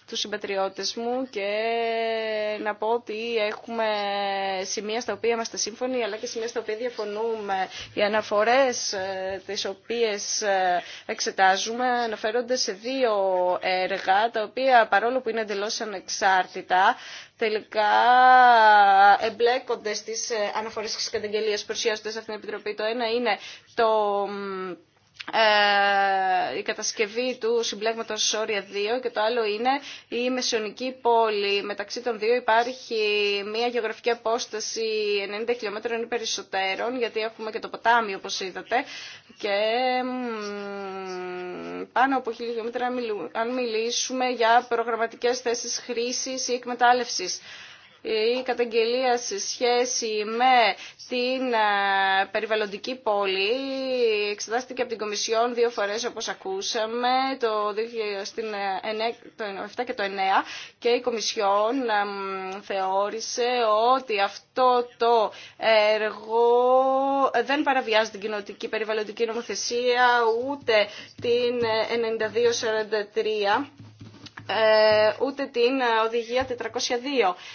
τους συμπατριώτες μου και να πω ότι έχουμε σημεία στα οποία είμαστε σύμφωνοι αλλά και σημεία στα οποία διαφωνούμε. Οι αναφορές ε, τις οποίες ε, εξετάζουμε αναφέρονται σε δύο έργα τα οποία παρόλο που είναι εντελώς ανεξάρτητα τελικά εμπλέκονται στις ε, αναφορές και στις καταγγελίες που παρουσιάζονται σε αυτήν την Επιτροπή. Το ένα είναι το ε, η κατασκευή του συμπλέγματος Σόρια 2 και το άλλο είναι η Μεσαιωνική πόλη. Μεταξύ των δύο υπάρχει μια γεωγραφική απόσταση 90 χιλιόμετρων ή περισσότερων γιατί έχουμε και το ποτάμι όπως είδατε και πάνω από χιλιόμετρα αν μιλήσουμε για προγραμματικές θέσεις χρήσης ή εκμετάλλευσης η καταγγελία σε σχέση με την ε, περιβαλλοντική πόλη εξετάστηκε από την Κομισιόν δύο φορές όπως ακούσαμε το 2007 ε, και το 9, και η Κομισιόν θεώρησε ότι αυτό το έργο δεν παραβιάζει την κοινοτική περιβαλλοντική νομοθεσία ούτε την 9243 ε, ούτε την οδηγία 402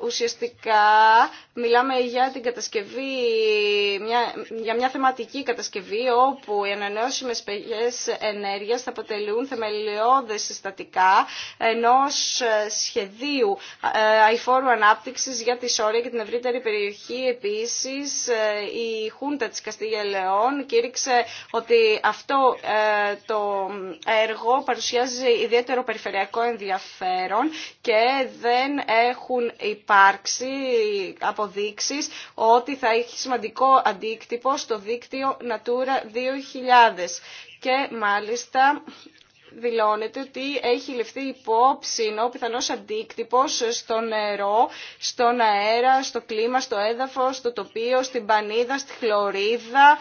ουσιαστικά μιλάμε για την κατασκευή, μια, για μια θεματική κατασκευή όπου οι ανανεώσιμες πηγές ενέργειας θα αποτελούν θεμελιώδες συστατικά ενός ε, σχεδίου ε, αηφόρου ανάπτυξης για τη Σόρια και την ευρύτερη περιοχή. Επίσης, ε, η Χούντα της Καστίγια Λεών κήρυξε ότι αυτό το έργο παρουσιάζει ιδιαίτερο περιφερειακό ενδιαφέρον και δεν έχουν υπάρξει υπάρξει αποδείξεις ότι θα έχει σημαντικό αντίκτυπο στο δίκτυο Natura 2000. Και μάλιστα δηλώνεται ότι έχει ληφθεί υπόψη ο πιθανός αντίκτυπος στο νερό, στον αέρα, στο κλίμα, στο έδαφος, στο τοπίο, στην πανίδα, στη χλωρίδα,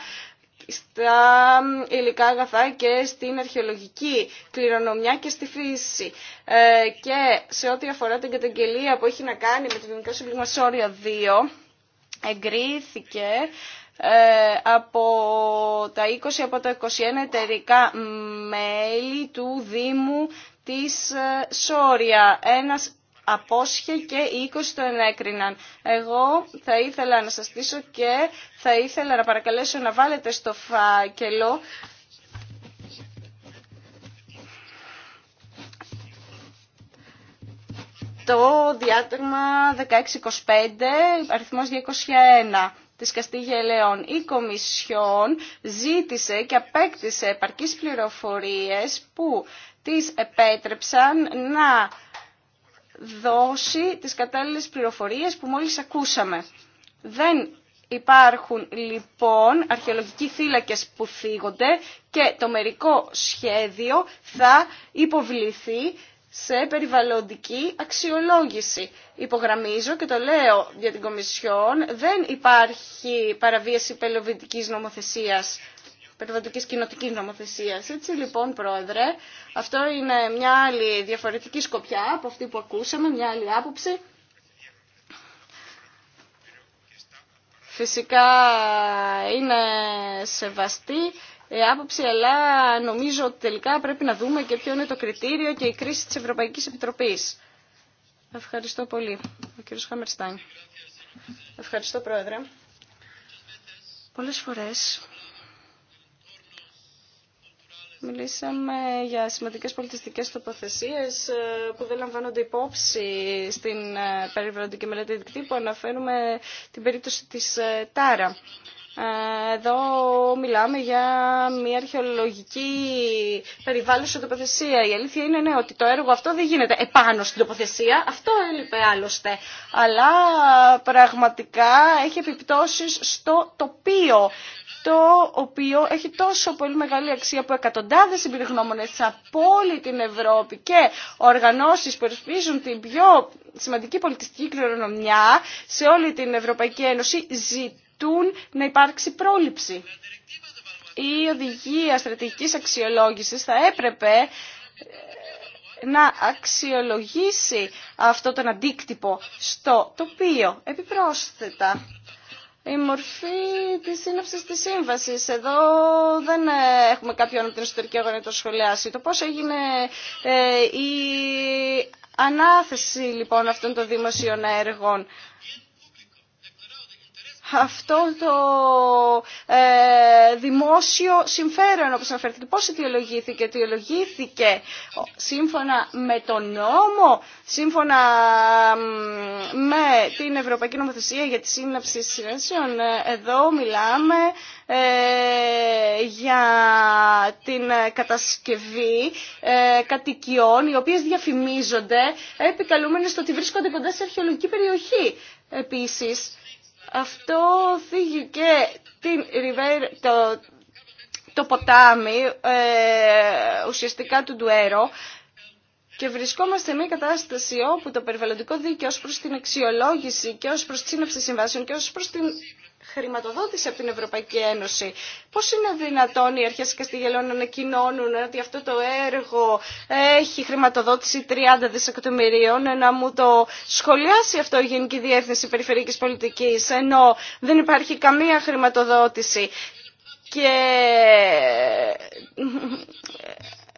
στα υλικά αγαθά και στην αρχαιολογική κληρονομιά και στη φύση. Ε, και σε ό,τι αφορά την καταγγελία που έχει να κάνει με το Δημοτικό Σύμπλημα Σόρια 2, εγκρίθηκε ε, από τα 20 από τα 21 εταιρικά μέλη του Δήμου της ε, Σόρια. Ένας απόσχε και οι 20 το ενέκριναν. Εγώ θα ήθελα να σας στήσω και θα ήθελα να παρακαλέσω να βάλετε στο φάκελο το διάταγμα 1625, αριθμός 201 της Καστήγια Ελαιών. Η Κομισιόν ζήτησε και απέκτησε επαρκείς πληροφορίες που τις επέτρεψαν να δώσει τις κατάλληλες πληροφορίες που μόλις ακούσαμε. Δεν υπάρχουν λοιπόν αρχαιολογικοί θύλακες που θίγονται και το μερικό σχέδιο θα υποβληθεί σε περιβαλλοντική αξιολόγηση. Υπογραμμίζω και το λέω για την Κομισιόν, δεν υπάρχει παραβίαση πελοβητικής νομοθεσίας περιβαλλοντικής κοινοτική νομοθεσία. Έτσι λοιπόν, Πρόεδρε, αυτό είναι μια άλλη διαφορετική σκοπιά από αυτή που ακούσαμε, μια άλλη άποψη. Φυσικά είναι σεβαστή η άποψη, αλλά νομίζω ότι τελικά πρέπει να δούμε και ποιο είναι το κριτήριο και η κρίση της Ευρωπαϊκής Επιτροπής. Ευχαριστώ πολύ. Ο κύριος Χαμερστάιν. Ευχαριστώ, Πρόεδρε. Πολλές φορές Μιλήσαμε για σημαντικές πολιτιστικές τοποθεσίες ε, που δεν λαμβάνονται υπόψη στην ε, περιβαλλοντική μελέτη που Αναφέρουμε την περίπτωση της ε, Τάρα. Εδώ μιλάμε για μια αρχαιολογική περιβάλλουσα τοποθεσία. Η αλήθεια είναι ναι, ότι το έργο αυτό δεν γίνεται επάνω στην τοποθεσία. Αυτό έλειπε άλλωστε. Αλλά πραγματικά έχει επιπτώσεις στο τοπίο το οποίο έχει τόσο πολύ μεγάλη αξία που εκατοντάδες εμπειρογνώμονες από όλη την Ευρώπη και οργανώσεις που την πιο σημαντική πολιτιστική κληρονομιά σε όλη την Ευρωπαϊκή Ένωση ζητούν να υπάρξει πρόληψη. Η οδηγία στρατηγικής αξιολόγησης θα έπρεπε ε, να αξιολογήσει αυτό τον αντίκτυπο στο τοπίο επιπρόσθετα η μορφή τη σύναψη τη σύμβαση. Εδώ δεν έχουμε κάποιον από την εσωτερική το σχολιάσει. Το πώ έγινε ε, η ανάθεση λοιπόν αυτών των δημοσίων έργων αυτό το ε, δημόσιο συμφέρον, όπως αναφέρθηκε. Πώς αιτιολογήθηκε, αιτιολογήθηκε σύμφωνα με τον νόμο, σύμφωνα με την Ευρωπαϊκή Νομοθεσία για τη Σύναψη Συνέσεων. Ε, εδώ μιλάμε ε, για την κατασκευή κατοικιών, οι οποίες διαφημίζονται επικαλούμενες στο ότι βρίσκονται κοντά σε αρχαιολογική περιοχή. Επίσης, αυτό θίγει και την το, το ποτάμι ε, ουσιαστικά του Ντουέρο και βρισκόμαστε σε μια κατάσταση όπου το περιβαλλοντικό δίκαιο ως προς την αξιολόγηση και ως προς τη σύναψη συμβάσεων και ως προς την χρηματοδότηση από την Ευρωπαϊκή Ένωση. Πώ είναι δυνατόν οι αρχέ Καστιγελών να ανακοινώνουν ότι αυτό το έργο έχει χρηματοδότηση 30 δισεκατομμυρίων, να μου το σχολιάσει αυτό η Γενική Διεύθυνση περιφερειακή πολιτική ενώ δεν υπάρχει καμία χρηματοδότηση. Και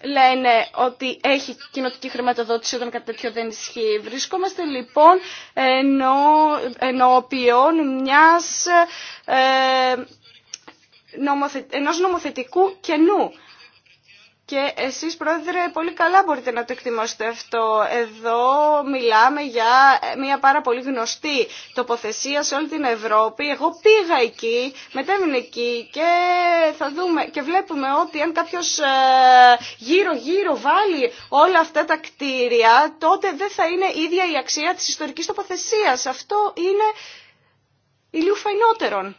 λένε ότι έχει κοινοτική χρηματοδότηση όταν κάτι τέτοιο δεν ισχύει. Βρισκόμαστε λοιπόν ενώ, ενώπιον μιας, ε, νομοθε, ενός νομοθετικού κενού. Και εσείς πρόεδρε πολύ καλά μπορείτε να το εκτιμώσετε αυτό. Εδώ μιλάμε για μια πάρα πολύ γνωστή τοποθεσία σε όλη την Ευρώπη. Εγώ πήγα εκεί, μετέβηνε εκεί και θα δούμε και βλέπουμε ότι αν κάποιος ε, γύρω γύρω βάλει όλα αυτά τα κτίρια τότε δεν θα είναι ίδια η αξία της ιστορικής τοποθεσίας. Αυτό είναι ηλίου φαϊνότερον.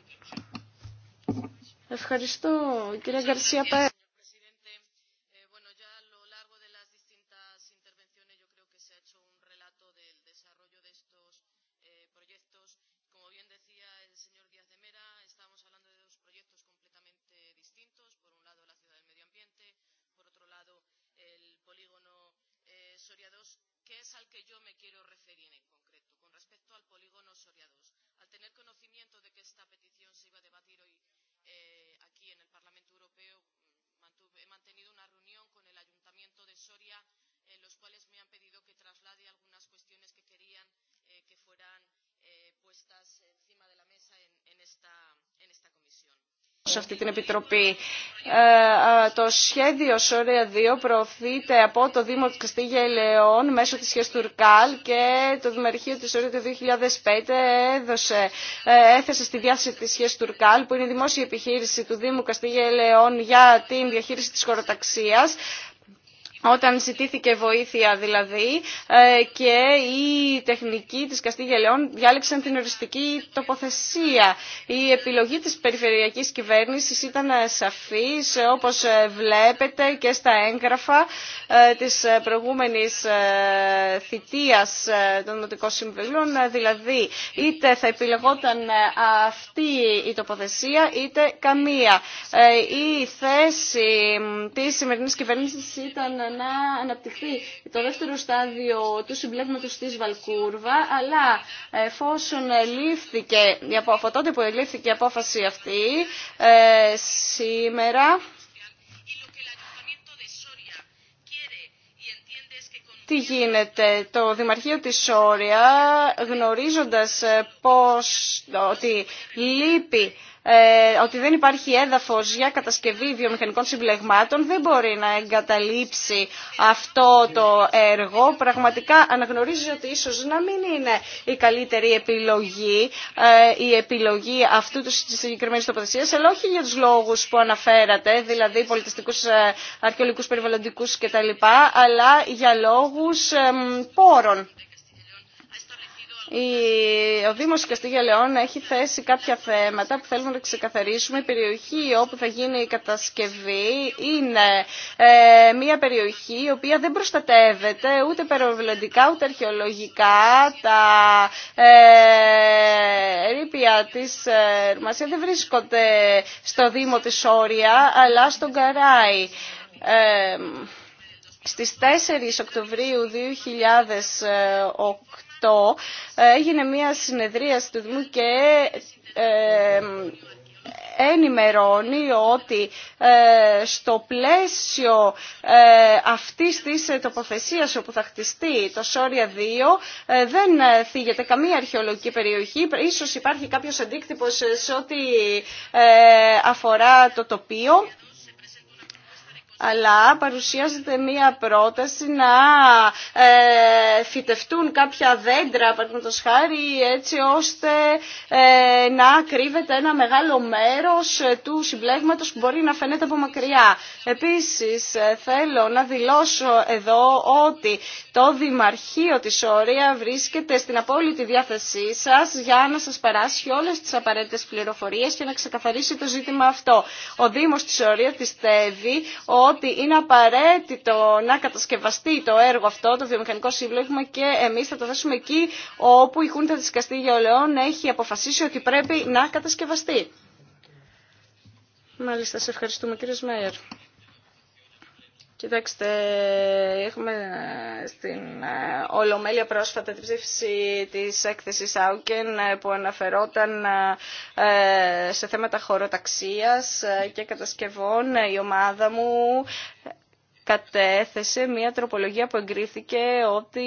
Ευχαριστώ κυρία Γκαρσία esta petición se iba a debatir hoy eh, aquí en el Parlamento Europeo, mantuve, he mantenido una reunión con el Ayuntamiento de Soria, eh, los cuales me han pedido que traslade algunas cuestiones que querían eh, que fueran puestas encima de la mesa en, en, esta, en esta comisión σε αυτή την Επιτροπή. Ε, ε, το σχέδιο ΣΟΡΕΑ 2 προωθείται από το Δήμο Καστίγια Ελαιών μέσω της Χεστουρκάλ και το Δημαρχείο της ΣΟΡΕΑ το 2005 έδωσε, ε, έθεσε στη διάθεση της Χεστουρκάλ που είναι η δημόσια επιχείρηση του Δήμου Καστίγια Ελαιών για την διαχείριση της χωροταξίας όταν ζητήθηκε βοήθεια δηλαδή ε, και η τεχνική της Καστίγια Λεών διάλεξαν την οριστική τοποθεσία. Η επιλογή της περιφερειακής κυβέρνησης ήταν ε, σαφής όπως ε, βλέπετε και στα έγγραφα της προηγούμενης θητείας των νοτικών Συμβουλίων δηλαδή είτε θα επιλεγόταν αυτή η τοποθεσία είτε καμία. Η θέση της σημερινής κυβέρνησης ήταν να αναπτυχθεί το δεύτερο στάδιο του συμπλέγματος της Βαλκούρβα, αλλά εφόσον λήφθηκε, από τότε που ελήφθηκε η απόφαση αυτή, ε, σήμερα τι γίνεται. Το Δημαρχείο της Σόρια, γνωρίζοντας ε, πως, ότι λείπει ε, ότι δεν υπάρχει έδαφος για κατασκευή βιομηχανικών συμπλεγμάτων δεν μπορεί να εγκαταλείψει αυτό το έργο. Πραγματικά αναγνωρίζει ότι ίσως να μην είναι η καλύτερη επιλογή ε, η επιλογή αυτού του συγκεκριμένη τοποθεσία, αλλά όχι για τους λόγους που αναφέρατε, δηλαδή πολιτιστικούς, ε, αρχαιολικούς, περιβαλλοντικούς κτλ, αλλά για λόγους πόρων ο Δήμος Καστίγια Λεών έχει θέσει κάποια θέματα που θέλουμε να ξεκαθαρίσουμε. Η περιοχή όπου θα γίνει η κατασκευή είναι ε, μια περιοχή η οποία δεν προστατεύεται ούτε περιβαλλοντικά ούτε αρχαιολογικά. Τα ε, ρήπια της ε, Ρουμασία δεν βρίσκονται στο Δήμο της Όρια αλλά στον Καράι. Στις 4 Οκτωβρίου 2008 έγινε μια συνεδρία του Δημού και ε, ενημερώνει ότι ε, στο πλαίσιο ε, αυτής της τοποθεσίας όπου θα χτιστεί το Σόρια 2 δεν θίγεται καμία αρχαιολογική περιοχή. Ίσως υπάρχει κάποιος αντίκτυπος σε ό,τι αφορά το τοπίο αλλά παρουσιάζεται μία πρόταση να ε, φυτευτούν κάποια δέντρα, το χάρη, έτσι ώστε ε, να κρύβεται ένα μεγάλο μέρος ε, του συμπλέγματος που μπορεί να φαίνεται από μακριά. Επίσης, θέλω να δηλώσω εδώ ότι το Δημαρχείο της Ωρία βρίσκεται στην απόλυτη διάθεσή σας για να σας παράσχει όλες τις απαραίτητες πληροφορίες και να ξεκαθαρίσει το ζήτημα αυτό. Ο Δήμος της Ωρία πιστεύει ότι είναι απαραίτητο να κατασκευαστεί το έργο αυτό, το βιομηχανικό σύμπλεγμα και εμείς θα το θέσουμε εκεί όπου η Χούντα της Καστίγια έχει αποφασίσει ότι πρέπει να κατασκευαστεί. Μάλιστα, σε ευχαριστούμε κύριε Σμέιερ. Κοιτάξτε, έχουμε στην ε, Ολομέλεια πρόσφατα την ψήφιση της έκθεσης Άουκεν ε, που αναφερόταν ε, σε θέματα χωροταξίας και κατασκευών. Η ομάδα μου κατέθεσε μια τροπολογία που εγκρίθηκε ότι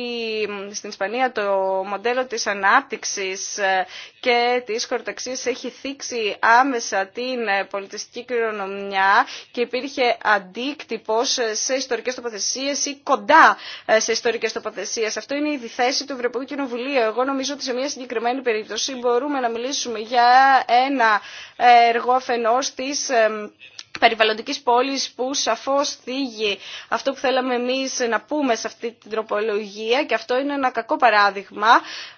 στην Ισπανία το μοντέλο της ανάπτυξης ε, και της χορταξίας έχει θίξει άμεσα την ε, πολιτιστική κληρονομιά και υπήρχε αντίκτυπος ε, σε ιστορικές τοποθεσίες ή κοντά σε ιστορικές τοποθεσίες. Αυτό είναι η κοντα σε ιστορικες τοποθεσιες αυτο ειναι η διθεση του Ευρωπαϊκού Κοινοβουλίου. Εγώ νομίζω ότι σε μια συγκεκριμένη περίπτωση μπορούμε να μιλήσουμε για ένα έργο αφενός της περιβαλλοντικής πόλης που σαφώς θίγει αυτό που θέλαμε εμείς να πούμε σε αυτή την τροπολογία και αυτό είναι ένα κακό παράδειγμα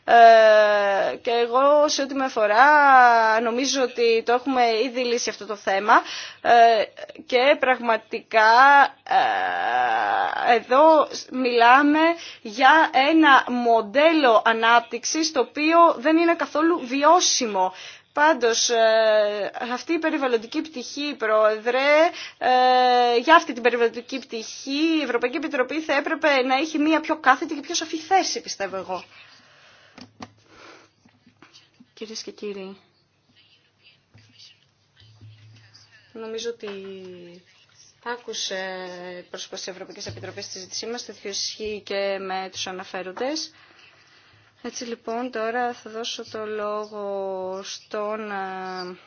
ε, και εγώ σε ό,τι με αφορά νομίζω ότι το έχουμε ήδη λύσει αυτό το θέμα ε, και πραγματικά ε, εδώ μιλάμε για ένα μοντέλο ανάπτυξης το οποίο δεν είναι καθόλου βιώσιμο. Πάντως, ε, αυτή η περιβαλλοντική πτυχή, Πρόεδρε, ε, για αυτή την περιβαλλοντική πτυχή η Ευρωπαϊκή Επιτροπή θα έπρεπε να έχει μία πιο κάθετη και πιο σαφή θέση, πιστεύω εγώ. Κυρίες και κύριοι, νομίζω ότι άκουσε πρόσωπος της Ευρωπαϊκής Επιτροπής στη ζήτησή μας, τέτοιο ισχύει και με τους αναφέροντες. Έτσι λοιπόν τώρα θα δώσω το λόγο στον ε,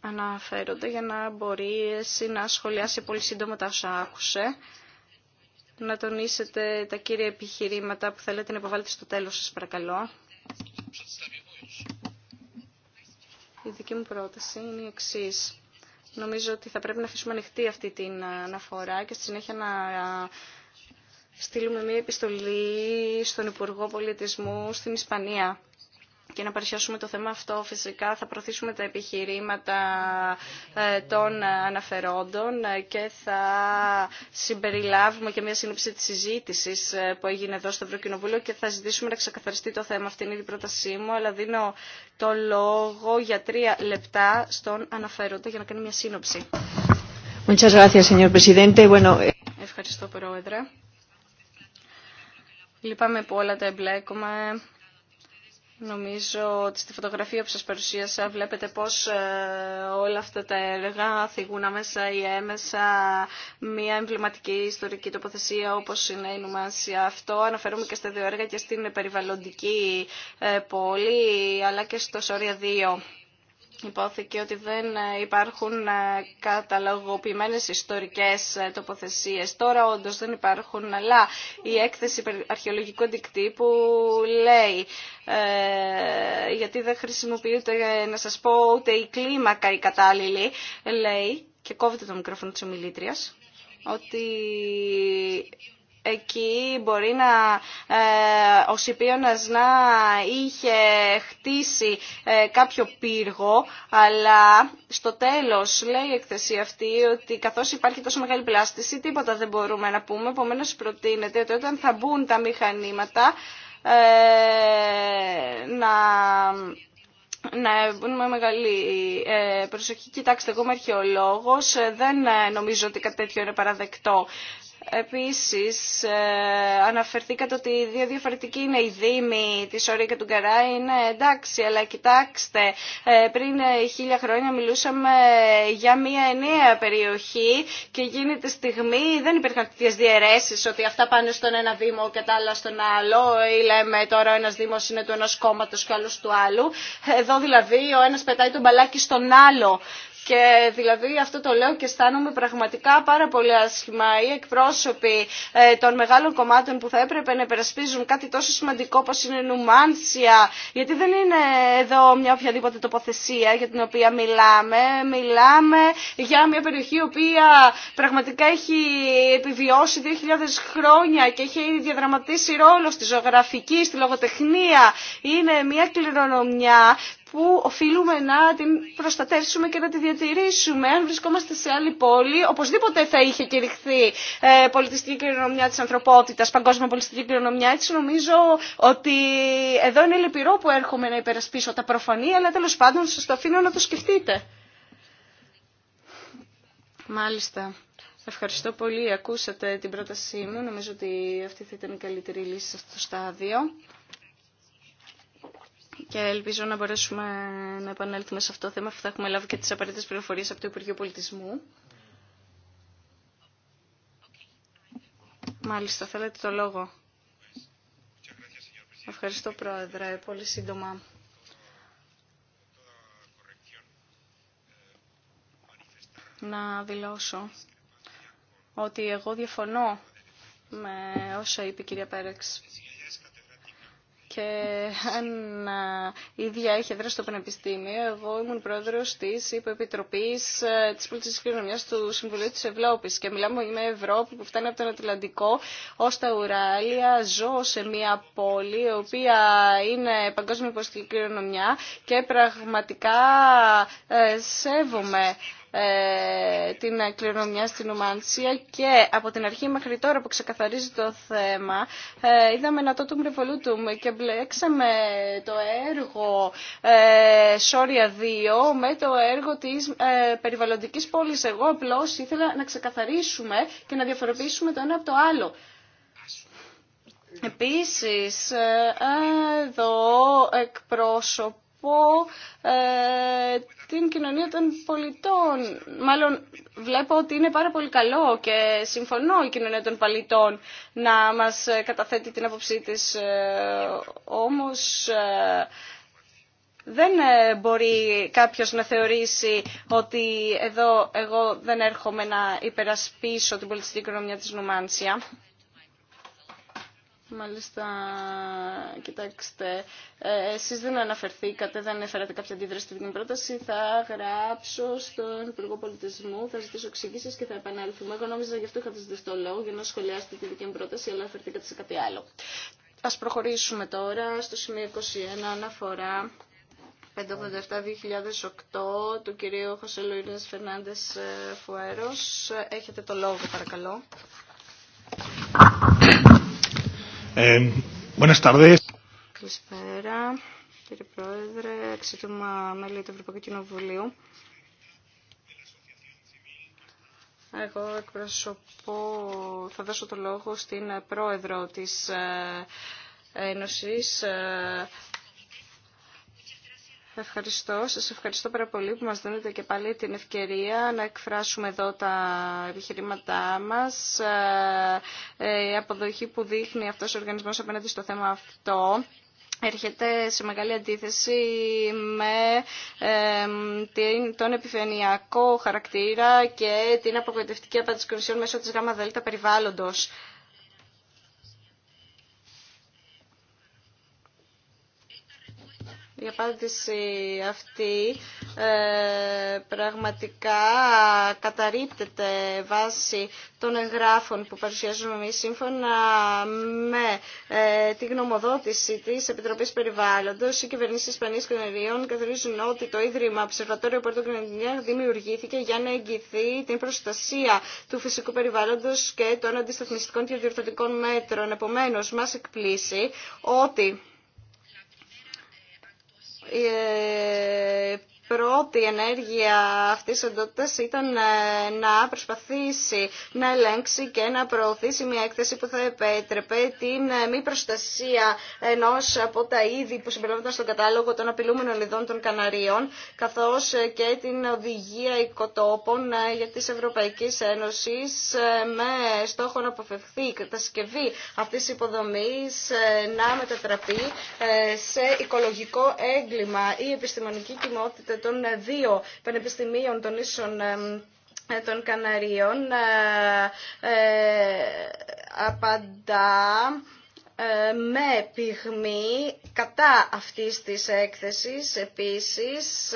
αναφέροντα για να μπορεί εσύ να σχολιάσει πολύ σύντομα τα όσα άκουσε, να τονίσετε τα κύρια επιχειρήματα που θέλετε να υποβάλλετε στο τέλος σας παρακαλώ. Η δική μου πρόταση είναι η εξή. Νομίζω ότι θα πρέπει να αφήσουμε ανοιχτή αυτή την ε, αναφορά και στη συνέχεια να ε, στείλουμε μια επιστολή στον Υπουργό Πολιτισμού στην Ισπανία και να παρουσιάσουμε το θέμα αυτό. Φυσικά θα προωθήσουμε τα επιχειρήματα ε, των αναφερόντων και θα συμπεριλάβουμε και μια σύνοψη της συζήτησης ε, που έγινε εδώ στο Ευρωκοινοβούλιο και θα ζητήσουμε να ξεκαθαριστεί το θέμα. αυτήν την η πρότασή μου, αλλά δίνω το λόγο για τρία λεπτά στον αναφέροντα για να κάνει μια σύνοψη. Ευχαριστώ, Πρόεδρε. Λυπάμαι που όλα τα εμπλέκουμε. Νομίζω ότι στη φωτογραφία που σας παρουσίασα βλέπετε πως ε, όλα αυτά τα έργα θυγούν άμεσα ή έμεσα μια εμβληματική ιστορική τοποθεσία όπως είναι η Νουμάσια. Αυτό αναφέρομαι και στα δύο έργα και στην περιβαλλοντική ε, πόλη αλλά και στο Σόρια 2 υπόθηκε ότι δεν ε, υπάρχουν ε, καταλογοποιημένες ιστορικές ε, τοποθεσίες. Τώρα όντως δεν υπάρχουν, αλλά η έκθεση αρχαιολογικού αντικτύπου λέει γιατί δεν χρησιμοποιείται να σας πω, ούτε η κλίμακα η κατάλληλη, λέει, και κόβεται το μικρόφωνο της ομιλήτριας, ότι εκεί μπορεί να, ε, ο Σιπίωνας να είχε χτίσει ε, κάποιο πύργο, αλλά στο τέλος λέει η εκθεσή αυτή ότι καθώς υπάρχει τόσο μεγάλη πλάστηση, τίποτα δεν μπορούμε να πούμε, επομένω προτείνεται ότι όταν θα μπουν τα μηχανήματα ε, να να μπουν με μεγάλη προσοχή. Κοιτάξτε, εγώ είμαι αρχαιολόγος, δεν νομίζω ότι κάτι τέτοιο είναι παραδεκτό. Επίσης, ε, αναφερθήκατε ότι οι δύο διαφορετικοί είναι οι Δήμοι της Όρια και του Καρά. Είναι εντάξει, αλλά κοιτάξτε, ε, πριν ε, χίλια χρόνια μιλούσαμε για μια ενιαία περιοχή και εκείνη τη στιγμή δεν υπήρχαν τέτοιες διαιρέσεις ότι αυτά πάνε στον ένα Δήμο και τα άλλα στον άλλο ή λέμε τώρα ο ένας Δήμος είναι του ένα κόμματος και ο του άλλου. Εδώ δηλαδή ο ένας πετάει τον μπαλάκι στον άλλο και δηλαδή αυτό το λέω και αισθάνομαι πραγματικά πάρα πολύ άσχημα. Οι εκπρόσωποι ε, των μεγάλων κομμάτων που θα έπρεπε να υπερασπίζουν κάτι τόσο σημαντικό όπω είναι η νουμάνσια, γιατί δεν είναι εδώ μια οποιαδήποτε τοποθεσία για την οποία μιλάμε. Μιλάμε για μια περιοχή η οποία πραγματικά έχει επιβιώσει 2.000 χρόνια και έχει διαδραματίσει ρόλο στη ζωγραφική, στη λογοτεχνία. Είναι μια κληρονομιά που οφείλουμε να την προστατεύσουμε και να τη διατηρήσουμε. Αν βρισκόμαστε σε άλλη πόλη, οπωσδήποτε θα είχε κηρυχθεί ε, πολιτιστική κληρονομιά τη ανθρωπότητα, παγκόσμια πολιτιστική κληρονομιά. Έτσι νομίζω ότι εδώ είναι λυπηρό που έρχομαι να υπερασπίσω τα προφανή, αλλά τέλο πάντων σα το αφήνω να το σκεφτείτε. Μάλιστα. Ευχαριστώ πολύ. Ακούσατε την πρότασή μου. Νομίζω ότι αυτή θα ήταν η καλύτερη λύση σε αυτό το στάδιο και ελπίζω να μπορέσουμε να επανέλθουμε σε αυτό το θέμα. αφού Θα έχουμε λάβει και τις απαραίτητες πληροφορίες από το Υπουργείο Πολιτισμού. Μάλιστα, θέλετε το λόγο. Ευχαριστώ, Πρόεδρε. Πολύ σύντομα. Να δηλώσω ότι εγώ διαφωνώ με όσα είπε η κυρία Πέρεξ και αν η ίδια είχε δράσει στο Πανεπιστήμιο, εγώ ήμουν πρόεδρο της Υποεπιτροπής τη Πολιτική Κληρονομιά του Συμβουλίου τη Ευρώπη, και μιλάμε για Ευρώπη που φτάνει από τον Ατλαντικό ω τα Ουράλια. Ζω σε μια πόλη η οποία είναι παγκόσμια υποστηρική κληρονομιά και πραγματικά σέβομαι ε, την κληρονομιά στην Ουμάντσια και από την αρχή μέχρι τώρα που ξεκαθαρίζει το θέμα ε, είδαμε ένα το revolutum και μπλέξαμε το έργο ε, Σόρια 2 με το έργο της περιβαλλοντικής πόλης. Εγώ απλώς ήθελα να ξεκαθαρίσουμε και να διαφοροποιήσουμε το ένα από το άλλο. Επίσης, εδώ εκπρόσωπο από ε, την κοινωνία των πολιτών. Μάλλον βλέπω ότι είναι πάρα πολύ καλό και συμφωνώ η κοινωνία των πολιτών να μας ε, καταθέτει την άποψή της. Ε, όμως δεν μπορεί κάποιος να θεωρήσει ότι εδώ εγώ δεν έρχομαι να υπερασπίσω την πολιτιστική οικονομία της Νουμάνσια. Μάλιστα, κοιτάξτε, ε, εσείς δεν αναφερθήκατε, δεν έφερατε κάποια αντίδραση στην την πρόταση. Θα γράψω στον Υπουργό Πολιτισμού, θα ζητήσω εξήγησεις και θα επανέλθουμε. Εγώ νόμιζα γι' αυτό είχα ζητήσει το λόγο για να σχολιάσετε την δική μου πρόταση, αλλά αναφερθήκατε σε κάτι άλλο. Ας προχωρήσουμε τώρα στο σημείο 21 αναφορά 587-2008 του κυρίου Χωσελουίνες Φερνάντες ε, Φουέρος. Έχετε το λόγο παρακαλώ. Ε, Καλησπέρα, κύριε Πρόεδρε, μέλη του Ευρωπαϊκού Κοινοβουλίου. Εγώ εκπροσωπώ, θα δώσω το λόγο στην πρόεδρο της ε, Ένωσης ε, Ευχαριστώ. Σας ευχαριστώ πάρα πολύ που μας δίνετε και πάλι την ευκαιρία να εκφράσουμε εδώ τα επιχειρήματά μας. Ε, ε, η αποδοχή που δείχνει αυτός ο οργανισμός απέναντι στο θέμα αυτό έρχεται σε μεγάλη αντίθεση με τον επιφανειακό χαρακτήρα και την απογοητευτική απάντηση μέσω της ΓΔ περιβάλλοντος. Η απάντηση αυτή ε, πραγματικά καταρρύπτεται βάσει των εγγράφων που παρουσιάζουμε εμείς σύμφωνα με ε, τη γνωμοδότηση της Επιτροπής Περιβάλλοντος. Οι κυβερνήσεις Ισπανίας και καθορίζουν ότι το Ίδρυμα Ψερβατόριο Πορτο δημιουργήθηκε για να εγγυηθεί την προστασία του φυσικού περιβάλλοντος και των αντισταθμιστικών και διορθωτικών μέτρων. Επομένως, μας εκπλήσει ότι ε πρώτη ενέργεια αυτής της ήταν ε, να προσπαθήσει να ελέγξει και να προωθήσει μια έκθεση που θα επέτρεπε την ε, μη προστασία ενός από τα είδη που συμπεριλαμβάνονταν στον κατάλογο των απειλούμενων ειδών των Καναρίων, καθώς ε, και την οδηγία οικοτόπων για της Ευρωπαϊκής Ένωσης με στόχο να αποφευχθεί η κατασκευή αυτής της υποδομής να μετατραπεί σε οικολογικό έγκλημα. Η επιστημονική κοινότητα των δύο πανεπιστημίων των ίσων ε, των Καναρίων ε, ε, απαντά με πυγμή κατά αυτής της έκθεσης επίσης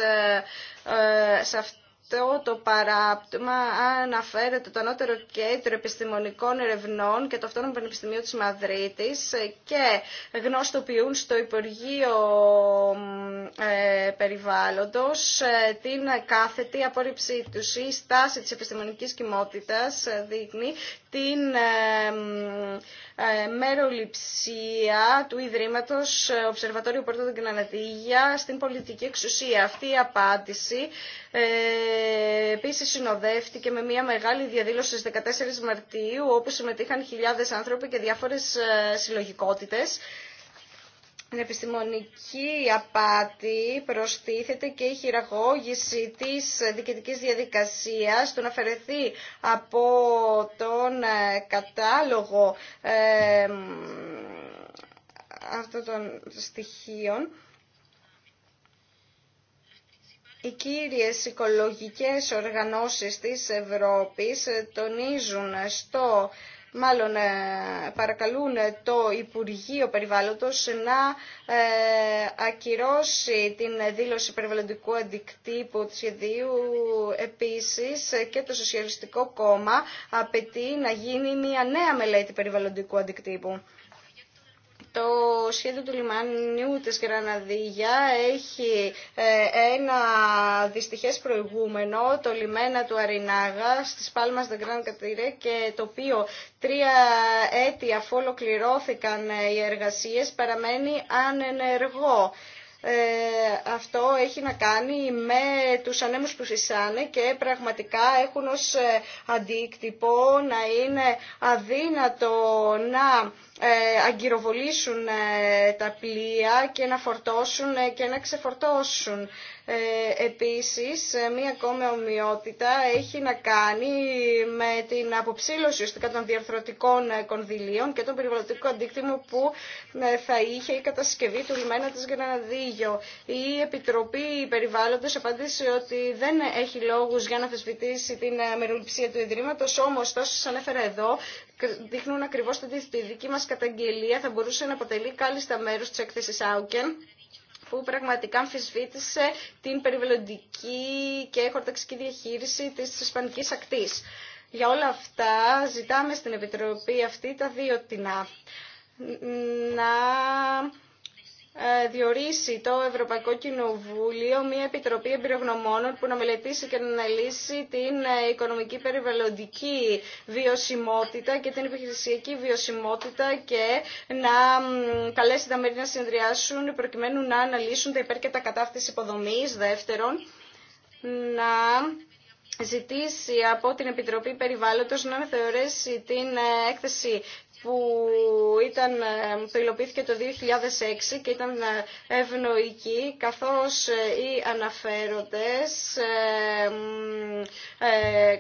σε αυτή αυτό το παράπτωμα αναφέρεται το ανώτερο κέντρο επιστημονικών ερευνών και το αυτόνομο πανεπιστημίο της Μαδρίτης και γνωστοποιούν στο Υπουργείο ε, Περιβάλλοντος ε, την κάθετη απόρριψή τους. Η στάση της επιστημονικής κοιμότητας ε, δείχνει την ε, μεροληψία του Ιδρύματος Οψερβατόριου Πόρτο των στην πολιτική εξουσία. Αυτή η απάντηση ε, επίσης συνοδεύτηκε με μια μεγάλη διαδήλωση στις 14 Μαρτίου όπου συμμετείχαν χιλιάδες άνθρωποι και διάφορες ε, συλλογικότητες επιστημονική απάτη προστίθεται και η χειραγώγηση της διοικητικής διαδικασίας, του να αφαιρεθεί από τον ε, κατάλογο ε, αυτών των στοιχείων. Οι κύριες οικολογικές οργανώσεις της Ευρώπης ε, τονίζουν στο μάλλον ε, παρακαλούν το Υπουργείο Περιβάλλοντος να ε, ακυρώσει την δήλωση περιβαλλοντικού αντικτύπου του σχεδίου. Επίσης και το Σοσιαλιστικό Κόμμα απαιτεί να γίνει μια νέα μελέτη περιβαλλοντικού αντικτύπου. Το σχέδιο του λιμάνιου της Γραναδίγια έχει ε, ένα δυστυχές προηγούμενο, το λιμένα του Αρινάγα στις Πάλμας Δεγκράν Κατήρε και το οποίο τρία έτη αφού ολοκληρώθηκαν ε, οι εργασίες παραμένει ανενεργό. Ε, αυτό έχει να κάνει με τους ανέμους που φυσάνε και πραγματικά έχουν ως αντίκτυπο να είναι αδύνατο να ε, αγκυροβολήσουν ε, τα πλοία και να φορτώσουν ε, και να ξεφορτώσουν. Επίσης, μία ακόμη ομοιότητα έχει να κάνει με την αποψήλωση ουσιαστικά των διαρθρωτικών κονδυλίων και τον περιβαλλοντικό αντίκτυμο που θα είχε η κατασκευή του λιμένα της Γραναδίγιο. Η Επιτροπή Περιβάλλοντος απάντησε ότι δεν έχει λόγους για να θεσπιτήσει την μεροληψία του Ιδρύματος, όμως τόσο σας ανέφερα εδώ, δείχνουν ακριβώς τη δική μας καταγγελία θα μπορούσε να αποτελεί κάλλιστα μέρος της έκθεσης Άουκεν που πραγματικά αμφισβήτησε την περιβαλλοντική και χορταξική διαχείριση της Ισπανικής ακτής. Για όλα αυτά ζητάμε στην Επιτροπή αυτή τα δύο τεινά. Να ε, διορίσει το Ευρωπαϊκό Κοινοβούλιο μια επιτροπή εμπειρογνωμόνων που να μελετήσει και να αναλύσει την ε, οικονομική περιβαλλοντική βιωσιμότητα και την επιχειρησιακή βιωσιμότητα και να καλέσει τα μέρη να συνδυάσουν προκειμένου να αναλύσουν τα υπέρ και τα κατά αυτής υποδομής. Δεύτερον, να ζητήσει από την Επιτροπή Περιβάλλοντος να θεωρήσει την ε, έκθεση που ήταν, ε, υλοποιήθηκε το 2006 και ήταν ε, ευνοϊκή, καθώς ε, οι αναφέροντες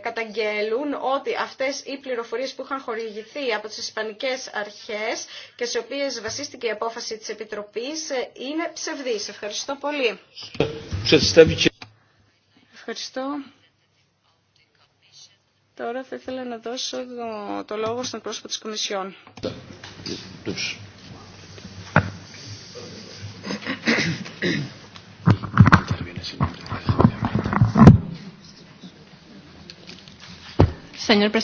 καταγγέλουν ότι αυτές οι πληροφορίες που είχαν χορηγηθεί από τις Ισπανικές Αρχές και σε οποίες βασίστηκε η απόφαση της Επιτροπής είναι ψευδείς. Ευχαριστώ πολύ. Ευχαριστώ. Τώρα θα ήθελα να δώσω το, λόγο στον πρόσωπο της Κομισιόν. Θα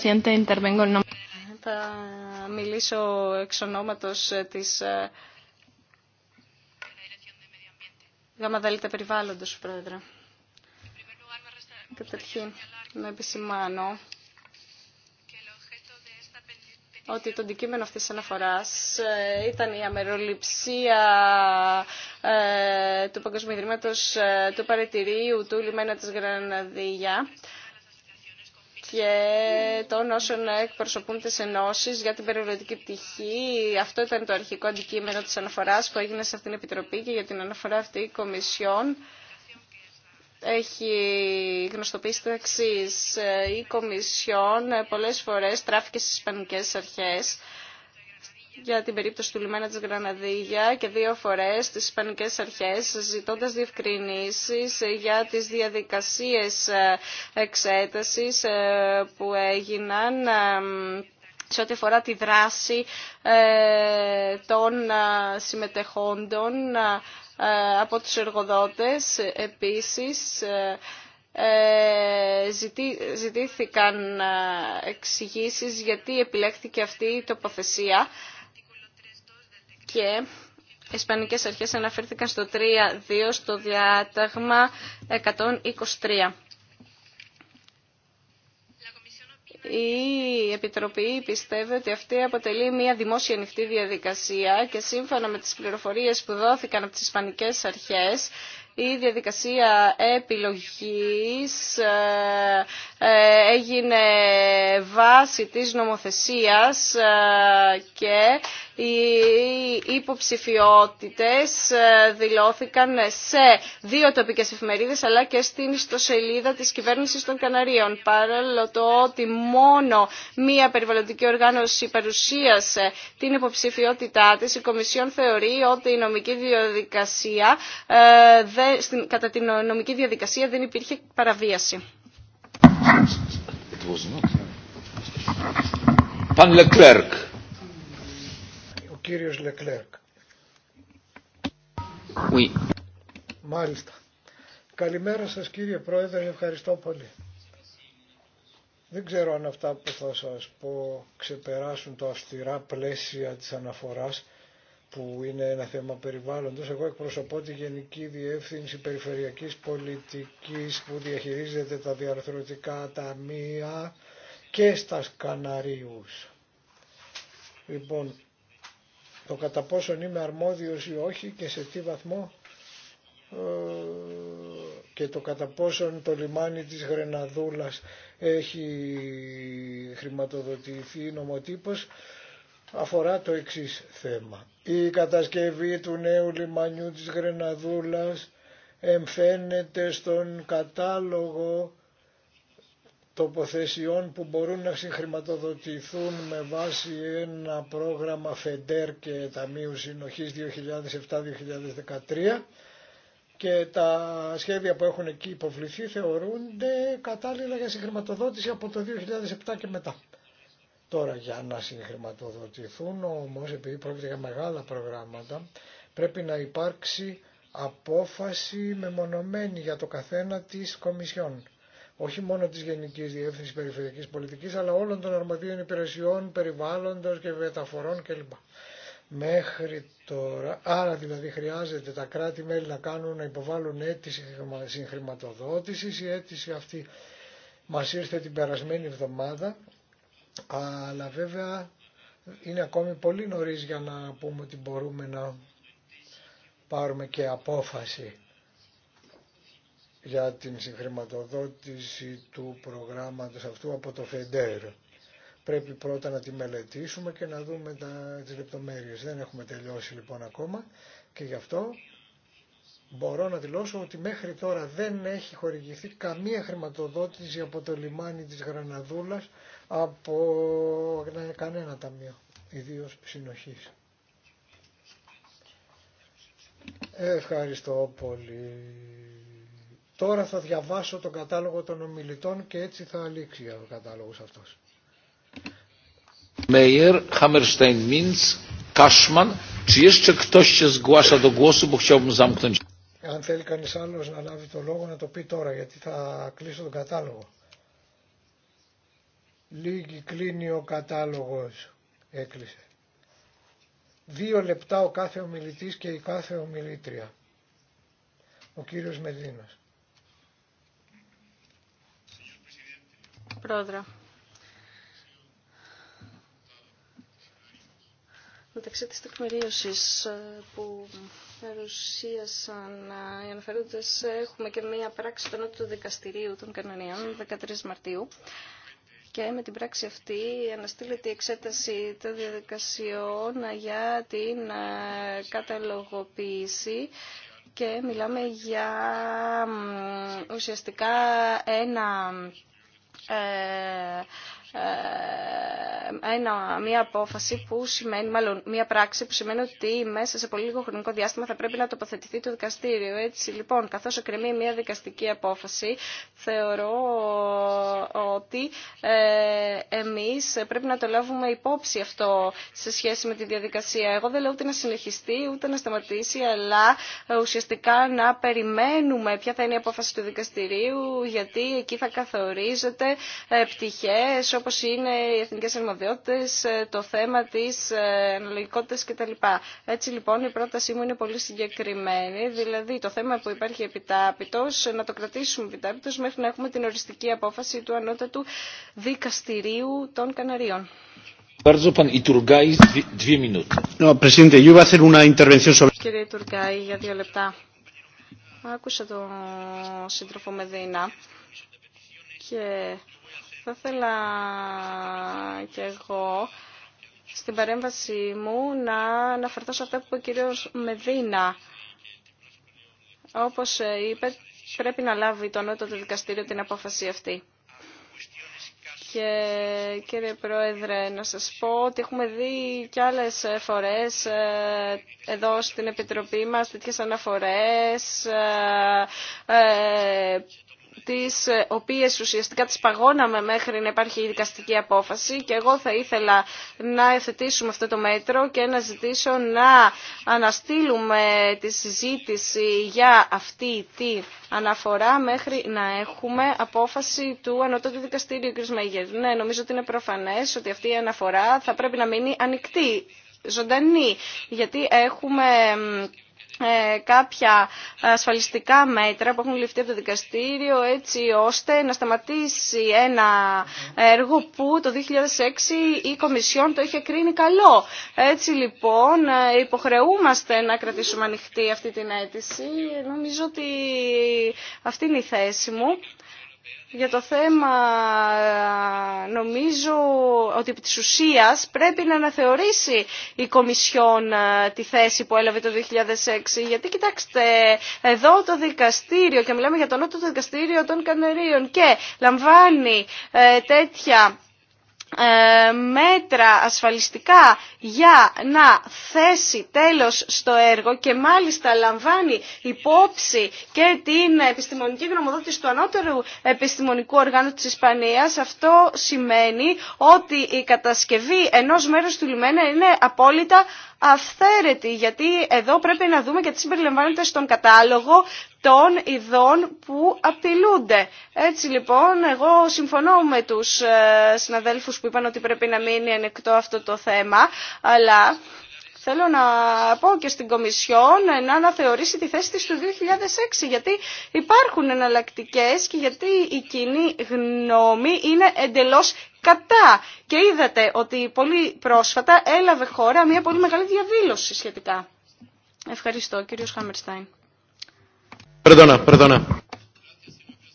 μιλήσω εξ ονόματος ε, της ε, ΓΑΜΑΔΑΛΙΤΑ Περιβάλλοντος, Πρόεδρε. Καταρχήν, να επισημάνω ότι το αντικείμενο αυτής της αναφοράς ε, ήταν η αμεροληψία ε, του Παγκοσμίου Ιδρύματος ε, του παρετηρίου, του Λιμένα της Γραναδία και των όσων εκπροσωπούν τις ενώσεις για την περιβαλλοντική πτυχή. Αυτό ήταν το αρχικό αντικείμενο της αναφοράς που έγινε σε αυτήν την Επιτροπή και για την αναφορά αυτή η Κομισιόν έχει γνωστοποιήσει το εξή. Η Κομισιόν πολλές φορές τράφηκε στι ισπανικέ αρχές για την περίπτωση του λιμένα της Γραναδίγια και δύο φορές στις Ισπανικές αρχές ζητώντας διευκρινήσεις για τις διαδικασίες εξέτασης που έγιναν σε ό,τι αφορά τη δράση ε, των ε, συμμετεχόντων ε, από τους εργοδότες. Επίσης, ε, ε, ζητήθηκαν εξηγήσεις γιατί επιλέχθηκε αυτή η τοποθεσία και οι Ισπανικές αρχές αναφέρθηκαν στο 3-2 στο διάταγμα 123. η Επιτροπή πιστεύει ότι αυτή αποτελεί μια δημόσια ανοιχτή διαδικασία και σύμφωνα με τις πληροφορίες που δόθηκαν από τις Ισπανικές Αρχές η διαδικασία επιλογής ε, ε, έγινε βάση της νομοθεσίας ε, και οι υποψηφιότητες ε, δηλώθηκαν σε δύο τοπικές εφημερίδες αλλά και στην ιστοσελίδα της κυβέρνησης των Καναρίων. Παράλληλο το ότι μόνο μία περιβαλλοντική οργάνωση παρουσίασε την υποψηφιότητά της, η Κομισιόν θεωρεί ότι η νομική διαδικασία, κατά την νομική διαδικασία δεν υπήρχε παραβίαση. Ο κύριος Leclerc. Μάλιστα. Καλημέρα σας κύριε Πρόεδρε, ευχαριστώ πολύ. Δεν ξέρω αν αυτά που θα σας πω ξεπεράσουν το αυστηρά πλαίσια της αναφοράς που είναι ένα θέμα περιβάλλοντος. Εγώ εκπροσωπώ τη Γενική Διεύθυνση Περιφερειακής Πολιτικής που διαχειρίζεται τα διαρθρωτικά ταμεία και στα Καναρίους. Λοιπόν, το κατά πόσον είμαι αρμόδιος ή όχι και σε τι βαθμό ε, και το κατά πόσον το λιμάνι της Γρεναδούλας έχει χρηματοδοτηθεί νομοτύπως αφορά το εξής θέμα. Η κατασκευή του νέου λιμανιού της Γρεναδούλας εμφαίνεται στον κατάλογο τοποθεσιών που μπορούν να συγχρηματοδοτηθούν με βάση ένα πρόγραμμα ΦΕΝΤΕΡ και Ταμείου Συνοχής 2007-2013 και τα σχέδια που έχουν εκεί υποβληθεί θεωρούνται κατάλληλα για συγχρηματοδότηση από το 2007 και μετά. Τώρα για να συγχρηματοδοτηθούν όμως επειδή πρόκειται για μεγάλα προγράμματα πρέπει να υπάρξει απόφαση μεμονωμένη για το καθένα της Κομισιόν. Όχι μόνο της Γενικής Διεύθυνσης Περιφερειακής Πολιτικής αλλά όλων των αρμοδίων υπηρεσιών, περιβάλλοντος και μεταφορών κλπ. Μέχρι τώρα, άρα δηλαδή χρειάζεται τα κράτη-μέλη να κάνουν, να υποβάλουν αίτηση συγχρηματοδότησης. Η αίτηση αυτή μας ήρθε την περασμένη εβδομάδα αλλά βέβαια είναι ακόμη πολύ νωρίς για να πούμε ότι μπορούμε να πάρουμε και απόφαση για την συγχρηματοδότηση του προγράμματος αυτού από το ΦΕΝΤΕΡ. Πρέπει πρώτα να τη μελετήσουμε και να δούμε τα, τις λεπτομέρειες. Δεν έχουμε τελειώσει λοιπόν ακόμα και γι' αυτό μπορώ να δηλώσω ότι μέχρι τώρα δεν έχει χορηγηθεί καμία χρηματοδότηση από το λιμάνι της Γραναδούλας από κανένα ταμείο, ιδίω συνοχή. Ευχαριστώ πολύ. Τώρα θα διαβάσω τον κατάλογο των ομιλητών και έτσι θα αλήξει ο κατάλογος αυτός. Μέιερ, Κάσμαν, Αν θέλει κανείς άλλος να λάβει το λόγο να το πει τώρα, γιατί θα κλείσω τον κατάλογο. Λίγη κλείνει ο κατάλογος. Έκλεισε. Δύο λεπτά ο κάθε ομιλητής και η κάθε ομιλήτρια. Ο κύριος Μεδίνος. Πρόεδρε. Μεταξύ της τεκμηρίωσης ε, που παρουσίασαν ε, οι αναφέροντες έχουμε και μία πράξη του Δικαστηρίου των Κανονιών 13 Μαρτίου και με την πράξη αυτή αναστείλεται η εξέταση των διαδικασιών για την ε, καταλογοποίηση και μιλάμε για ουσιαστικά ένα ε, ε, ένα, μια απόφαση που σημαίνει, μάλλον μια πράξη που σημαίνει ότι μέσα σε πολύ λίγο χρονικό διάστημα θα πρέπει να τοποθετηθεί το δικαστήριο. Έτσι λοιπόν, καθώς εκκρεμεί μια δικαστική απόφαση, θεωρώ ότι ε, εμείς πρέπει να το λάβουμε υπόψη αυτό σε σχέση με τη διαδικασία. Εγώ δεν λέω ούτε να συνεχιστεί, ούτε να σταματήσει, αλλά ε, ουσιαστικά να περιμένουμε ποια θα είναι η απόφαση του δικαστηρίου, γιατί εκεί θα καθορίζονται ε, πτυχές όπως είναι οι εθνικές αρμοδιότητες, ε, το θέμα της ε, αναλογικότητας κτλ. Έτσι λοιπόν η πρότασή μου είναι πολύ συγκεκριμένη, δηλαδή το θέμα που υπάρχει επιτάπητος, να το κρατήσουμε επιτάπητος μέχρι να έχουμε την οριστική απόφαση του ανώτατου δικαστηρίου των Καναρίων. Κύριε Τουρκάη, για δύο λεπτά. Άκουσα τον σύντροφο Μεδίνα και θα ήθελα και εγώ στην παρέμβασή μου να αναφερθώ σε αυτά που είπε ο κύριος Μεδίνα. Όπως είπε, πρέπει να λάβει το του δικαστήριο την απόφαση αυτή. Και κύριε Πρόεδρε, να σας πω ότι έχουμε δει κι άλλες φορές ε, εδώ στην Επιτροπή μας τέτοιες αναφορές ε, ε, τις ε, οποίες ουσιαστικά τις παγώναμε μέχρι να υπάρχει η δικαστική απόφαση και εγώ θα ήθελα να εθετήσουμε αυτό το μέτρο και να ζητήσω να αναστείλουμε τη συζήτηση για αυτή τη αναφορά μέχρι να έχουμε απόφαση του Ανωτάτου Δικαστήριου κ. Μέγερ. Ναι, νομίζω ότι είναι προφανές ότι αυτή η αναφορά θα πρέπει να μείνει ανοιχτή, ζωντανή, γιατί έχουμε ε, κάποια ασφαλιστικά μέτρα που έχουν ληφθεί από το δικαστήριο έτσι ώστε να σταματήσει ένα έργο που το 2006 η Κομισιόν το είχε κρίνει καλό. Έτσι λοιπόν ε, υποχρεούμαστε να κρατήσουμε ανοιχτή αυτή την αίτηση. Νομίζω ότι αυτή είναι η θέση μου για το θέμα ε, νομίζω ότι τη της πρέπει να αναθεωρήσει η Κομισιόν ε, τη θέση που έλαβε το 2006. Γιατί κοιτάξτε, εδώ το δικαστήριο, και μιλάμε για το νότο το δικαστήριο των Κανερίων και λαμβάνει ε, τέτοια ε, μέτρα ασφαλιστικά για να θέσει τέλος στο έργο και μάλιστα λαμβάνει υπόψη και την επιστημονική γνωμοδότηση του ανώτερου επιστημονικού οργάνου της Ισπανίας. Αυτό σημαίνει ότι η κατασκευή ενός μέρους του λιμένα είναι απόλυτα αυθαίρετη γιατί εδώ πρέπει να δούμε και τι συμπεριλαμβάνεται στον κατάλογο των ειδών που απειλούνται. Έτσι λοιπόν, εγώ συμφωνώ με τους ε, συναδέλφους που είπαν ότι πρέπει να μείνει ανεκτό αυτό το θέμα, αλλά θέλω να πω και στην Κομισιόν να αναθεωρήσει τη θέση της του 2006, γιατί υπάρχουν εναλλακτικέ και γιατί η κοινή γνώμη είναι εντελώς κατά. Και είδατε ότι πολύ πρόσφατα έλαβε χώρα μια πολύ μεγάλη διαδήλωση σχετικά. Ευχαριστώ, κύριος Χάμερστάιν.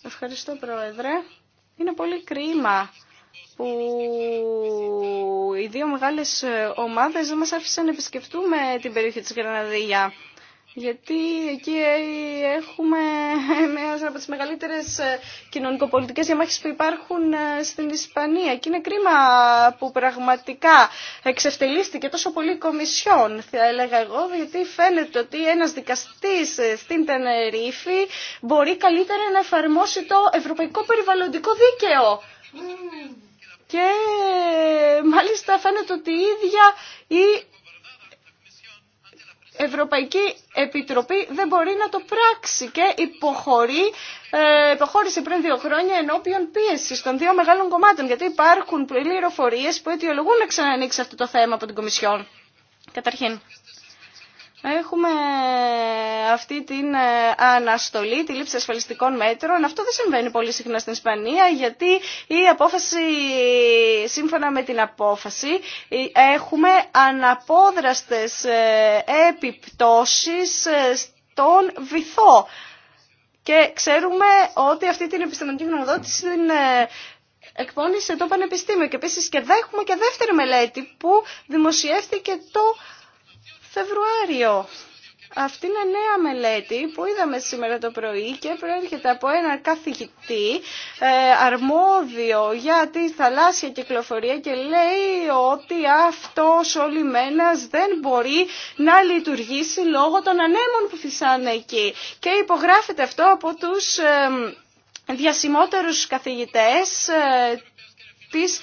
Ευχαριστώ, Πρόεδρε. Είναι πολύ κρίμα που οι δύο μεγάλες ομάδες δεν μας άφησαν να επισκεφτούμε την περιοχή της Γραναδία γιατί εκεί ε, έχουμε ε, μια από τις μεγαλύτερες ε, κοινωνικοπολιτικέ διαμάχες που υπάρχουν στην Ισπανία. Και είναι κρίμα που πραγματικά εξευτελίστηκε τόσο πολύ κομισιόν, θα έλεγα εγώ, γιατί φαίνεται ότι ένας δικαστής στην Τενερίφη μπορεί καλύτερα να εφαρμόσει το ευρωπαϊκό περιβαλλοντικό δίκαιο. Mm. Και μάλιστα φαίνεται ότι η ίδια η Ευρωπαϊκή Επιτροπή δεν μπορεί να το πράξει και υποχωρεί, ε, υποχώρησε πριν δύο χρόνια ενώπιον πίεση των δύο μεγάλων κομμάτων. Γιατί υπάρχουν πληροφορίε που αιτιολογούν να ξανανοίξει αυτό το θέμα από την Κομισιόν. Καταρχήν, Έχουμε αυτή την ε, αναστολή, τη λήψη ασφαλιστικών μέτρων. Αυτό δεν συμβαίνει πολύ συχνά στην Ισπανία, γιατί η απόφαση, σύμφωνα με την απόφαση, έχουμε αναπόδραστες ε, επιπτώσεις ε, στον βυθό. Και ξέρουμε ότι αυτή την επιστημονική γνωμοδότηση την εκπώνησε το Πανεπιστήμιο. Και επίσης και δέχουμε και δεύτερη μελέτη που δημοσιεύτηκε το Φεβρουάριο. Αυτή είναι νέα μελέτη που είδαμε σήμερα το πρωί και προέρχεται από ένα καθηγητή ε, αρμόδιο για τη θαλάσσια κυκλοφορία και λέει ότι αυτός ο λιμένας δεν μπορεί να λειτουργήσει λόγω των ανέμων που φυσάνε εκεί. Και υπογράφεται αυτό από τους ε, διασημότερους καθηγητές ε, της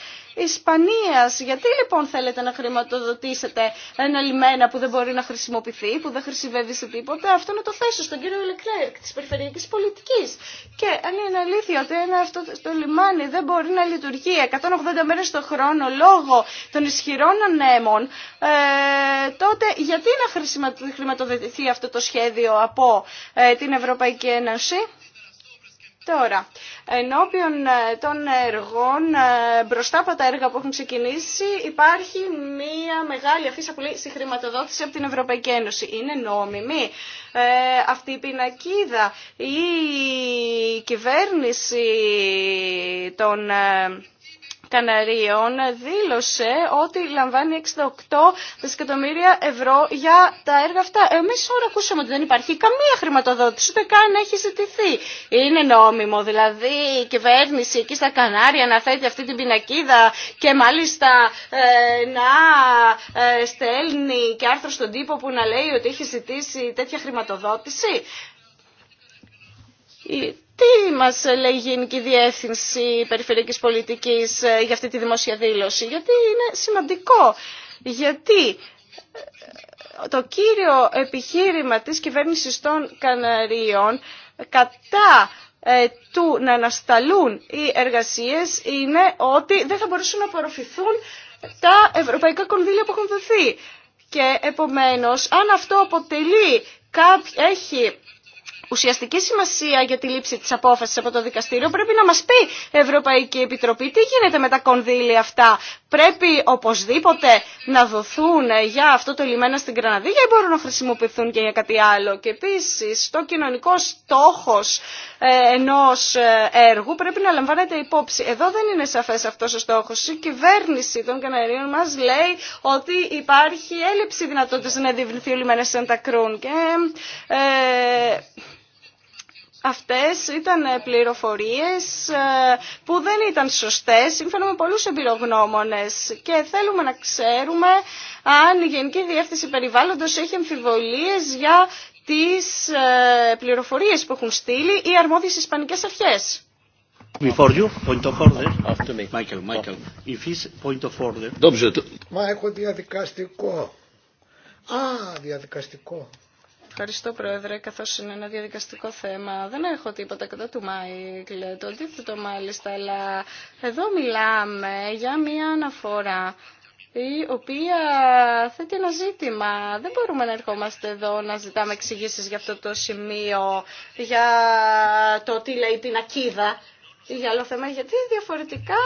Ισπανία, Γιατί λοιπόν θέλετε να χρηματοδοτήσετε ένα λιμένα που δεν μπορεί να χρησιμοποιηθεί, που δεν χρησιμεύει σε τίποτα, αυτό να το θέσω στον κύριο Λεκλέρκ της περιφερειακής πολιτικής. Και αν είναι αλήθεια ότι ένα αυτό το λιμάνι δεν μπορεί να λειτουργεί 180 μέρες το χρόνο λόγω των ισχυρών ανέμων, ε, τότε γιατί να χρηματοδοτηθεί αυτό το σχέδιο από ε, την Ευρωπαϊκή Ένωση. Τώρα, ενώπιον ε, των εργών, ε, μπροστά από τα έργα που έχουν ξεκινήσει, υπάρχει μια μεγάλη αφήσα πολύ, συγχρηματοδότηση από την Ευρωπαϊκή Ένωση. Είναι νόμιμη ε, αυτή η πινακίδα. Η κυβέρνηση των Καναρίων δήλωσε ότι λαμβάνει 68 δισεκατομμύρια ευρώ για τα έργα αυτά. Εμεί τώρα ακούσαμε ότι δεν υπάρχει καμία χρηματοδότηση, ούτε καν έχει ζητηθεί. Είναι νόμιμο δηλαδή η κυβέρνηση εκεί στα Κανάρια να θέτει αυτή την πινακίδα και μάλιστα ε, να ε, στέλνει και άρθρο στον τύπο που να λέει ότι έχει ζητήσει τέτοια χρηματοδότηση τι μας ε, λέει η Γενική Διεύθυνση Περιφερειακής Πολιτικής ε, για αυτή τη δημόσια δήλωση, γιατί είναι σημαντικό. Γιατί ε, το κύριο επιχείρημα της κυβέρνησης των Καναρίων κατά του να ανασταλούν οι εργασίες είναι ότι δεν θα μπορούσαν να απορροφηθούν τα ευρωπαϊκά κονδύλια που έχουν δοθεί. Και επομένως, αν αυτό αποτελεί, έχει ουσιαστική σημασία για τη λήψη της απόφασης από το δικαστήριο, πρέπει να μας πει η Ευρωπαϊκή Επιτροπή τι γίνεται με τα κονδύλια αυτά. Πρέπει οπωσδήποτε να δοθούν για αυτό το λιμένα στην Κραναδία ή μπορούν να χρησιμοποιηθούν και για κάτι άλλο. Και επίσης το κοινωνικό στόχος ε, ενός ε, έργου πρέπει να λαμβάνεται υπόψη. Εδώ δεν είναι σαφές αυτός ο στόχος. Η κυβέρνηση των Καναρίων μας λέει ότι υπάρχει έλλειψη δυνατότητας να διευρυνθεί ο λιμένα Σαντακρούν. Και, ε, Αυτές ήταν ε, πληροφορίες ε, που δεν ήταν σωστές, σύμφωνα με πολλούς εμπειρογνώμονες και θέλουμε να ξέρουμε αν η Γενική Διεύθυνση Περιβάλλοντος έχει αμφιβολίες για τις ε, πληροφορίες που έχουν στείλει οι αρμόδιες ισπανικές αρχές. Μα έχω διαδικαστικό. Α, διαδικαστικό. Ευχαριστώ, Πρόεδρε, καθώ είναι ένα διαδικαστικό θέμα. Δεν έχω τίποτα κατά του Μάικλ. Το αντίθετο, μάλιστα, αλλά εδώ μιλάμε για μία αναφορά η οποία θέτει ένα ζήτημα. Δεν μπορούμε να ερχόμαστε εδώ να ζητάμε εξηγήσει για αυτό το σημείο, για το τι λέει την ακίδα ή για άλλο θέμα, γιατί διαφορετικά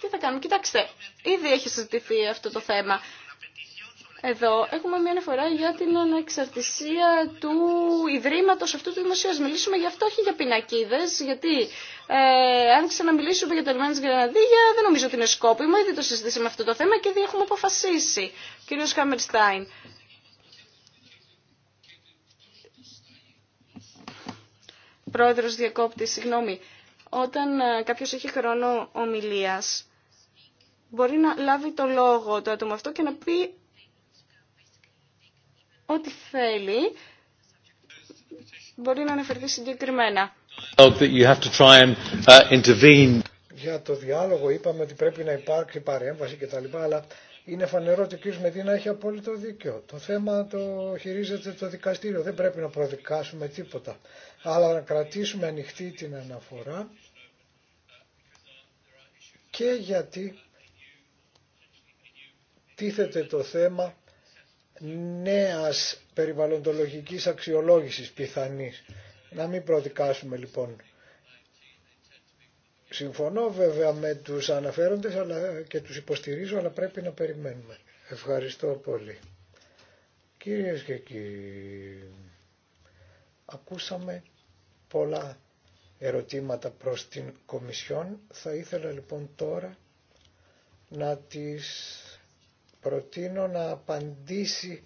τι θα κάνουμε. Κοιτάξτε, ήδη έχει συζητηθεί αυτό το θέμα. Εδώ έχουμε μια αναφορά για την ανεξαρτησία του ιδρύματος αυτού του δημοσίου. Ας μιλήσουμε γι' αυτό, όχι για πινακίδες, γιατί ε, αν ξαναμιλήσουμε για το ελληνικό της δεν νομίζω ότι είναι σκόπιμο, ήδη το συζητήσαμε αυτό το θέμα και ήδη έχουμε αποφασίσει. Κύριος Χάμερστάιν. Πρόεδρος διακόπτη, συγγνώμη. Όταν ε, κάποιος έχει χρόνο ομιλίας, μπορεί να λάβει το λόγο το άτομο αυτό και να πει ό,τι θέλει μπορεί να αναφερθεί συγκεκριμένα. Uh, Για το διάλογο είπαμε ότι πρέπει να υπάρχει παρέμβαση κτλ. Αλλά είναι φανερό ότι ο κ. Μεδίνα έχει απόλυτο δίκιο. Το θέμα το χειρίζεται το δικαστήριο. Δεν πρέπει να προδικάσουμε τίποτα. Αλλά να κρατήσουμε ανοιχτή την αναφορά και γιατί τίθεται το θέμα νέας περιβαλλοντολογικής αξιολόγησης πιθανής. Να μην προδικάσουμε λοιπόν. Συμφωνώ βέβαια με τους αναφέροντες και τους υποστηρίζω αλλά πρέπει να περιμένουμε. Ευχαριστώ πολύ. Κυρίες και κύριοι, ακούσαμε πολλά ερωτήματα προς την Κομισιόν. Θα ήθελα λοιπόν τώρα να τις προτείνω να απαντήσει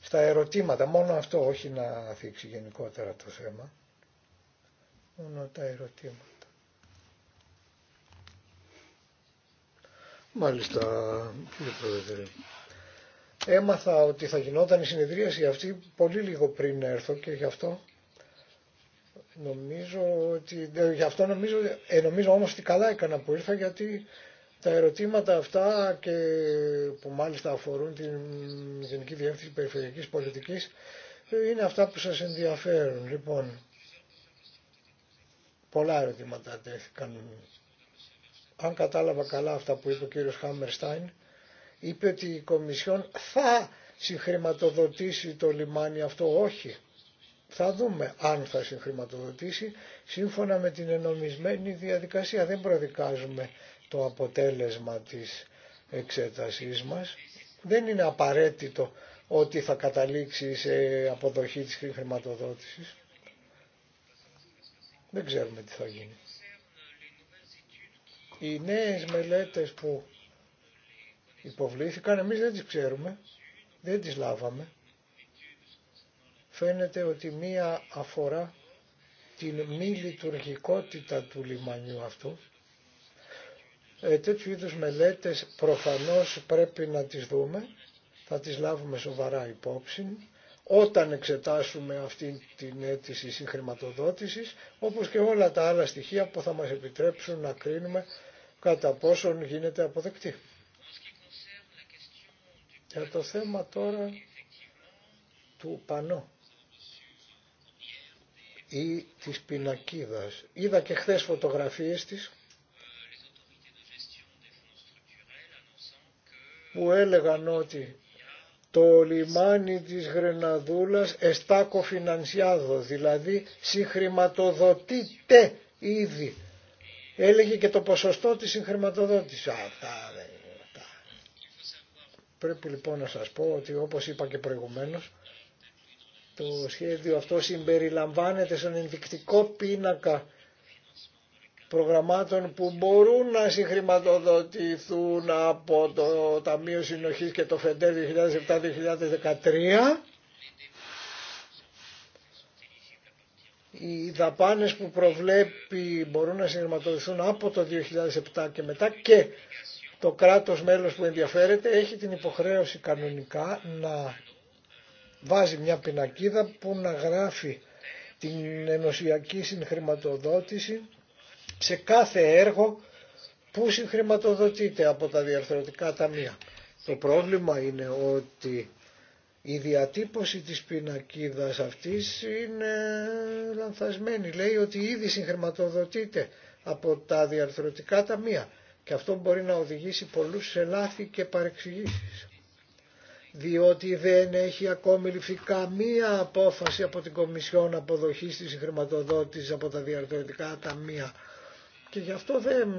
στα ερωτήματα, μόνο αυτό, όχι να θίξει γενικότερα το θέμα, μόνο τα ερωτήματα. Μάλιστα, κύριε Πρόεδρε. Έμαθα ότι θα γινόταν η συνεδρίαση αυτή πολύ λίγο πριν έρθω και γι' αυτό νομίζω ότι, γι' αυτό νομίζω, ε, νομίζω όμως ότι καλά έκανα που ήρθα γιατί τα ερωτήματα αυτά και που μάλιστα αφορούν την Γενική Διεύθυνση Περιφερειακής Πολιτικής είναι αυτά που σας ενδιαφέρουν. Λοιπόν, πολλά ερωτήματα τέθηκαν. Αν κατάλαβα καλά αυτά που είπε ο κύριος Χάμερστάιν, είπε ότι η Κομισιόν θα συγχρηματοδοτήσει το λιμάνι αυτό. Όχι. Θα δούμε αν θα συγχρηματοδοτήσει σύμφωνα με την ενομισμένη διαδικασία. Δεν προδικάζουμε το αποτέλεσμα της εξέτασής μας. Δεν είναι απαραίτητο ότι θα καταλήξει σε αποδοχή της χρηματοδότησης. Δεν ξέρουμε τι θα γίνει. Οι νέες μελέτες που υποβλήθηκαν, εμείς δεν τις ξέρουμε, δεν τις λάβαμε. Φαίνεται ότι μία αφορά την μη λειτουργικότητα του λιμανιού αυτού ε, τέτοιου είδους μελέτες προφανώς πρέπει να τις δούμε, θα τις λάβουμε σοβαρά υπόψη όταν εξετάσουμε αυτή την αίτηση συγχρηματοδότησης, όπως και όλα τα άλλα στοιχεία που θα μας επιτρέψουν να κρίνουμε κατά πόσον γίνεται αποδεκτή. Για το θέμα τώρα του πανό ή της πινακίδας. Είδα και χθες φωτογραφίες της που έλεγαν ότι το λιμάνι της Γρεναδούλας εστάκο φινανσιάδο, δηλαδή συγχρηματοδοτείται ήδη. Έλεγε και το ποσοστό της συγχρηματοδότησης. Αυτά δεν είναι Πρέπει λοιπόν να σας πω ότι όπως είπα και προηγουμένως, το σχέδιο αυτό συμπεριλαμβάνεται στον ενδεικτικό πίνακα προγραμμάτων που μπορούν να συγχρηματοδοτηθούν από το Ταμείο Συνοχής και το ΦΕΝΤΕΡ 2007-2013 οι δαπάνες που προβλέπει μπορούν να συγχρηματοδοτηθούν από το 2007 και μετά και το κράτος μέλος που ενδιαφέρεται έχει την υποχρέωση κανονικά να βάζει μια πινακίδα που να γράφει την ενωσιακή συγχρηματοδότηση σε κάθε έργο που συγχρηματοδοτείται από τα διαρθρωτικά ταμεία. Το πρόβλημα είναι ότι η διατύπωση της πινακίδας αυτής είναι λανθασμένη. Λέει ότι ήδη συγχρηματοδοτείται από τα διαρθρωτικά ταμεία και αυτό μπορεί να οδηγήσει πολλούς σε λάθη και παρεξηγήσεις. Διότι δεν έχει ακόμη ληφθεί καμία απόφαση από την Κομισιόν αποδοχής της συγχρηματοδότησης από τα διαρθρωτικά ταμεία και γι' αυτό δεν,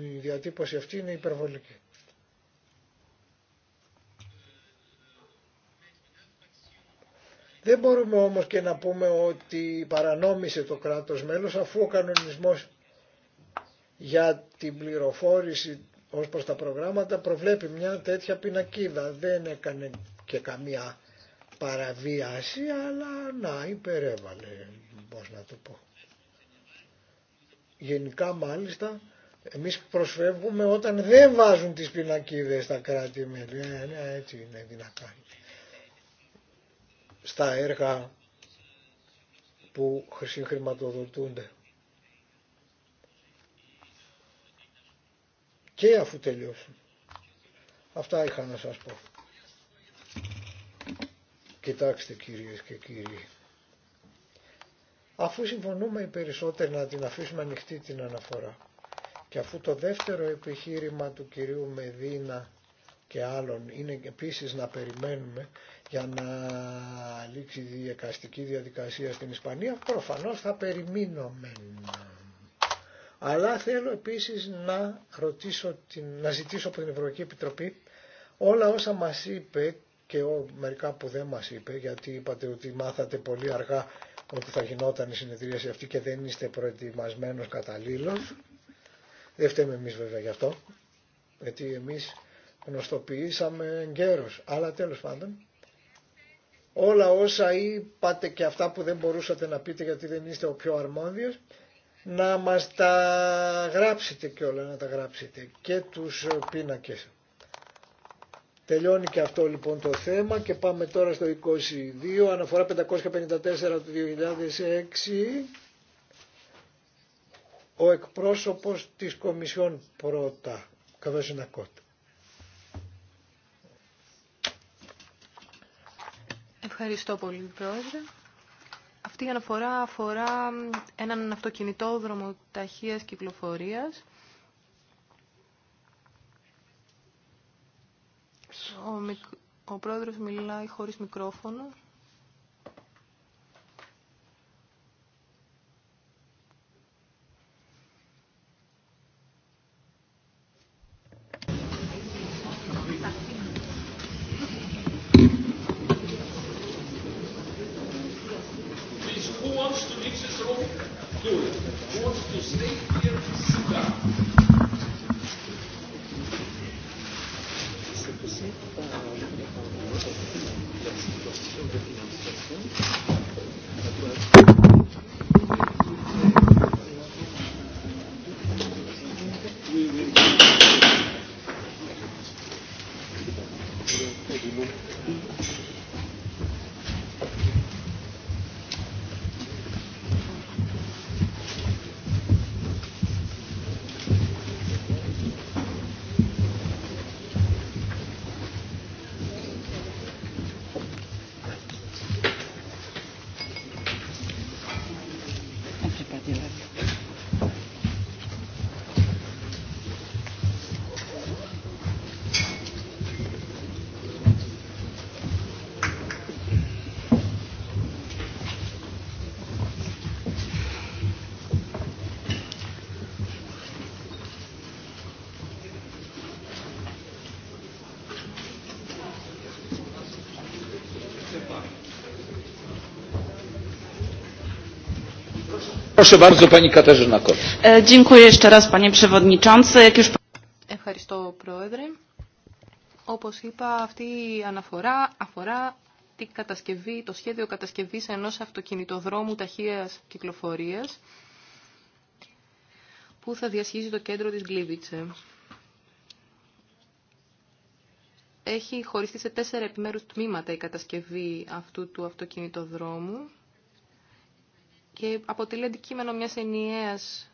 η διατύπωση αυτή είναι υπερβολική. Δεν μπορούμε όμως και να πούμε ότι παρανόμησε το κράτος μέλος αφού ο κανονισμός για την πληροφόρηση ως προς τα προγράμματα προβλέπει μια τέτοια πινακίδα. Δεν έκανε και καμία παραβίαση αλλά να υπερέβαλε πώ να το πω. Γενικά μάλιστα εμείς προσφεύγουμε όταν δεν βάζουν τις πινακίδες στα κράτη μέλη. Ε, ναι, έτσι είναι δυνατά. Στα έργα που συγχρηματοδοτούνται. Και αφού τελειώσουν. Αυτά είχα να σας πω. Κοιτάξτε κυρίες και κύριοι. Αφού συμφωνούμε οι περισσότεροι να την αφήσουμε ανοιχτή την αναφορά και αφού το δεύτερο επιχείρημα του κυρίου Μεδίνα και άλλων είναι επίσης να περιμένουμε για να λήξει η διακαστική διαδικασία στην Ισπανία, προφανώς θα περιμείνουμε. Αλλά θέλω επίσης να, ρωτήσω την, να ζητήσω από την Ευρωπαϊκή Επιτροπή όλα όσα μας είπε και ό, μερικά που δεν μας είπε γιατί είπατε ότι μάθατε πολύ αργά ότι θα γινόταν η συνεδρίαση αυτή και δεν είστε προετοιμασμένος καταλήλως. Δεν φταίμε εμείς βέβαια γι' αυτό, γιατί εμείς γνωστοποιήσαμε γέρος. Αλλά τέλος πάντων, όλα όσα είπατε και αυτά που δεν μπορούσατε να πείτε γιατί δεν είστε ο πιο αρμόδιος, να μας τα γράψετε και όλα να τα γράψετε και τους πίνακες. Τελειώνει και αυτό λοιπόν το θέμα και πάμε τώρα στο 22, αναφορά 554 του 2006. Ο εκπρόσωπος της Κομισιόν πρώτα, Καβέσινα Ευχαριστώ πολύ, Πρόεδρε. Αυτή η αναφορά αφορά έναν αυτοκινητόδρομο ταχείας κυκλοφορίας Ο, μικ... ο πρόεδρος μιλάει χωρίς μικρόφωνο. Ευχαριστώ, Πρόεδρε. Όπως είπα, αυτή η αναφορά αφορά την κατασκευή, το σχέδιο κατασκευής ενός αυτοκινητοδρόμου ταχείας κυκλοφορίας που θα διασχίζει το κέντρο της Γκλίβιτσε. Έχει χωριστεί σε τέσσερα επιμέρους τμήματα η κατασκευή αυτού του αυτοκινητοδρόμου και αποτελεί αντικείμενο μιας ενιαίας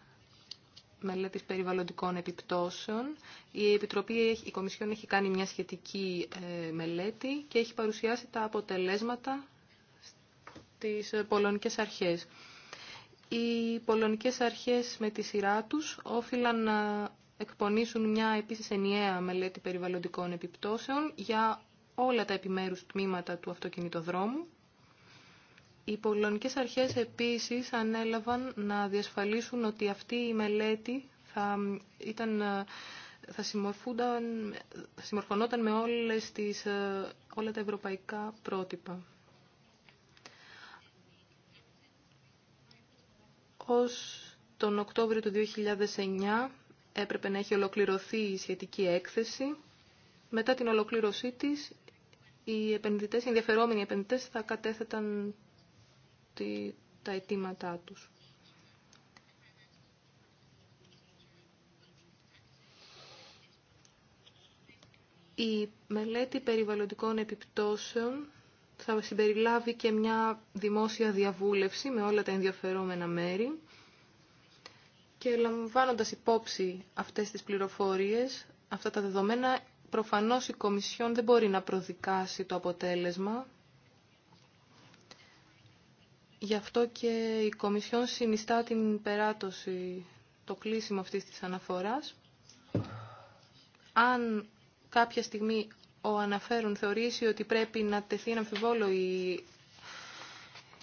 μελέτης περιβαλλοντικών επιπτώσεων. Η Επιτροπή, η Κομισιόν έχει κάνει μια σχετική ε, μελέτη και έχει παρουσιάσει τα αποτελέσματα στις ε, πολωνικές αρχές. Οι πολωνικές αρχές με τη σειρά τους όφυλαν να εκπονήσουν μια επίσης ενιαία μελέτη περιβαλλοντικών επιπτώσεων για όλα τα επιμέρους τμήματα του αυτοκινητοδρόμου οι πολωνικές αρχές επίσης ανέλαβαν να διασφαλίσουν ότι αυτή η μελέτη θα, ήταν, θα, θα συμμορφωνόταν με όλες τις, ε, όλα τα ευρωπαϊκά πρότυπα. Ως τον Οκτώβριο του 2009 έπρεπε να έχει ολοκληρωθεί η σχετική έκθεση. Μετά την ολοκλήρωσή της, οι επενδυτές, οι ενδιαφερόμενοι επενδυτές θα κατέθεταν τη, τα αιτήματά τους. Η μελέτη περιβαλλοντικών επιπτώσεων θα συμπεριλάβει και μια δημόσια διαβούλευση με όλα τα ενδιαφερόμενα μέρη και λαμβάνοντας υπόψη αυτές τις πληροφορίες, αυτά τα δεδομένα, προφανώς η Κομισιόν δεν μπορεί να προδικάσει το αποτέλεσμα Γι' αυτό και η Κομισιόν συνιστά την περάτωση, το κλείσιμο αυτής της αναφοράς. Αν κάποια στιγμή ο αναφέρον θεωρήσει ότι πρέπει να τεθεί ένα αμφιβόλο η,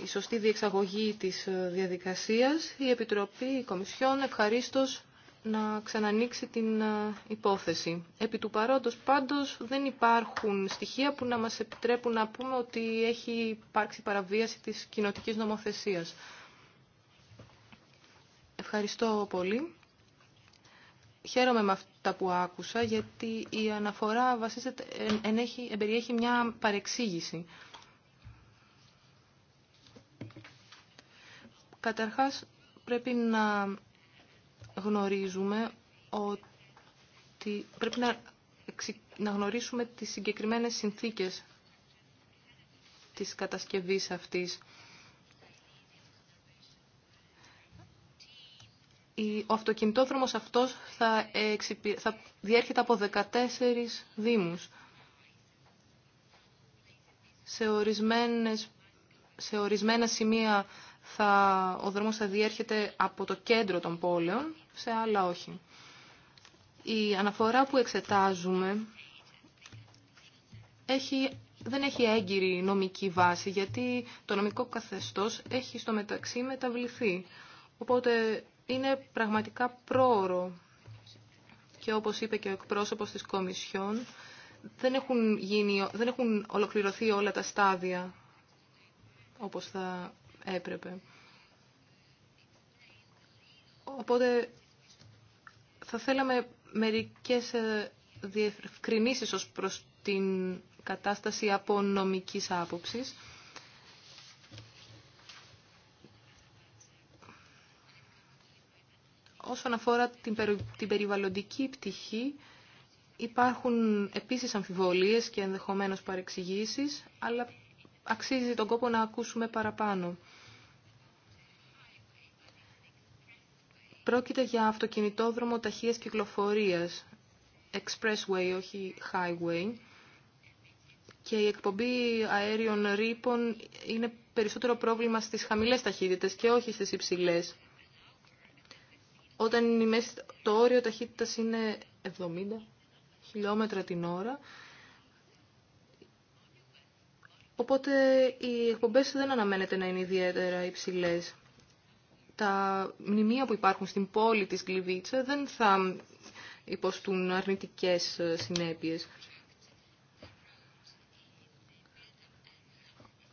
η σωστή διεξαγωγή της ε, διαδικασίας, η Επιτροπή, η Κομισιόν ευχαρίστως να ξανανοίξει την ε, υπόθεση. Επί του παρόντος πάντως δεν υπάρχουν στοιχεία που να μας επιτρέπουν να πούμε ότι έχει υπάρξει παραβίαση της κοινοτικής νομοθεσίας. Ευχαριστώ πολύ. Χαίρομαι με αυτά που άκουσα γιατί η αναφορά βασίζεται, ενέχει, περιέχει μια παρεξήγηση. Καταρχάς πρέπει να γνωρίζουμε ότι πρέπει να, να γνωρίσουμε τις συγκεκριμένες συνθήκες της κατασκευής αυτής. Ο αυτοκινητόδρομος αυτός θα, θα διέρχεται από 14 δήμους. Σε, ορισμένες... σε ορισμένα σημεία θα, ο δρόμος θα διέρχεται από το κέντρο των πόλεων σε άλλα όχι. Η αναφορά που εξετάζουμε έχει, δεν έχει έγκυρη νομική βάση γιατί το νομικό καθεστώς έχει στο μεταξύ μεταβληθεί. Οπότε είναι πραγματικά πρόωρο και όπως είπε και ο εκπρόσωπος της Κομισιόν δεν έχουν, γίνει, δεν έχουν ολοκληρωθεί όλα τα στάδια όπως θα έπρεπε. Οπότε θα θέλαμε μερικές ε, διευκρινήσεις ως προς την κατάσταση από νομικής άποψης. Όσον αφορά την περιβαλλοντική πτυχή, υπάρχουν επίσης αμφιβολίες και ενδεχομένως παρεξηγήσεις, αλλά αξίζει τον κόπο να ακούσουμε παραπάνω. Πρόκειται για αυτοκινητόδρομο ταχείας κυκλοφορίας, expressway, όχι highway, και η εκπομπή αέριων ρήπων είναι περισσότερο πρόβλημα στις χαμηλές ταχύτητες και όχι στις υψηλές. Όταν η το όριο ταχύτητας είναι 70 χιλιόμετρα την ώρα, Οπότε οι εκπομπές δεν αναμένεται να είναι ιδιαίτερα υψηλές. Τα μνημεία που υπάρχουν στην πόλη της Γκλιβίτσα δεν θα υποστούν αρνητικές ε, συνέπειες.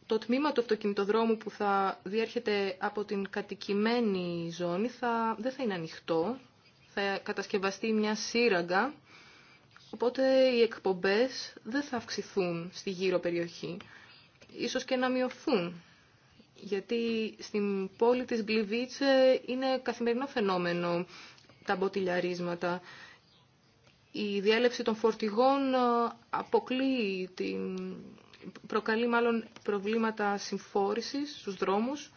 Το τμήμα του αυτοκινητοδρόμου που θα διέρχεται από την κατοικημένη ζώνη θα, δεν θα είναι ανοιχτό. Θα κατασκευαστεί μια σύραγγα, οπότε οι εκπομπές δεν θα αυξηθούν στη γύρω περιοχή ίσως και να μειωθούν. Γιατί στην πόλη της Γκλιβίτσε είναι καθημερινό φαινόμενο τα μποτιλιαρίσματα. Η διέλευση των φορτηγών ε, αποκλείει την... προκαλεί μάλλον προβλήματα συμφόρησης στους δρόμους.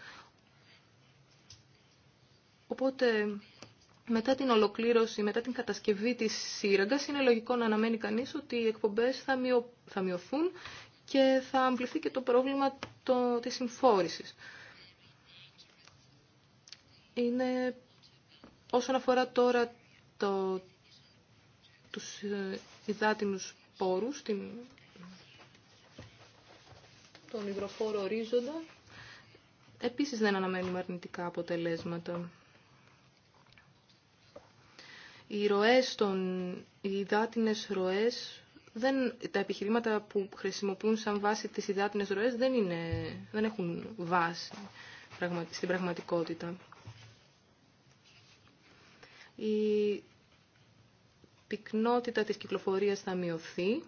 Οπότε μετά την ολοκλήρωση, μετά την κατασκευή της σύραγγας, είναι λογικό να αναμένει κανείς ότι οι εκπομπές θα μειωθούν και θα αμπληθεί και το πρόβλημα το, της συμφόρησης. Είναι όσον αφορά τώρα το, τους ε, υδάτινους πόρους, την, τον υγροφόρο ορίζοντα, επίσης δεν αναμένουμε αρνητικά αποτελέσματα. Οι ροές των, οι υδάτινες ροές δεν, τα επιχειρήματα που χρησιμοποιούν σαν βάση τις υδάτινες ροές δεν, είναι, δεν έχουν βάση στην πραγματικότητα. Η πυκνότητα της κυκλοφορίας θα μειωθεί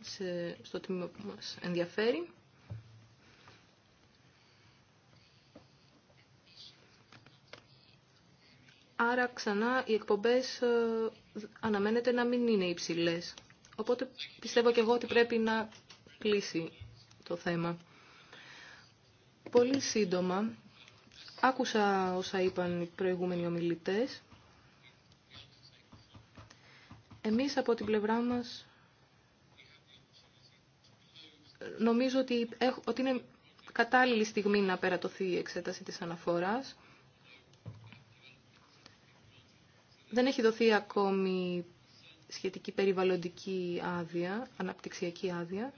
σε, στο τμήμα που μας ενδιαφέρει. Άρα ξανά οι εκπομπές ε, αναμένεται να μην είναι υψηλέ. Οπότε πιστεύω και εγώ ότι πρέπει να κλείσει το θέμα. Πολύ σύντομα, άκουσα όσα είπαν οι προηγούμενοι ομιλητές. Εμείς από την πλευρά μας νομίζω ότι, είναι κατάλληλη στιγμή να περατωθεί η εξέταση της αναφοράς. δεν έχει δοθεί ακόμη σχετική περιβαλλοντική άδεια, αναπτυξιακή άδεια.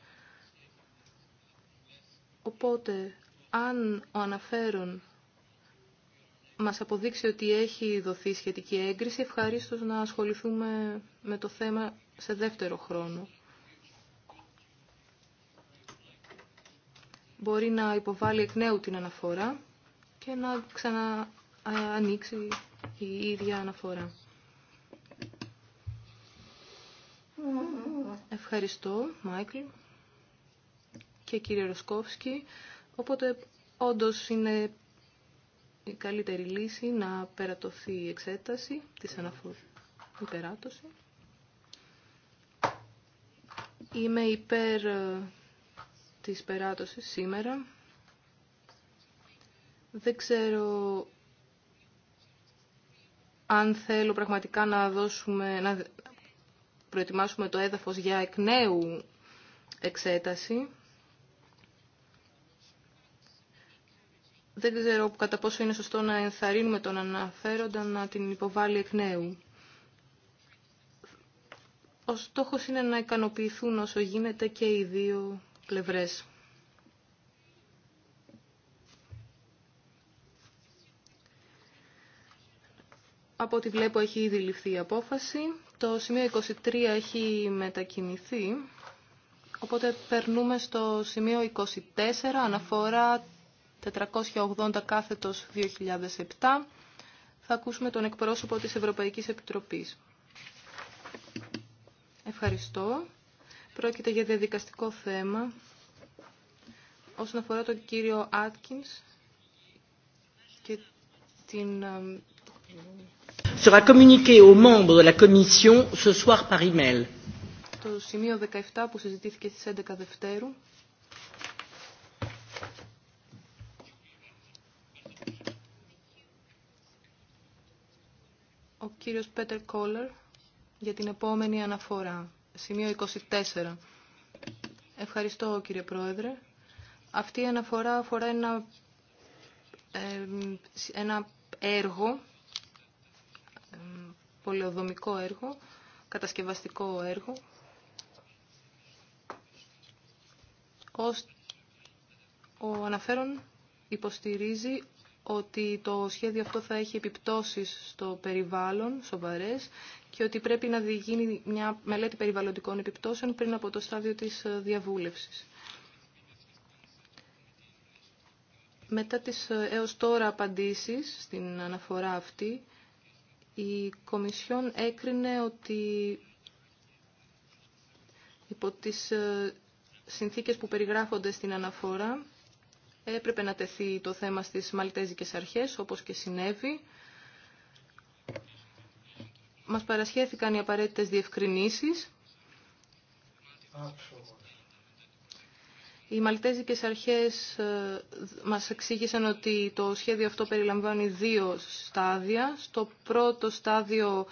Οπότε, αν ο αναφέρον μας αποδείξει ότι έχει δοθεί σχετική έγκριση, ευχαρίστως να ασχοληθούμε με το θέμα σε δεύτερο χρόνο. Μπορεί να υποβάλει εκ νέου την αναφορά και να ξαναανοίξει η ίδια αναφορά. Ευχαριστώ, Μάικλ και κύριε Ροσκόφσκι. Οπότε, όντως, είναι η καλύτερη λύση να περατωθεί η εξέταση της αναφοράς. Η Είμαι υπέρ ε, της περάτωσης σήμερα. Δεν ξέρω αν θέλω πραγματικά να δώσουμε, να προετοιμάσουμε το έδαφος για εκ νέου εξέταση. Δεν ξέρω κατά πόσο είναι σωστό να ενθαρρύνουμε τον αναφέροντα να την υποβάλει εκ νέου. Ο στόχος είναι να ικανοποιηθούν όσο γίνεται και οι δύο πλευρές. Από ό,τι βλέπω έχει ήδη ληφθεί η απόφαση. Το σημείο 23 έχει μετακινηθεί, οπότε περνούμε στο σημείο 24, αναφορά 480 κάθετος 2007. Θα ακούσουμε τον εκπρόσωπο της Ευρωπαϊκής Επιτροπής. Ευχαριστώ. Πρόκειται για διαδικαστικό θέμα. Όσον αφορά τον κύριο Άτκινς και την sera communiqué aux membres de la Commission ce soir par email. Το σημείο 17 που συζητήθηκε στις 11 Δευτέρου. Ο κύριος Πέτερ Κόλλερ για την επόμενη αναφορά. Σημείο 24. Ευχαριστώ κύριε Πρόεδρε. Αυτή η αναφορά αφορά ένα, ένα έργο πολεοδομικό έργο, κατασκευαστικό έργο, ο αναφέρον υποστηρίζει ότι το σχέδιο αυτό θα έχει επιπτώσεις στο περιβάλλον, σοβαρές, και ότι πρέπει να γίνει μια μελέτη περιβαλλοντικών επιπτώσεων πριν από το στάδιο της ε, διαβούλευσης. Μετά τις ε, έως τώρα απαντήσεις στην αναφορά αυτή, η Κομισιόν έκρινε ότι υπό τις ε, συνθήκες που περιγράφονται στην αναφορά έπρεπε να τεθεί το θέμα στις Μαλτέζικες Αρχές, όπως και συνέβη. Μας παρασχέθηκαν οι απαραίτητες διευκρινήσεις. Οι Μαλτέζικες αρχές ε, μας εξήγησαν ότι το σχέδιο αυτό περιλαμβάνει δύο στάδια. Στο πρώτο στάδιο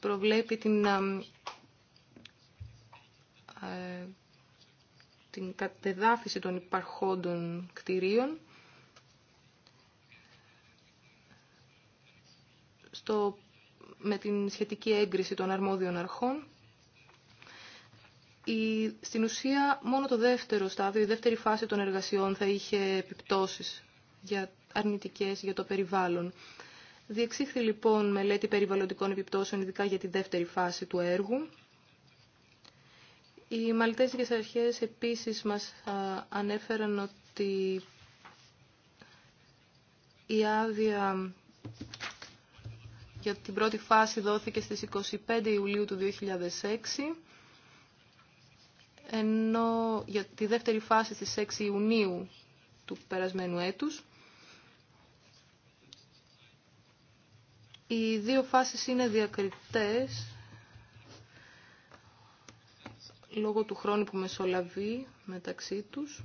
προβλέπει την, ε, την κατεδάφιση των υπαρχόντων κτηρίων. Στο, με την σχετική έγκριση των αρμόδιων αρχών η, στην ουσία μόνο το δεύτερο στάδιο, η δεύτερη φάση των εργασιών θα είχε επιπτώσεις για αρνητικές για το περιβάλλον. Διεξήχθη λοιπόν μελέτη περιβαλλοντικών επιπτώσεων ειδικά για τη δεύτερη φάση του έργου. Οι Μαλτέζικες Αρχές επίσης μας ανέφεραν ότι η άδεια για την πρώτη φάση δόθηκε στις 25 Ιουλίου του 2006 ενώ για τη δεύτερη φάση στις 6 Ιουνίου του περασμένου έτους οι δύο φάσεις είναι διακριτές λόγω του χρόνου που μεσολαβεί μεταξύ τους.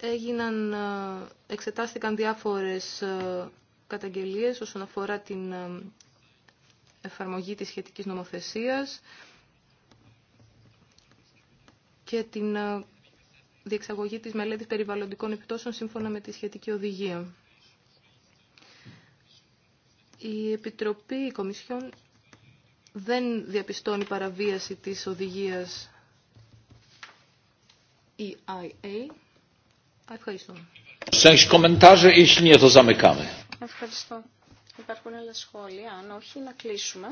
Έγιναν, ε, εξετάστηκαν διάφορες ε, καταγγελίες όσον αφορά την ε, εφαρμογή της σχετικής νομοθεσίας και την ε, διεξαγωγή της μελέτης περιβαλλοντικών επιπτώσεων σύμφωνα με τη σχετική οδηγία. Η Επιτροπή η Κομισιόν δεν διαπιστώνει παραβίαση της οδηγίας EIA. Ευχαριστώ. Ευχαριστώ. Υπάρχουν άλλα σχόλια. Αν όχι, να κλείσουμε.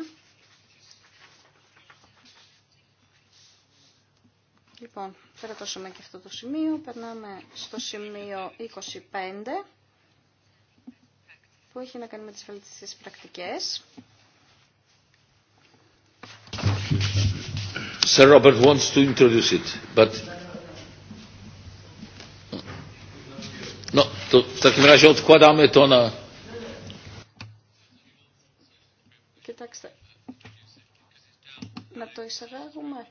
Λοιπόν, περατώσαμε και αυτό το σημείο. Περνάμε στο σημείο 25 που έχει να κάνει με τις βελτιστικές πρακτικές. Sir Robert wants to introduce it, but no, to w takim razie odkładamy to na. Κοιτάξτε, να το εισαγάγουμε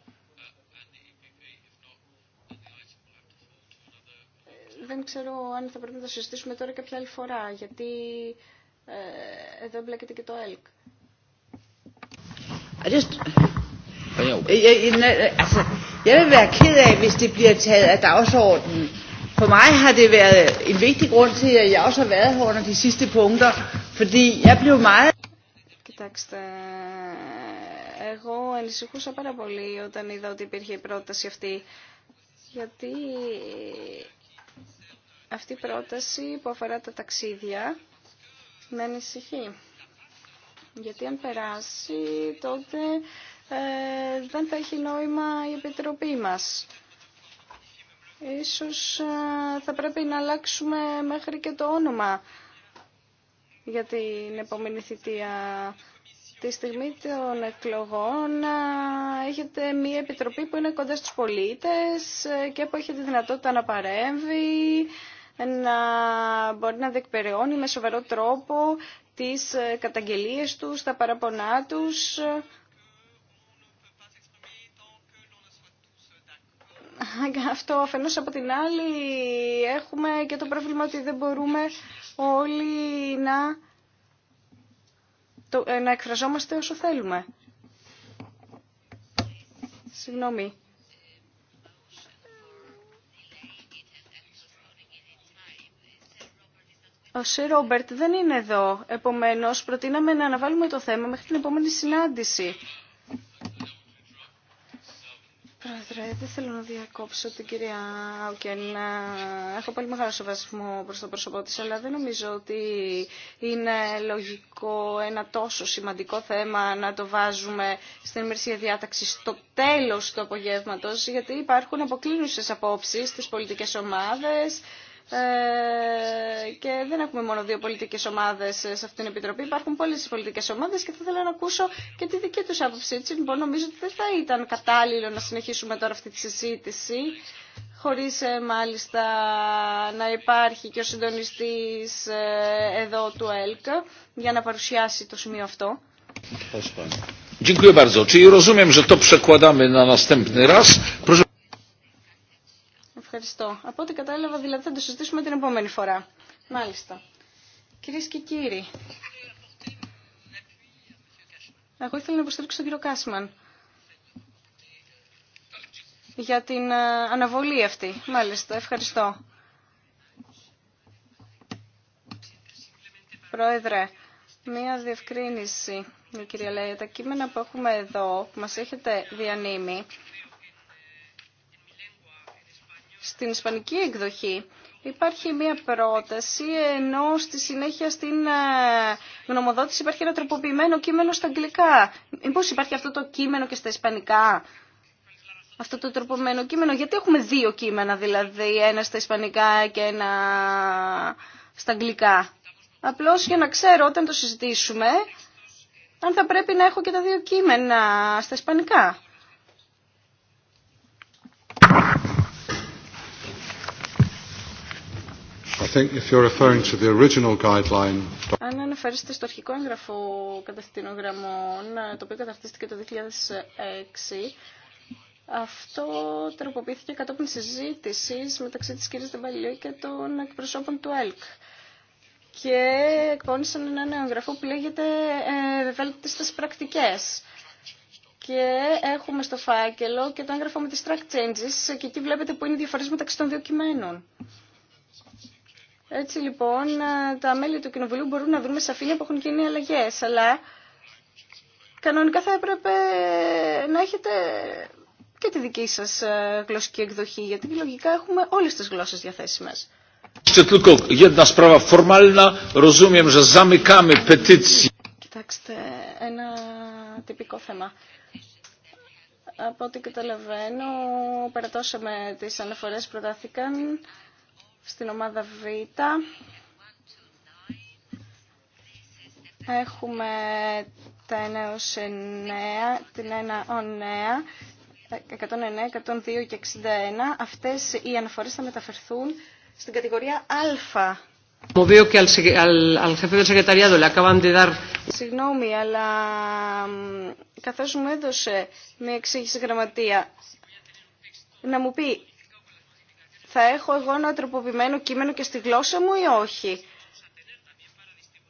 δεν ξέρω αν θα πρέπει να το συζητήσουμε τώρα κάποια άλλη φορά, γιατί ε, εδώ μπλέκεται και το ΕΛΚ. For mig har det været en vigtig grund til, at jeg også har de punkter, fordi jeg Κοιτάξτε, εγώ ανησυχούσα πάρα πολύ όταν είδα ότι υπήρχε η πρόταση αυτή, γιατί αυτή η πρόταση που αφορά τα ταξίδια με ανησυχεί. Γιατί αν περάσει τότε ε, δεν θα έχει νόημα η Επιτροπή μας. Ίσως ε, θα πρέπει να αλλάξουμε μέχρι και το όνομα για την επόμενη θητεία. Τη στιγμή των εκλογών ε, έχετε μία επιτροπή που είναι κοντά στους πολίτες και που έχει τη δυνατότητα να παρέμβει να μπορεί να δεκπεραιώνει με σοβαρό τρόπο τις ε, καταγγελίες τους, τα παραπονά τους. Αυτό αφενός από την άλλη έχουμε και το πρόβλημα ότι δεν μπορούμε όλοι να, το, ε, να εκφραζόμαστε όσο θέλουμε. Συγγνώμη. Ο Σερ Ρόμπερτ δεν είναι εδώ, επομένως προτείναμε να αναβάλουμε το θέμα μέχρι την επόμενη συνάντηση. Πρόεδρε, δεν θέλω να διακόψω την κυρία Άουκεν. Έχω πολύ μεγάλο σεβασμό προς το πρόσωπό της, αλλά δεν νομίζω ότι είναι λογικό ένα τόσο σημαντικό θέμα να το βάζουμε στην ημερησία διάταξη στο τέλο του απογεύματος, γιατί υπάρχουν αποκλίνουσες απόψεις στις πολιτικές ομάδες, ε, και δεν έχουμε μόνο δύο πολιτικές ομάδες σε αυτήν την Επιτροπή, υπάρχουν πολλές πολιτικές ομάδες και θα ήθελα να ακούσω και τη δική τους άποψη. Έτσι λοιπόν νομίζω ότι δεν θα ήταν κατάλληλο να συνεχίσουμε τώρα αυτή τη συζήτηση χωρίς ε, μάλιστα να υπάρχει και ο συντονιστής ε, εδώ του ΕΛΚ για να παρουσιάσει το σημείο αυτό. Ευχαριστώ. Από ό,τι κατάλαβα, δηλαδή θα το συζητήσουμε την επόμενη φορά. Μάλιστα. Κυρίε και κύριοι, εγώ ήθελα να υποστηρίξω τον κύριο Κάσμαν για την ε, αναβολή αυτή. Μάλιστα, ευχαριστώ. Πρόεδρε, μία διευκρίνηση, κυρία Λέια. Τα κείμενα που έχουμε εδώ, που μας έχετε διανύμει, στην ισπανική εκδοχή υπάρχει μία πρόταση, ενώ στη συνέχεια στην ε, γνωμοδότηση υπάρχει ένα τροποποιημένο κείμενο στα αγγλικά. Μήπω υπάρχει αυτό το κείμενο και στα ισπανικά, αυτό το τροποποιημένο κείμενο. Γιατί έχουμε δύο κείμενα, δηλαδή ένα στα ισπανικά και ένα στα αγγλικά. Απλώς για να ξέρω όταν το συζητήσουμε, αν θα πρέπει να έχω και τα δύο κείμενα στα ισπανικά. Αν αναφέρεστε στο αρχικό έγγραφο καταστήνων γραμμών, ε, το οποίο καταρτίστηκε το 2006, αυτό τροποποιήθηκε κατόπιν συζήτηση μεταξύ της κυρίας Δεμπαλιού και των εκπροσώπων του ΕΛΚ. Και εκπώνησαν ένα νέο εγγραφό που λέγεται ε, στις πρακτικές». Και έχουμε στο φάκελο και το έγγραφο με τις track changes ε, και εκεί βλέπετε που είναι οι διαφορές μεταξύ των δύο κειμένων. Έτσι λοιπόν ε, τα μέλη του Κοινοβουλίου μπορούν να βρούμε σαφήνεια που έχουν γίνει αλλαγέ. Αλλά κανονικά θα έπρεπε να έχετε και τη δική σα ε, γλωσσική εκδοχή, γιατί λογικά έχουμε όλες τις γλώσσες διαθέσιμες. Κοιτάξτε, ένα τυπικό θέμα. Από ό,τι καταλαβαίνω, περατώσαμε τι αναφορέ που προτάθηκαν στην ομάδα Β έχουμε τα 1 9, την 1 9, 109, 102 και 61. Αυτές οι αναφορές θα μεταφερθούν στην κατηγορία Α. Συγγνώμη, αλλά καθώς μου έδωσε μια εξήγηση γραμματεία να μου πει θα έχω εγώ ένα τροποποιημένο κείμενο και στη γλώσσα μου ή όχι.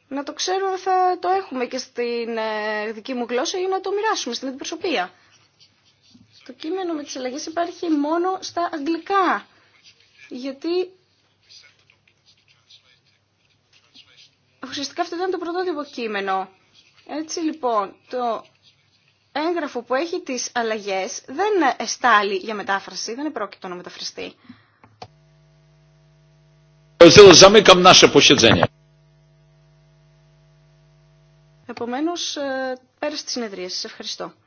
Να το ξέρω θα το έχουμε και στην ε, δική μου γλώσσα ή να το μοιράσουμε στην αντιπροσωπεία. Το κείμενο με τις αλλαγές υπάρχει μόνο στα αγγλικά. Γιατί ουσιαστικά αυτό ήταν το πρωτότυπο κείμενο. Έτσι λοιπόν, το έγγραφο που έχει τις αλλαγές δεν εστάλει για μετάφραση, δεν είναι να μεταφραστεί. Zamykam nasze posiedzenie. Επομένως, ε, πέρασε τη συνεδρία. Σας ευχαριστώ.